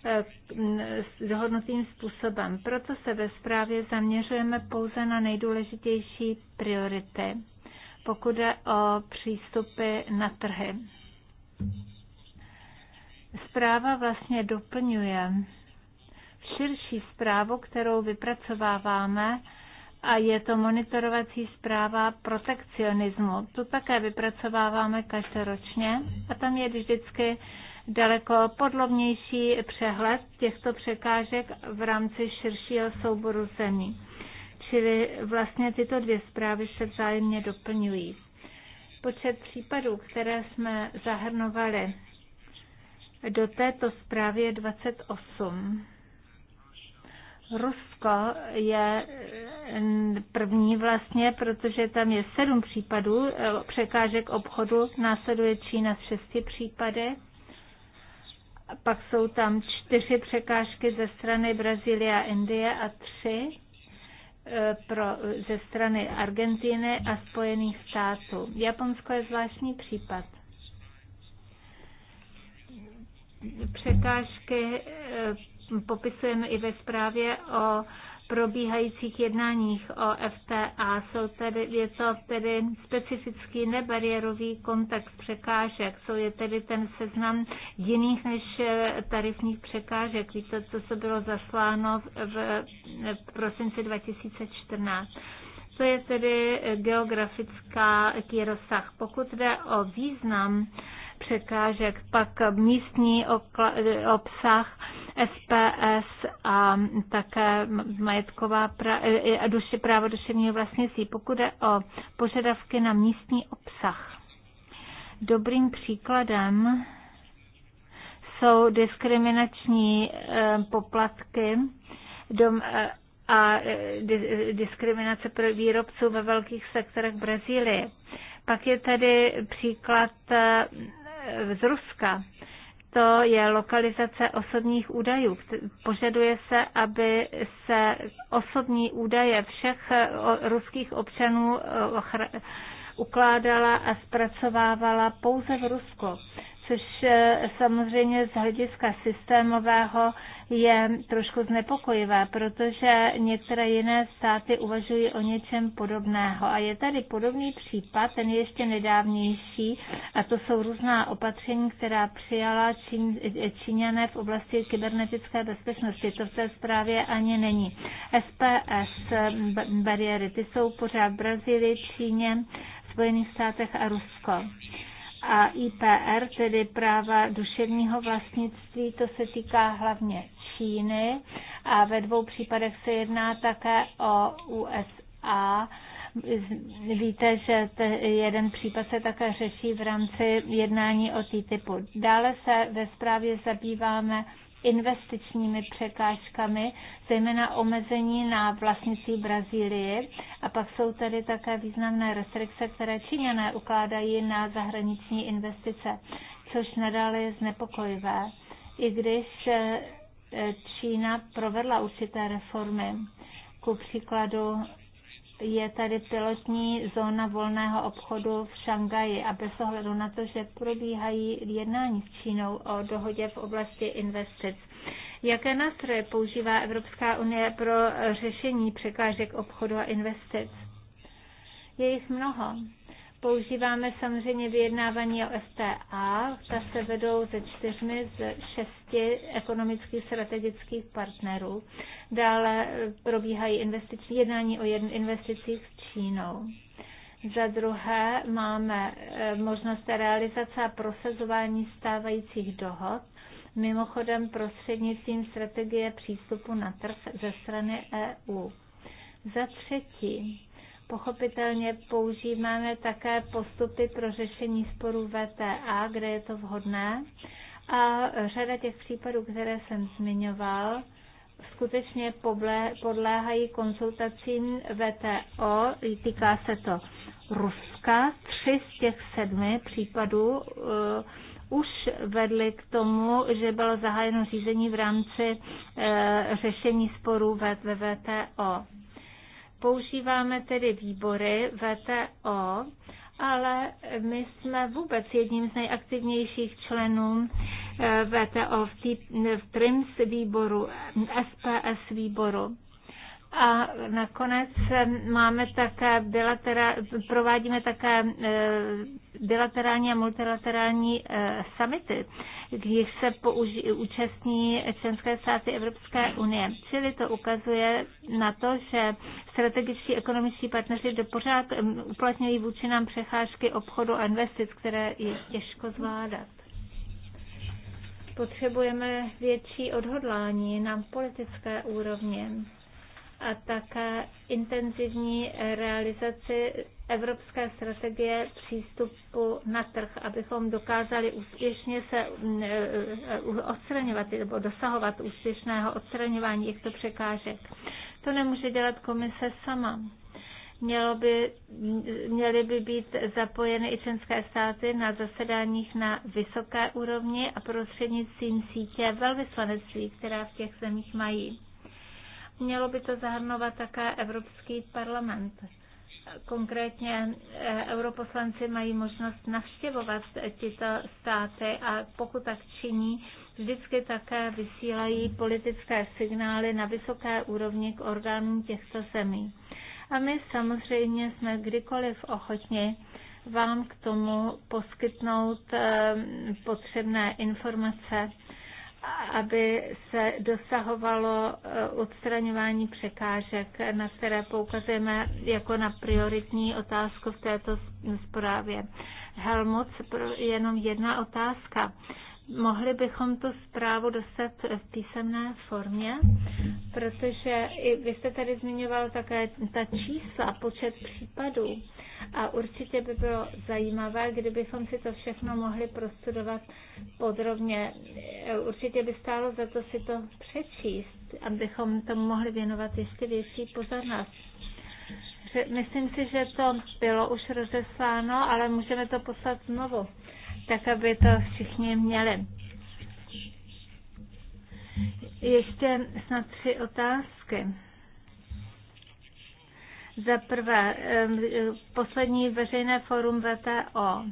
ehm, dohodnutým způsobem. Proto se ve zprávě zaměřujeme pouze na nejdůležitější priority, pokud jde o přístupy na trhy. Zpráva vlastně doplňuje širší zprávu, kterou vypracováváme, a je to monitorovací zpráva protekcionismu. Tu také vypracováváme každoročně a tam je vždycky daleko podlobnější přehled těchto překážek v rámci širšího souboru zemí. Čili vlastně tyto dvě zprávy se vzájemně doplňují. Počet případů, které jsme zahrnovali do této zprávy je 28. Rusko je eh, první vlastně, protože tam je sedm případů eh, překážek obchodu, následuje Čína v šesti případy. Pak jsou tam čtyři překážky ze strany Brazílie a Indie a tři eh, pro, ze strany Argentíny a Spojených států. Japonsko je zvláštní případ. Překážky popisujeme i ve zprávě o probíhajících jednáních o FTA. Jsou tedy, je to tedy specifický nebariérový kontext překážek. Jsou je tedy ten seznam jiných než eh, tarifních překážek. Víte, co se bylo zasláno v, v prosinci 2014. To je tedy eh, geografická rozsah. Pokud jde o význam překážek, pak místní eh, obsah, SPS a také majetková pra- e, e, duši, právo duševního vlastnictví. Pokud je o požadavky na místní obsah, dobrým příkladem jsou diskriminační e, poplatky dom, a diskriminace pro výrobců ve velkých sektorech Brazílie. Pak je tady příklad z Ruska to je lokalizace osobních údajů. Požaduje se, aby se osobní údaje všech ruských občanů eh, ukládala a zpracovávala pouze v Rusku což eh, samozřejmě z hlediska systémového je trošku znepokojivé, protože některé jiné státy uvažují o něčem podobného. A je tady podobný případ, ten je ještě nedávnější, a to jsou různá opatření, která přijala Čín, eh, Číňané v oblasti kybernetické bezpečnosti. To v té zprávě ani není. SPS eh, bariéry, ty jsou pořád v Brazílii, Číně, Spojených státech a Rusko a IPR, tedy práva duševního vlastnictví, to se týká hlavně Číny a ve dvou případech se jedná také o USA. Víte, že jeden případ se také řeší v rámci jednání o TTIPu. Dále se ve zprávě zabýváme investičními překážkami, zejména omezení na vlastnictví Brazílie. A pak jsou tady také významné restrikce, které Číňané ukládají na zahraniční investice, což nadále je znepokojivé, i když eh, Čína provedla určité reformy. Ku příkladu je tady pilotní zóna volného obchodu v Šangaji a bez ohledu na to, že probíhají jednání s Čínou o dohodě v oblasti investic. Jaké nástroje používá Evropská unie pro řešení překážek obchodu a investic? Je jich mnoho používáme samozřejmě vyjednávání o FTA, ta se vedou ze čtyřmi z šesti ekonomických strategických partnerů. Dále probíhají investiční, jednání o investicích s Čínou. Za druhé máme eh, možnost realizace a prosazování stávajících dohod, mimochodem prostřednictvím strategie přístupu na trh ze strany EU. Za třetí, Pochopitelně používáme také postupy pro řešení sporů VTA, kde je to vhodné. A řada těch případů, které jsem zmiňoval, skutečně podléhají konzultacím VTO, týká se to Ruska. Tři z těch sedmi případů eh, už vedly k tomu, že bylo zahájeno řízení v rámci eh, řešení sporů ve VTO. Používáme tedy výbory VTO, ale my jsme vůbec jedním z nejaktivnějších členů eh, VTO v, tý, v TRIMS výboru, SPS eh, výboru. A nakonec máme také bilatera, provádíme také e, bilaterální a multilaterální e, summity, když se použi- účastní členské státy Evropské unie. Čili to ukazuje na to, že strategičtí ekonomičtí partneři pořád uplatňují vůči nám přecházky obchodu a investic, které je těžko zvládat. Potřebujeme větší odhodlání na politické úrovni a také intenzivní realizaci evropské strategie přístupu na trh, abychom dokázali úspěšně se mm, e, e, odstraňovat nebo dosahovat úspěšného odstraňování těchto překážek. To nemůže dělat komise sama. Mělo by, měly by být zapojeny i členské státy na zasedáních na vysoké úrovni a prostřednictvím sítě velvyslanectví, která v těch zemích mají. Mělo by to zahrnovat také Evropský parlament. Konkrétně eh, europoslanci mají možnost navštěvovat tyto státy a pokud tak činí, vždycky také vysílají politické signály na vysoké úrovni k orgánům těchto zemí. A my samozřejmě jsme kdykoliv ochotni vám k tomu poskytnout eh, potřebné informace aby se dosahovalo eh, odstraňování překážek, na které poukazujeme jako na prioritní otázku v této zprávě. Helmut, jenom jedna otázka mohli bychom tu zprávu dostat v písemné formě, protože i vy jste tady zmiňoval také ta čísla, počet případů a určitě by bylo zajímavé, kdybychom si to všechno mohli prostudovat podrobně. Určitě by stálo za to si to přečíst, abychom tomu mohli věnovat ještě větší pozornost. Myslím si, že to bylo už rozesláno, ale můžeme to poslat znovu tak aby to všichni měli. Ještě snad tři otázky. Za prvé, poslední veřejné forum VTO.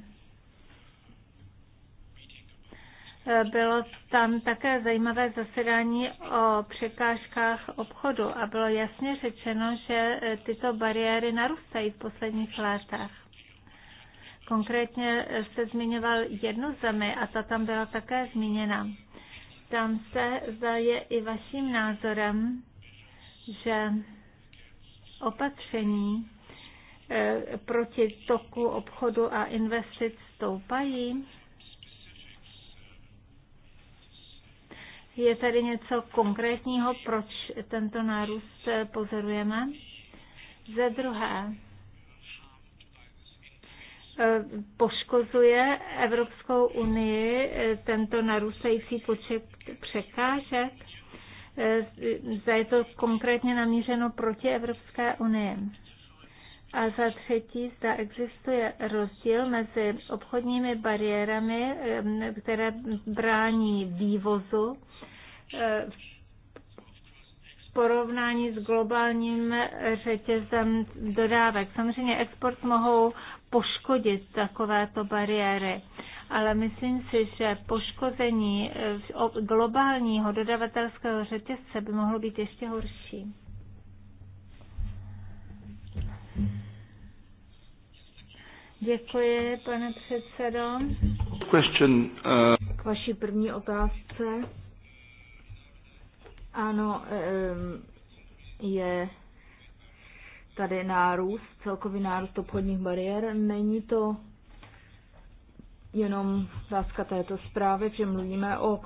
Bylo tam také zajímavé zasedání o překážkách obchodu a bylo jasně řečeno, že tyto bariéry narůstají v posledních letech. Konkrétně se zmiňoval jednu zemi a ta tam byla také zmíněna. Tam se, zda je i vaším názorem, že opatření eh, proti toku obchodu a investic stoupají. Je tady něco konkrétního, proč tento nárůst eh, pozorujeme? Ze druhé, poškozuje Evropskou unii eh, tento narůstající počet překážek? Eh, zda je to konkrétně namířeno proti Evropské unii? A za třetí, zda existuje rozdíl mezi obchodními bariérami, eh, které brání vývozu porovnání s globálním řetězem dodávek. Samozřejmě export mohou poškodit takovéto bariéry. Ale myslím si, že poškození eh, globálního dodavatelského řetězce by mohlo být ještě horší. Děkuji, pane předsedo. Question, uh... K vaší první otázce. Ano, eh, je tady nárůst, celkový nárůst obchodních bariér. Není to jenom otázka této zprávy, že mluvíme o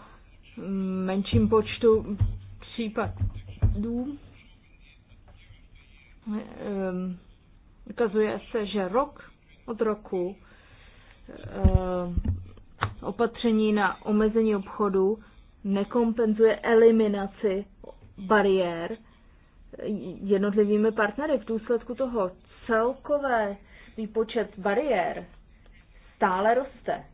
menším počtu případů. Ehm, ukazuje se, že rok od roku ehm, opatření na omezení obchodu nekompenzuje eliminaci bariér jednotlivými partnery. V důsledku toho celkové výpočet bariér stále roste.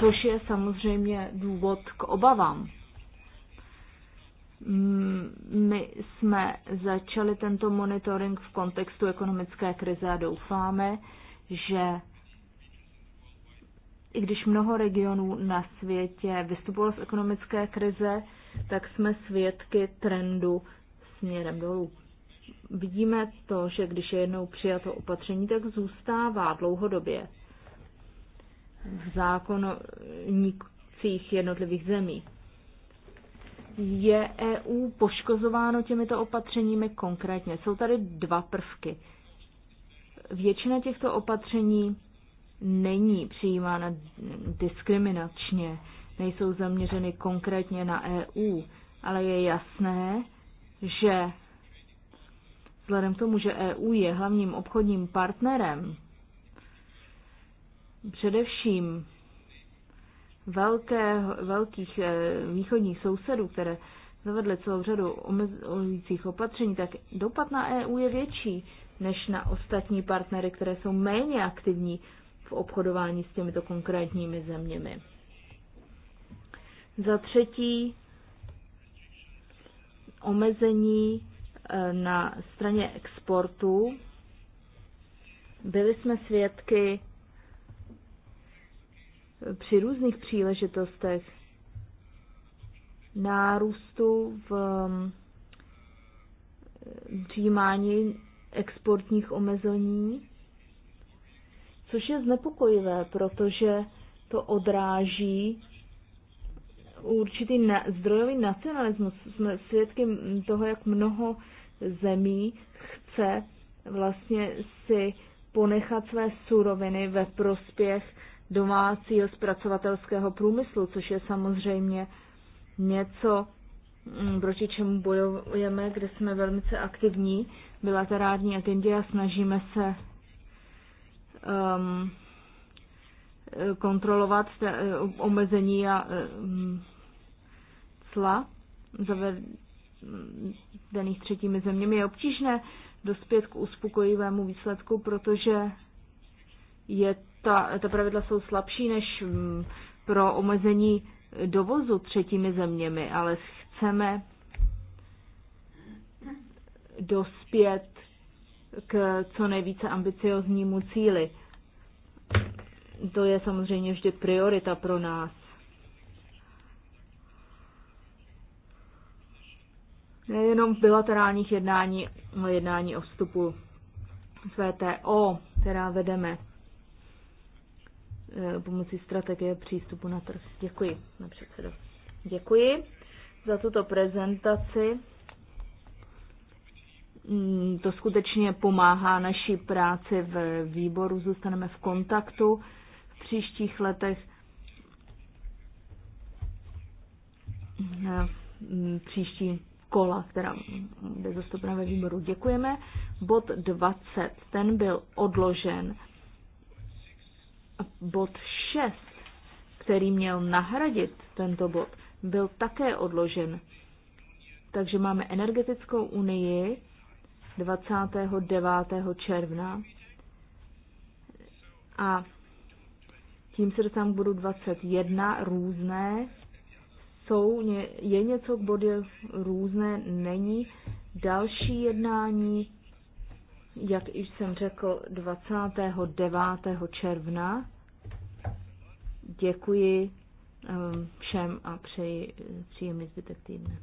Což je samozřejmě důvod k obavám. Mm, my jsme začali tento monitoring v kontextu ekonomické krize a doufáme, že i když mnoho regionů na světě vystupovalo z ekonomické krize, tak jsme svědky trendu směrem dolů. Vidíme to, že když je jednou přijato opatření, tak zůstává dlouhodobě v zákonnících jednotlivých zemí. Je EU poškozováno těmito opatřeními konkrétně? Jsou tady dva prvky. Většina těchto opatření není přijímána diskriminačně nejsou zaměřeny konkrétně na EU, ale je jasné, že vzhledem k tomu, že EU je hlavním obchodním partnerem, především velké, velkých eh, východních sousedů, které zavedly celou řadu omezujících opatření, tak dopad na EU je větší než na ostatní partnery, které jsou méně aktivní v obchodování s těmito konkrétními zeměmi. Za třetí, omezení e, na straně exportu. Byli jsme svědky při různých příležitostech nárůstu v přijímání exportních omezení, což je znepokojivé, protože to odráží určitý na, zdrojový nacionalismus. Jsme svědky toho, jak mnoho zemí chce vlastně si ponechat své suroviny ve prospěch domácího zpracovatelského průmyslu, což je samozřejmě něco, mm, proti čemu bojujeme, kde jsme velmi aktivní bilaterální agendě a snažíme se um, kontrolovat eh, omezení a um, cla zavedených třetími zeměmi, je obtížné dospět k uspokojivému výsledku, protože je ta, ta pravidla jsou slabší než mm, pro omezení dovozu třetími zeměmi, ale chceme dospět k co nejvíce ambicioznímu cíli. To je samozřejmě vždy priorita pro nás. nejenom v bilaterálních jednání, jednání o vstupu z VTO, která vedeme e, pomocí strategie přístupu na trh. Děkuji, na předsedo. Děkuji za tuto prezentaci. Mm, to skutečně pomáhá naší práci v výboru. Zůstaneme v kontaktu v příštích letech. E, příští kola, která bude zastupná ve výboru. Děkujeme. Bod 20, ten byl odložen. Bod 6, který měl nahradit tento bod, byl také odložen. Takže máme energetickou unii 29. června a tím se dostávám k bodu 21, různé jsou, je něco k bodě různé, není. Další jednání, jak již jsem řekl, 29. června. Děkuji ehm, všem a přeji eh, příjemný zbytek týdne.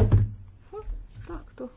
Hm, tak to.